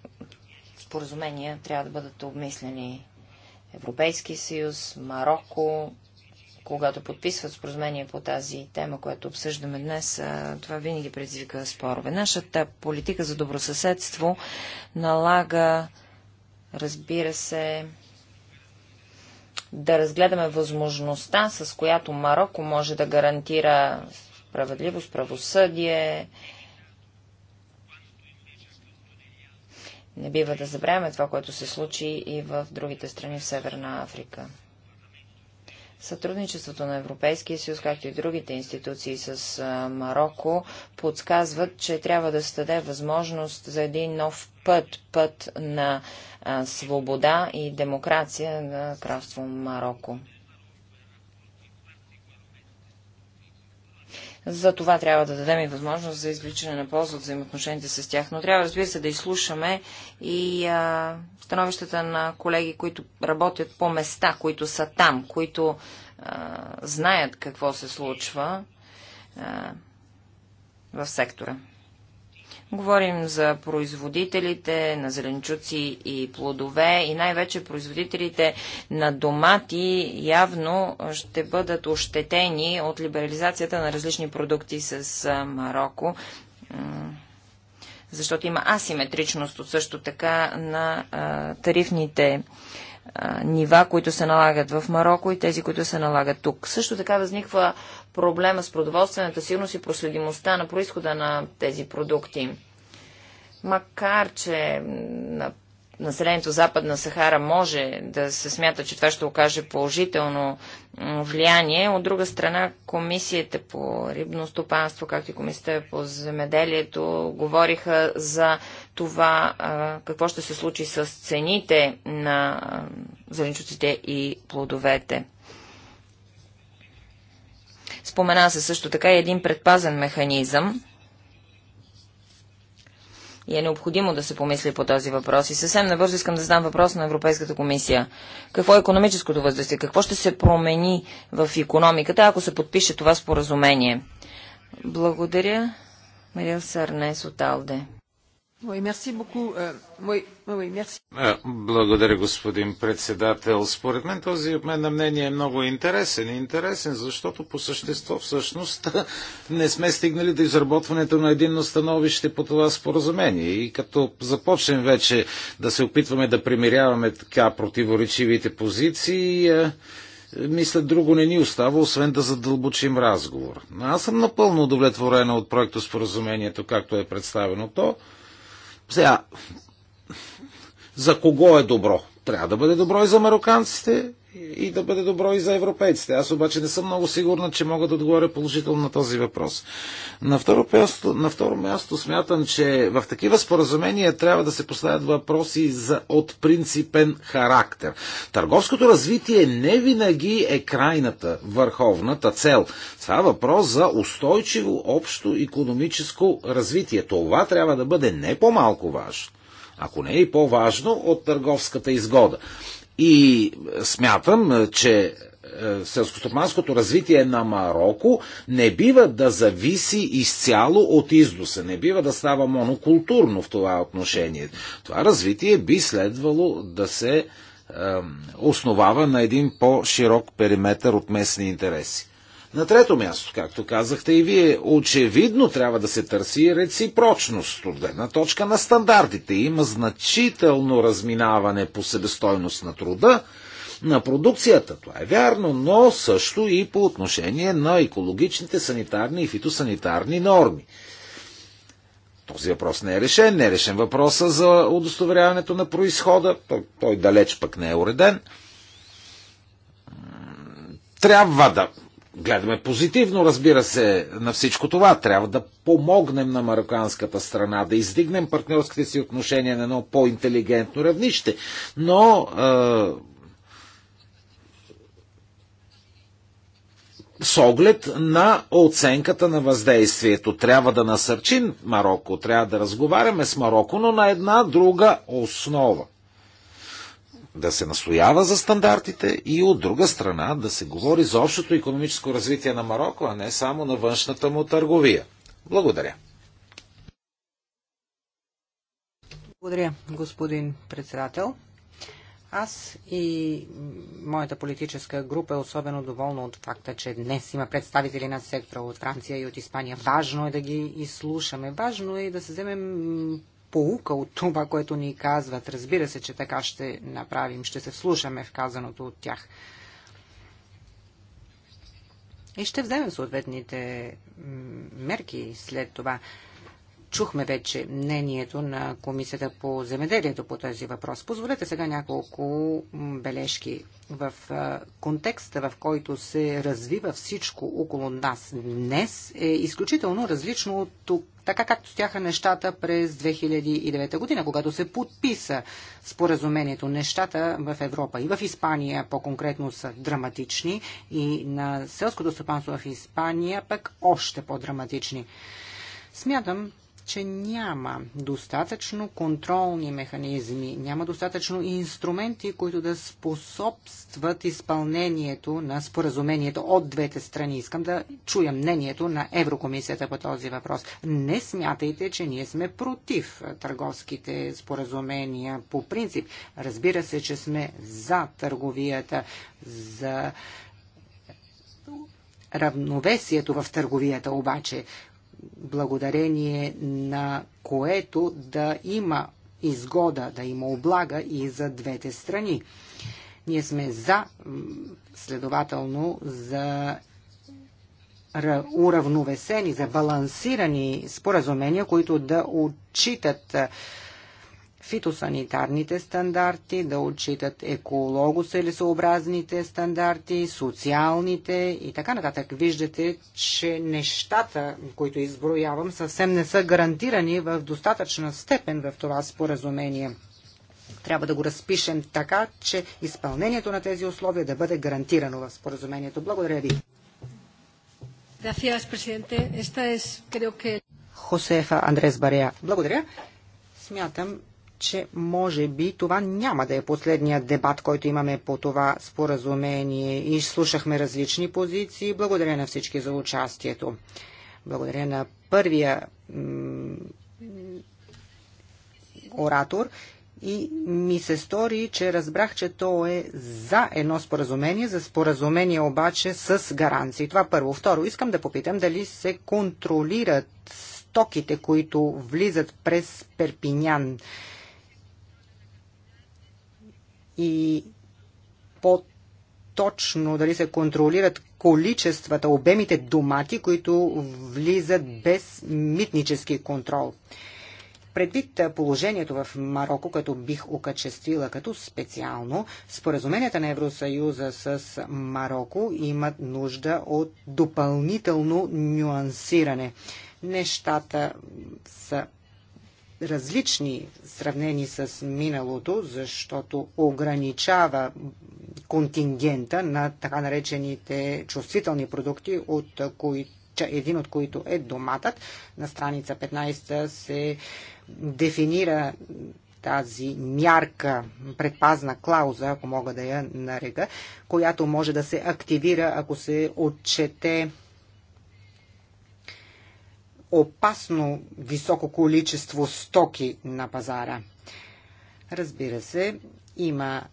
споразумения трябва да бъдат обмислени. Европейски съюз, Марокко, когато подписват споразумение по тази тема, която обсъждаме днес, това винаги предизвика спорове. Нашата политика за добросъседство налага разбира се, да разгледаме възможността, с която Марокко може да гарантира справедливост, правосъдие. Не бива да забравяме това, което се случи и в другите страни в Северна Африка. Сътрудничеството на Европейския съюз, както и другите институции с Марокко, подсказват, че трябва да се даде възможност за един нов път, път на свобода и демокрация на кралство Марокко. За това трябва да дадем и възможност за извличане на полза от взаимоотношенията с тях. Но трябва, разбира се, да изслушаме и а, становищата на колеги, които работят по места, които са там, които а, знаят какво се случва а, в сектора. Говорим за производителите на зеленчуци и плодове и най-вече производителите на домати явно ще бъдат ощетени от либерализацията на различни продукти с Марокко защото има асиметричност от също така на а, тарифните а, нива, които се налагат в Марокко и тези, които се налагат тук. Също така възниква проблема с продоволствената сигурност и проследимостта на происхода на тези продукти. Макар, че на населението Западна Сахара може да се смята, че това ще окаже положително влияние. От друга страна, комисията по рибно стопанство, както и комисията по земеделието, говориха за това какво ще се случи с цените на зеленчуците и плодовете. Спомена се също така и един предпазен механизъм. И е необходимо да се помисли по този въпрос. И съвсем набързо искам да задам въпрос на Европейската комисия. Какво е економическото въздействие? Какво ще се промени в економиката, ако се подпише това споразумение? Благодаря. Марил Сарнес от Алде. Euh, е, благодаря, господин председател. Според мен този обмен на мнение е много интересен. Интересен, защото по същество всъщност *laughs* не сме стигнали до изработването на единно становище по това споразумение. И като започнем вече да се опитваме да примиряваме така противоречивите позиции, е, мисля, друго не ни остава, освен да задълбочим разговор. Аз съм напълно удовлетворена от проекто споразумението, както е представено то сега, за кого е добро? Трябва да бъде добро и за мароканците, и да бъде добро и за европейците. Аз обаче не съм много сигурна, че мога да отговоря положително на този въпрос. На второ, място, на второ място смятам, че в такива споразумения трябва да се поставят въпроси за от принципен характер. Търговското развитие не винаги е крайната, върховната цел. Това е въпрос за устойчиво общо економическо развитие. Това трябва да бъде не по-малко важно ако не е и по-важно от търговската изгода. И смятам, че е, селскостопанското развитие на Марокко не бива да зависи изцяло от издоса, не бива да става монокултурно в това отношение. Това развитие би следвало да се основава на един по-широк периметр от местни интереси. На трето място, както казахте и вие, очевидно трябва да се търси реципрочност от гледна точка на стандартите. Има значително разминаване по себестойност на труда, на продукцията. Това е вярно, но също и по отношение на екологичните, санитарни и фитосанитарни норми. Този въпрос не е решен, не е решен въпроса за удостоверяването на происхода, той далеч пък не е уреден. Трябва да гледаме позитивно, разбира се, на всичко това. Трябва да помогнем на мароканската страна, да издигнем партньорските си отношения на едно по-интелигентно равнище. Но е, с оглед на оценката на въздействието. Трябва да насърчим Марокко, трябва да разговаряме с Марокко, но на една друга основа да се настоява за стандартите и от друга страна да се говори за общото економическо развитие на Марокко, а не само на външната му търговия. Благодаря. Благодаря, господин председател. Аз и моята политическа група е особено доволна от факта, че днес има представители на сектора от Франция и от Испания. Важно е да ги изслушаме. Важно е да се вземем поука от това, което ни казват. Разбира се, че така ще направим, ще се вслушаме в казаното от тях. И ще вземем съответните мерки след това чухме вече мнението на Комисията по земеделието по този въпрос. Позволете сега няколко бележки в контекста, в който се развива всичко около нас днес, е изключително различно от тук, така както стяха нещата през 2009 година, когато се подписа споразумението. Нещата в Европа и в Испания по-конкретно са драматични и на селското стопанство в Испания пък още по-драматични. Смятам, че няма достатъчно контролни механизми, няма достатъчно инструменти, които да способстват изпълнението на споразумението от двете страни. Искам да чуя мнението на Еврокомисията по този въпрос. Не смятайте, че ние сме против търговските споразумения по принцип. Разбира се, че сме за търговията, за равновесието в търговията обаче благодарение на което да има изгода, да има облага и за двете страни. Ние сме за, следователно, за уравновесени, за балансирани споразумения, които да отчитат фитосанитарните стандарти, да отчитат екологоцелесообразните стандарти, социалните и така нататък. Виждате, че нещата, които изброявам, съвсем не са гарантирани в достатъчна степен в това споразумение. Трябва да го разпишем така, че изпълнението на тези условия да бъде гарантирано в споразумението. Благодаря ви. Хосефа Андрес Барея. Благодаря. Смятам, че може би това няма да е последният дебат, който имаме по това споразумение. И слушахме различни позиции. Благодаря на всички за участието. Благодаря на първия оратор и ми се стори, че разбрах, че то е за едно споразумение, за споразумение обаче с гаранции. Това първо. Второ, искам да попитам дали се контролират стоките, които влизат през Перпинян и по-точно дали се контролират количествата, обемите домати, които влизат без митнически контрол. Предвид положението в Марокко, като бих окачествила като специално, споразуменията на Евросъюза с Марокко имат нужда от допълнително нюансиране. Нещата са различни сравнени с миналото, защото ограничава контингента на така наречените чувствителни продукти, от кои, един от които е доматът. На страница 15 се дефинира тази мярка, предпазна клауза, ако мога да я нарега, която може да се активира, ако се отчете опасно високо количество стоки на пазара. Разбира се, има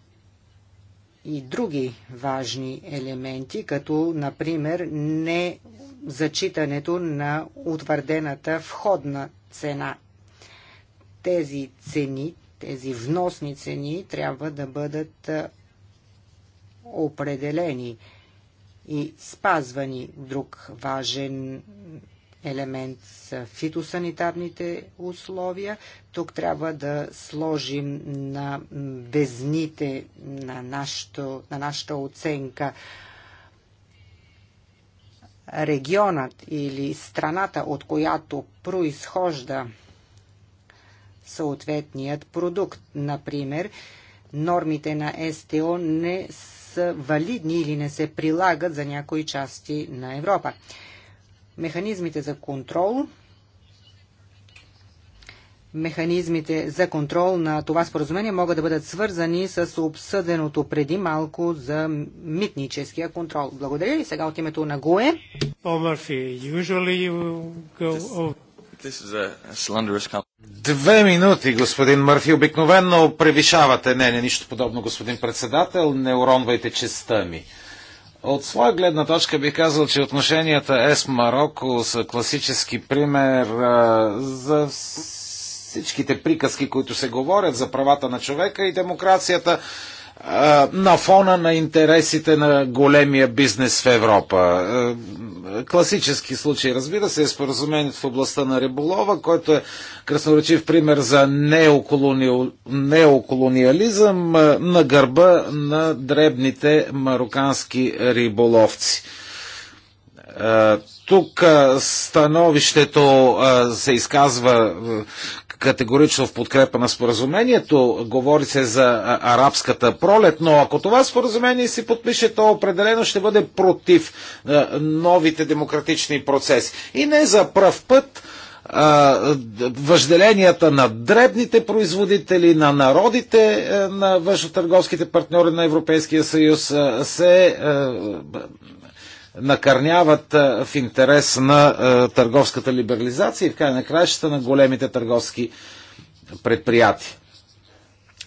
и други важни елементи, като например не зачитането на утвърдената входна цена. Тези цени, тези вносни цени трябва да бъдат определени и спазвани. Друг важен елемент са фитосанитарните условия. Тук трябва да сложим на безните на, нашото, на нашата оценка регионът или страната, от която произхожда съответният продукт. Например, нормите на СТО не са валидни или не се прилагат за някои части на Европа механизмите за контрол механизмите за контрол на това споразумение могат да бъдат свързани с обсъденото преди малко за митническия контрол. Благодаря ви сега от името на ГОЕ. Две минути, господин Мърфи. Обикновено превишавате. Не, не, нищо подобно, господин председател. Не уронвайте честа ми. От своя гледна точка би казал, че отношенията ЕС-Марокко са класически пример за всичките приказки, които се говорят за правата на човека и демокрацията на фона на интересите на големия бизнес в Европа. Класически случай, разбира се, е споразумението в областта на риболова, който е красноречив пример за неоколониализъм на гърба на дребните марокански риболовци. Тук становището се изказва категорично в подкрепа на споразумението. Говори се за арабската пролет, но ако това споразумение си подпише, то определено ще бъде против новите демократични процеси. И не за пръв път въжделенията на дребните производители, на народите на външно-търговските партньори на Европейския съюз се накърняват в интерес на търговската либерализация и в край на краищата на големите търговски предприятия.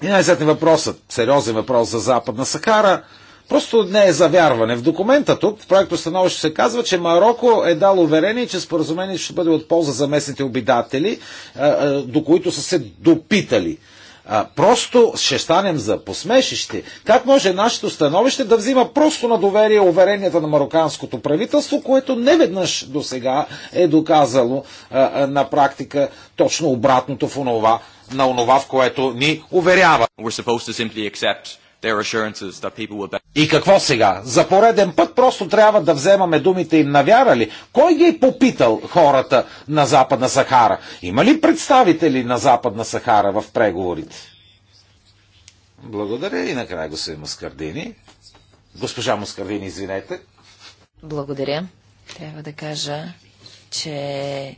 И най-сетне въпросът, сериозен въпрос за Западна Сахара, просто не е завярване. В документа тук, в проекто становище се казва, че Марокко е дал уверение, че споразумението ще бъде от полза за местните обидатели, до които са се допитали а, просто ще станем за посмешище. Как може нашето становище да взима просто на доверие уверенията на мароканското правителство, което не веднъж до сега е доказало а, а, на практика точно обратното в онова, на онова, в което ни уверява. И какво сега? За пореден път просто трябва да вземаме думите им вяра ли? Кой ги е попитал хората на Западна Сахара? Има ли представители на Западна Сахара в преговорите? Благодаря и накрая господин Маскардини. Госпожа Маскардини, извинете. Благодаря. Трябва да кажа, че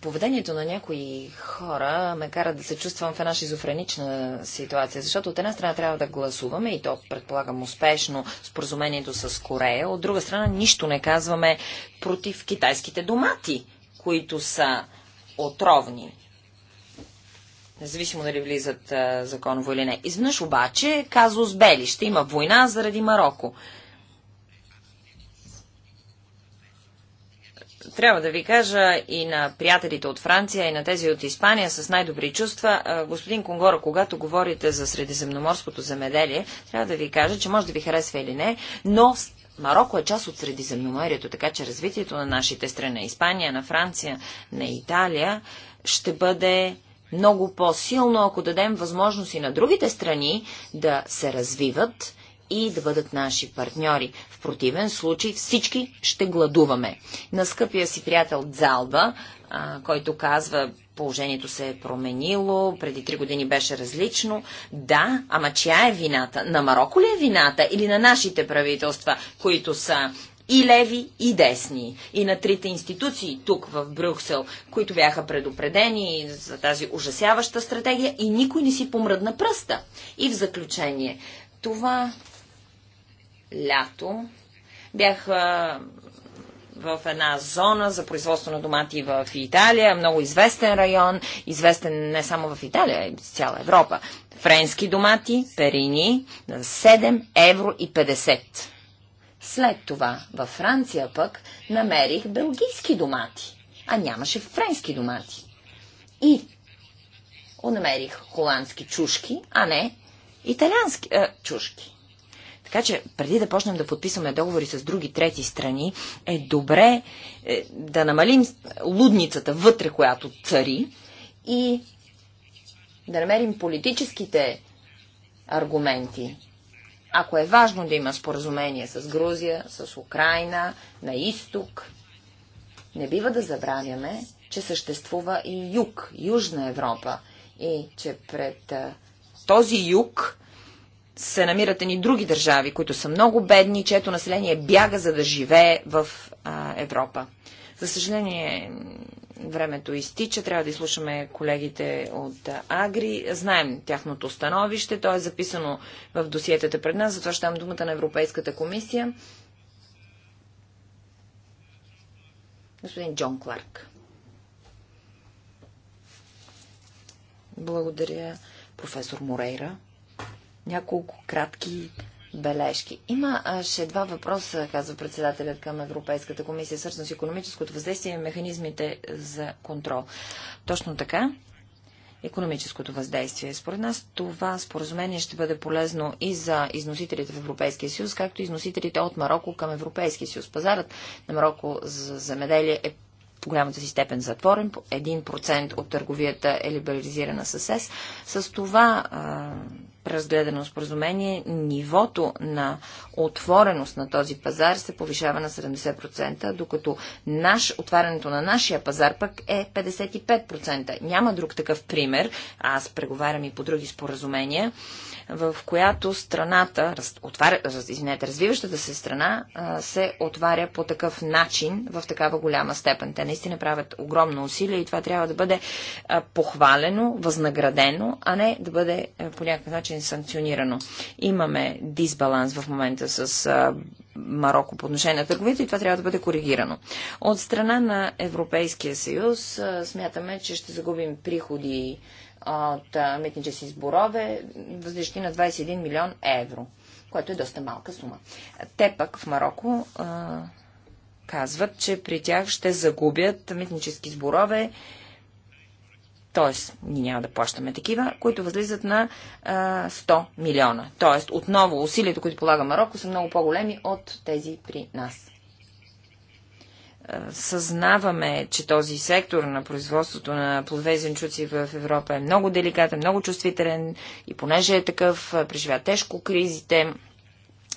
поведението на някои хора ме кара да се чувствам в една шизофренична ситуация, защото от една страна трябва да гласуваме, и то предполагам успешно, споразумението с Корея, от друга страна нищо не казваме против китайските домати, които са отровни. Независимо дали влизат а, законово или не. Изведнъж обаче казус Бели. Ще има война заради Марокко. Трябва да ви кажа и на приятелите от Франция, и на тези от Испания с най-добри чувства. Господин Конгора, когато говорите за средиземноморското земеделие, трябва да ви кажа, че може да ви харесва или не, но Марокко е част от Средиземноморието, така че развитието на нашите страни, на Испания, на Франция, на Италия, ще бъде много по-силно, ако дадем възможност и на другите страни да се развиват и да бъдат наши партньори. В противен случай всички ще гладуваме. На скъпия си приятел Дзалба, а, който казва положението се е променило, преди три години беше различно. Да, ама чия е вината? На Марокко ли е вината или на нашите правителства, които са и леви, и десни, и на трите институции тук в Брюксел, които бяха предупредени за тази ужасяваща стратегия и никой не си помръдна пръста. И в заключение, това лято. Бях в една зона за производство на домати в Италия, много известен район, известен не само в Италия, а и в цяла Европа. Френски домати, перини, на 7 евро и 50. След това във Франция пък намерих белгийски домати, а нямаше френски домати. И намерих холандски чушки, а не италиански а, чушки. Така че, преди да почнем да подписваме договори с други трети страни, е добре е, да намалим лудницата вътре, която цари и да намерим политическите аргументи. Ако е важно да има споразумение с Грузия, с Украина, на изток, не бива да забравяме, че съществува и юг, Южна Европа и че пред този юг се намират и други държави, които са много бедни, чето население бяга за да живее в а, Европа. За съжаление, времето изтича. Трябва да изслушаме колегите от Агри. Знаем тяхното становище. То е записано в досиетата пред нас. Затова ще дам думата на Европейската комисия. Господин Джон Кларк. Благодаря, професор Морейра няколко кратки бележки. ще два въпроса, казва председателят към Европейската комисия, свързан с економическото въздействие и механизмите за контрол. Точно така. Економическото въздействие. Според нас това споразумение ще бъде полезно и за износителите в Европейския съюз, както и износителите от Марокко към Европейския съюз. Пазарът на Марокко за земеделие е по голямата си степен затворен. 1% от търговията е либерализирана с ЕС. С това разгледано споразумение, нивото на отвореност на този пазар се повишава на 70%, докато наш, отварянето на нашия пазар пък е 55%. Няма друг такъв пример, аз преговарям и по други споразумения, в която страната, отваря, извинете, развиващата се страна се отваря по такъв начин в такава голяма степен. Те наистина правят огромно усилие и това трябва да бъде похвалено, възнаградено, а не да бъде по някакъв начин начин санкционирано. Имаме дисбаланс в момента с Марокко по отношение на търговията и това трябва да бъде коригирано. От страна на Европейския съюз смятаме, че ще загубим приходи от митнически сборове, възлищи на 21 милион евро, което е доста малка сума. Те пък в Марокко а, казват, че при тях ще загубят митнически сборове т.е. ние няма да плащаме такива, които възлизат на а, 100 милиона. Т.е. отново усилията, които полага Марокко, са много по-големи от тези при нас съзнаваме, че този сектор на производството на плодове и зеленчуци в Европа е много деликатен, много чувствителен и понеже е такъв, преживя тежко кризите.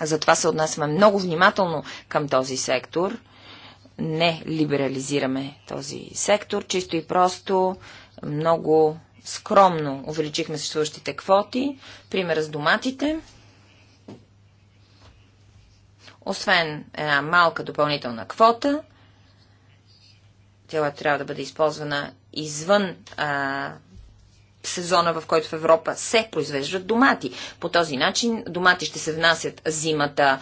Затова се отнасяме много внимателно към този сектор. Не либерализираме този сектор, чисто и просто много скромно увеличихме съществуващите квоти. Пример с доматите. Освен една малка допълнителна квота, тя трябва да бъде използвана извън а, сезона, в който в Европа се произвеждат домати. По този начин домати ще се внасят зимата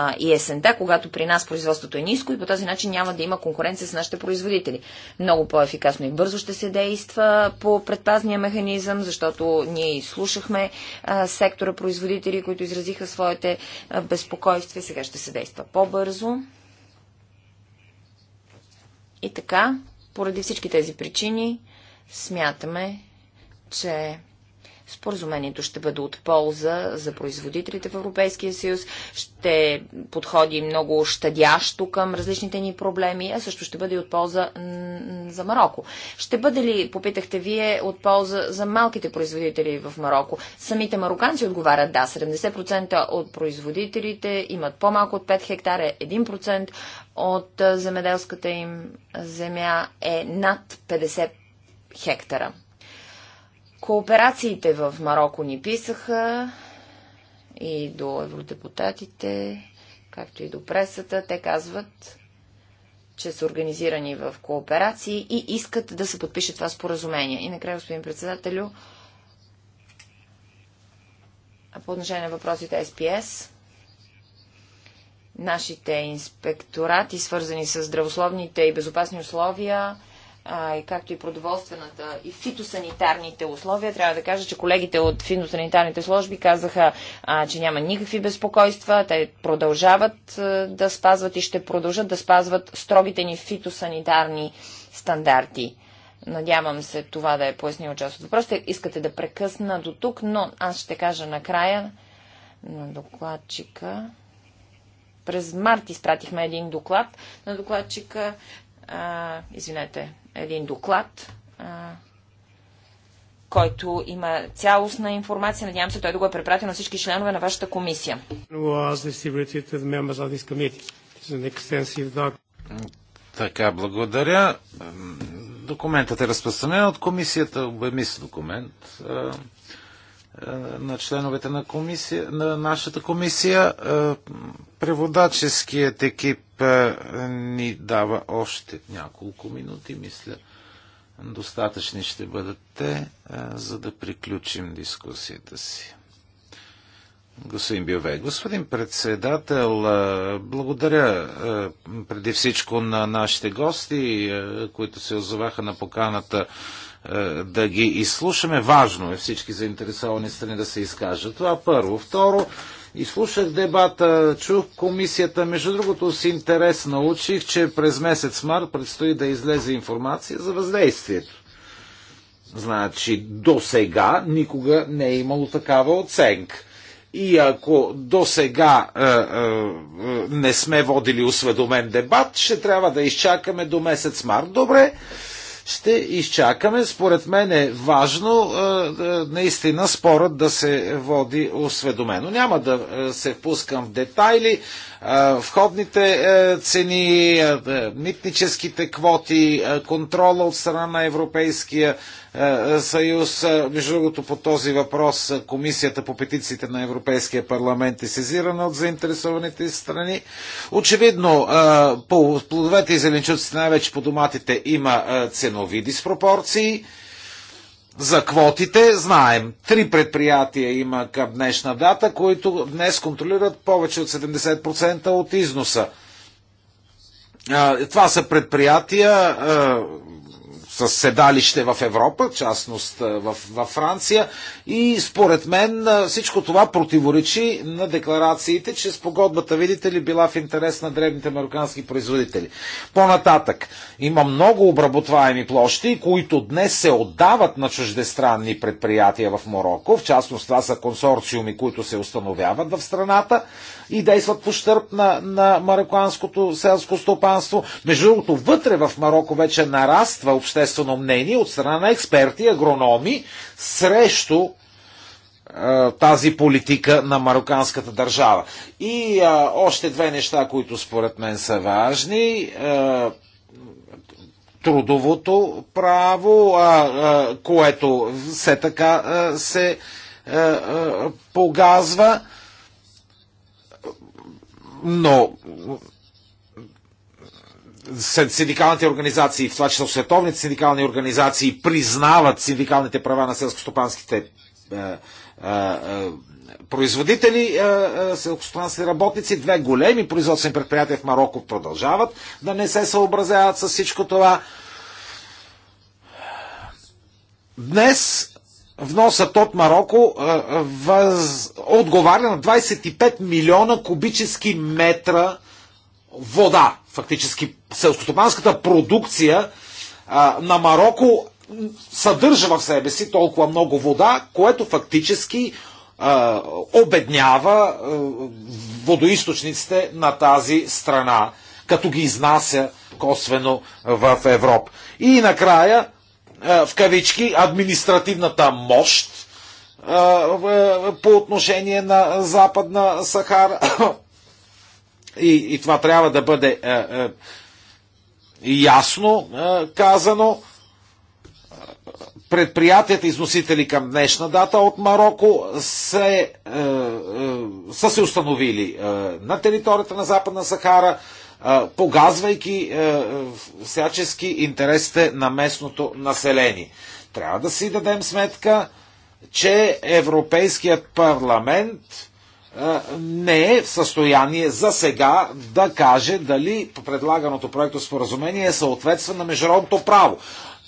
а, и есента, когато при нас производството е ниско и по този начин няма да има конкуренция с нашите производители. Много по-ефикасно и бързо ще се действа по предпазния механизъм, защото ние слушахме а, сектора производители, които изразиха своите а, безпокойства и сега ще се действа по-бързо. И така, поради всички тези причини, смятаме, че Споразумението ще бъде от полза за производителите в Европейския съюз, ще подходи много щадящо към различните ни проблеми, а също ще бъде и от полза за Марокко. Ще бъде ли, попитахте вие, от полза за малките производители в Марокко? Самите мароканци отговарят да. 70% от производителите имат по-малко от 5 хектара, 1% от земеделската им земя е над 50 хектара. Кооперациите в Марокко ни писаха и до евродепутатите, както и до пресата. Те казват, че са организирани в кооперации и искат да се подпише това споразумение. И накрая, господин председателю, по отношение на въпросите СПС, нашите инспекторати, свързани с здравословните и безопасни условия, а, и както и продоволствената и фитосанитарните условия. Трябва да кажа, че колегите от фитосанитарните служби казаха, а, че няма никакви безпокойства. Те продължават а, да спазват и ще продължат да спазват строгите ни фитосанитарни стандарти. Надявам се това да е пояснило част от въпросите. Искате да прекъсна до тук, но аз ще кажа накрая на докладчика през март изпратихме един доклад на докладчика а, извинете, един доклад, а, който има цялостна информация. Надявам се той да го е препратил на всички членове на вашата комисия. Така, благодаря. Документът е разпространен от комисията, обемис документ на членовете на, комисия, на нашата комисия. Преводаческият екип е, ни дава още няколко минути, мисля. Достатъчни ще бъдат те, е, за да приключим дискусията си. Господин Биове, господин председател, е, благодаря преди всичко на нашите гости, които се озоваха на поканата да ги изслушаме. Важно е всички заинтересовани страни да се изкажат. Това първо. Второ, слушах дебата, чух комисията. Между другото, с интерес научих, че през месец март предстои да излезе информация за въздействието. Значи, до сега никога не е имало такава оценка. И ако до сега е, е, е не сме водили осведомен дебат, ще трябва да изчакаме до месец март. Добре, ще изчакаме. Според мен е важно е, е, наистина спорът да се води осведомено. Няма да е, се впускам в детайли входните е, цени, е, е, митническите квоти, контрола от страна на Европейския съюз. Между другото, по този въпрос Комисията по петициите на Европейския парламент е сезирана от заинтересованите страни. Очевидно, по плодовете и зеленчуците, най-вече по доматите, има ценови диспропорции за квотите знаем. Три предприятия има към днешна дата, които днес контролират повече от 70% от износа. Това са предприятия, с седалище в Европа, в частност в, в Франция. И според мен всичко това противоречи на декларациите, че спогодбата, видите ли, била в интерес на древните марокански производители. По-нататък, има много обработваеми площи, които днес се отдават на чуждестранни предприятия в Мороко. В частност това са консорциуми, които се установяват в страната и действат по щърп на, на мароканското селско стопанство. Между другото, вътре в Мароко вече нараства обществено обществено мнение от страна на експерти, агрономи, срещу е, тази политика на мароканската държава. И а, е, още две неща, които според мен са важни. А, е, трудовото право, а, а, което все така а, се а, а, погазва, но синдикалните организации, в това число световните синдикални организации, признават синдикалните права на селскостопанските е, е, е, производители, селскостопанските работници, две големи производствени предприятия в Марокко продължават да не се съобразяват с всичко това. Днес вносът от Марокко въз... отговаря на 25 милиона кубически метра вода. Фактически селскостопанската продукция а, на Марокко съдържа в себе си толкова много вода, което фактически а, обеднява а, водоисточниците на тази страна, като ги изнася косвено в Европа. И накрая, а, в кавички, административната мощ а, а, по отношение на Западна Сахара и, и това трябва да бъде е, е, ясно е, казано. Предприятията износители към днешна дата от Марокко се, е, е, са се установили е, на територията на Западна Сахара, е, погазвайки е, всячески интересите на местното население. Трябва да си дадем сметка, че Европейският парламент не е в състояние за сега да каже дали предлаганото проекто споразумение е съответства на международното право.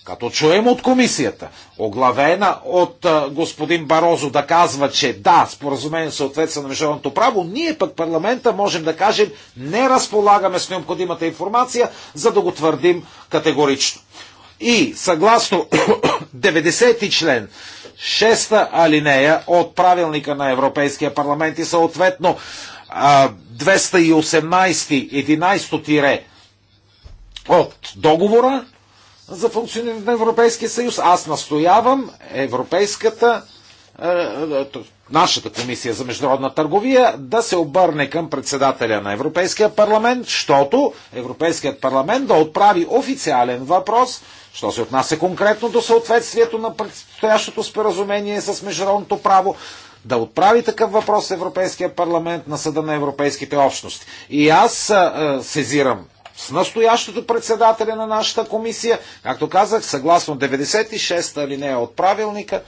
Като чуем от комисията, оглавена от господин Барозо да казва, че да, споразумение съответства на международното право, ние пък парламента можем да кажем не разполагаме с необходимата информация, за да го твърдим категорично. И съгласно 90 *coughs* ти член шеста алинея от правилника на Европейския парламент и съответно 218-11 тире от договора за функционирането на Европейския съюз. Аз настоявам Европейската нашата комисия за международна търговия да се обърне към председателя на Европейския парламент, защото Европейският парламент да отправи официален въпрос Що се отнася конкретно до съответствието на предстоящото споразумение с международното право, да отправи такъв въпрос в Европейския парламент на Съда на Европейските общности. И аз а, сезирам с настоящото председателя на нашата комисия, както казах, съгласно 96-та алинея от правилника,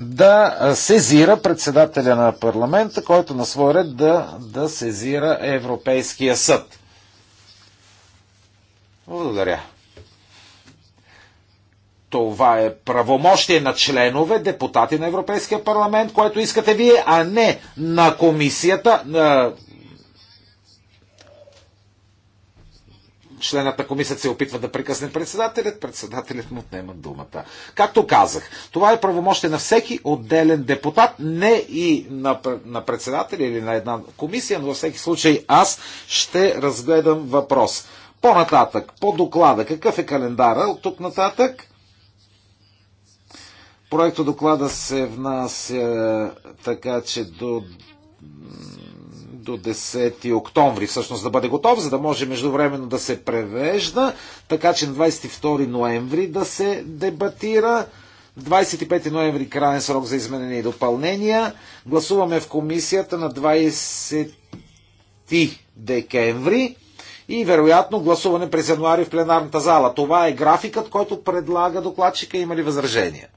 да сезира председателя на парламента, който на свой ред да, да сезира Европейския съд. Благодаря това е правомощие на членове, депутати на Европейския парламент, което искате вие, а не на комисията, на... членът на комисията се опитва да прекъсне председателят, председателят му отнема думата. Както казах, това е правомощие на всеки отделен депутат, не и на, на председателя или на една комисия, но във всеки случай аз ще разгледам въпрос. По-нататък, по доклада, какъв е календара от тук нататък? Проекто доклада се внася е, така, че до, до 10 октомври всъщност да бъде готов, за да може междувременно да се превежда, така че на 22 ноември да се дебатира. 25 ноември крайен срок за изменение и допълнения. Гласуваме в комисията на 20 декември и вероятно гласуване през януари в пленарната зала. Това е графикът, който предлага докладчика. Има ли възражения?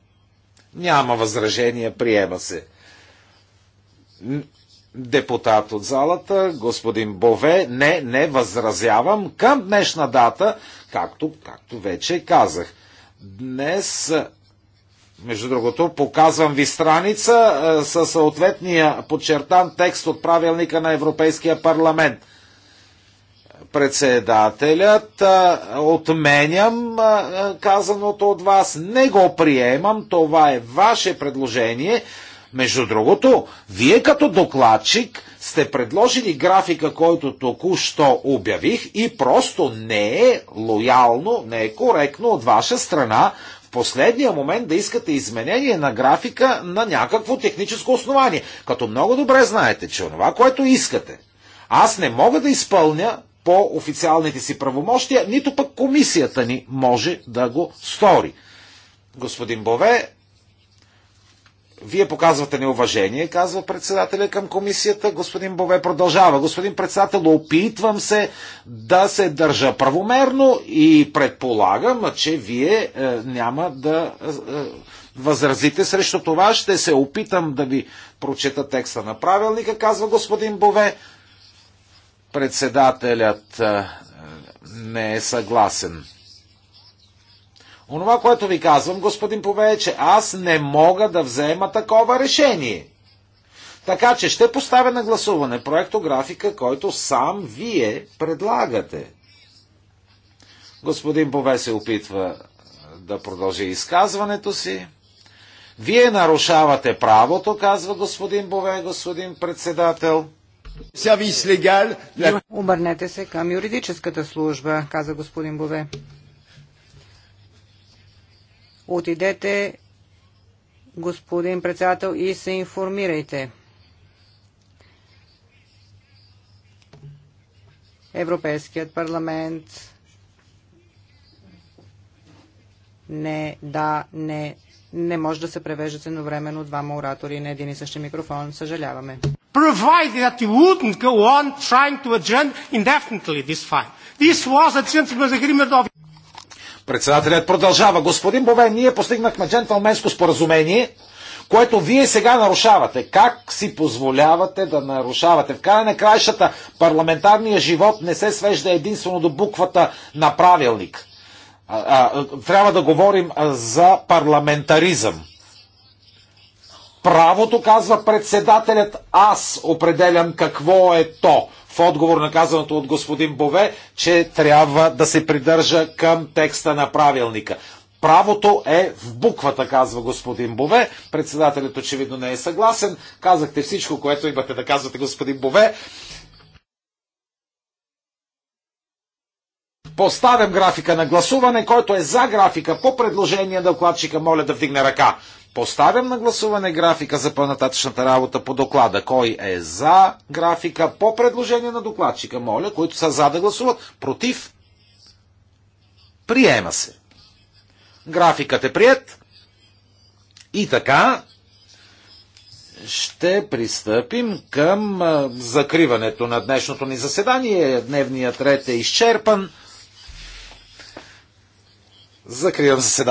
Няма възражения, приема се. Депутат от залата, господин Бове, не, не възразявам към днешна дата, както, както вече казах. Днес между другото, показвам ви страница е, със съответния подчертан текст от правилника на Европейския парламент председателят. Отменям казаното от вас. Не го приемам. Това е ваше предложение. Между другото, вие като докладчик сте предложили графика, който току-що обявих и просто не е лоялно, не е коректно от ваша страна в последния момент да искате изменение на графика на някакво техническо основание. Като много добре знаете, че онова, което искате, аз не мога да изпълня по официалните си правомощия, нито пък комисията ни може да го стори. Господин Бове, вие показвате неуважение, казва председателя към комисията. Господин Бове продължава. Господин председател, опитвам се да се държа правомерно и предполагам, че вие е, няма да е, е възразите срещу това. Ще се опитам да ви прочета текста на правилника, казва господин Бове. Председателят е, не е съгласен. Онова, което ви казвам, господин Пове, е, че аз не мога да взема такова решение. Така че ще поставя на гласуване проектографика, който сам вие предлагате. Господин Пове се опитва е, да продължи изказването си. Вие нарушавате правото, казва господин Бове, господин председател. Сервис легал. Обърнете се към юридическата служба, каза господин Бове. Отидете, господин председател, и се информирайте. Европейският парламент не, да, не, не може да се превеждат едновременно двама оратори на един и същи микрофон. Съжаляваме. Provided that you wouldn't go on trying to adjourn indefinitely this fight. This was a gentleman's agreement of... Председателят продължава. Господин Бове, ние постигнахме джентълменско споразумение, което вие сега нарушавате. Как си позволявате да нарушавате? В края на краищата парламентарния живот не се свежда единствено до буквата на правилник а, а, трябва да говорим за парламентаризъм. Правото, казва председателят, аз определям какво е то. В отговор на казаното от господин Бове, че трябва да се придържа към текста на правилника. Правото е в буквата, казва господин Бове. Председателят очевидно не е съгласен. Казахте всичко, което имате да казвате, господин Бове. Поставям графика на гласуване, който е за графика по предложение на докладчика, моля да вдигне ръка. Поставям на гласуване графика за по работа по доклада. Кой е за графика по предложение на докладчика, моля, които са за да гласуват, против, приема се. Графикът е прият. И така, ще пристъпим към закриването на днешното ни заседание. Дневният ред е изчерпан. Закривам заседанието.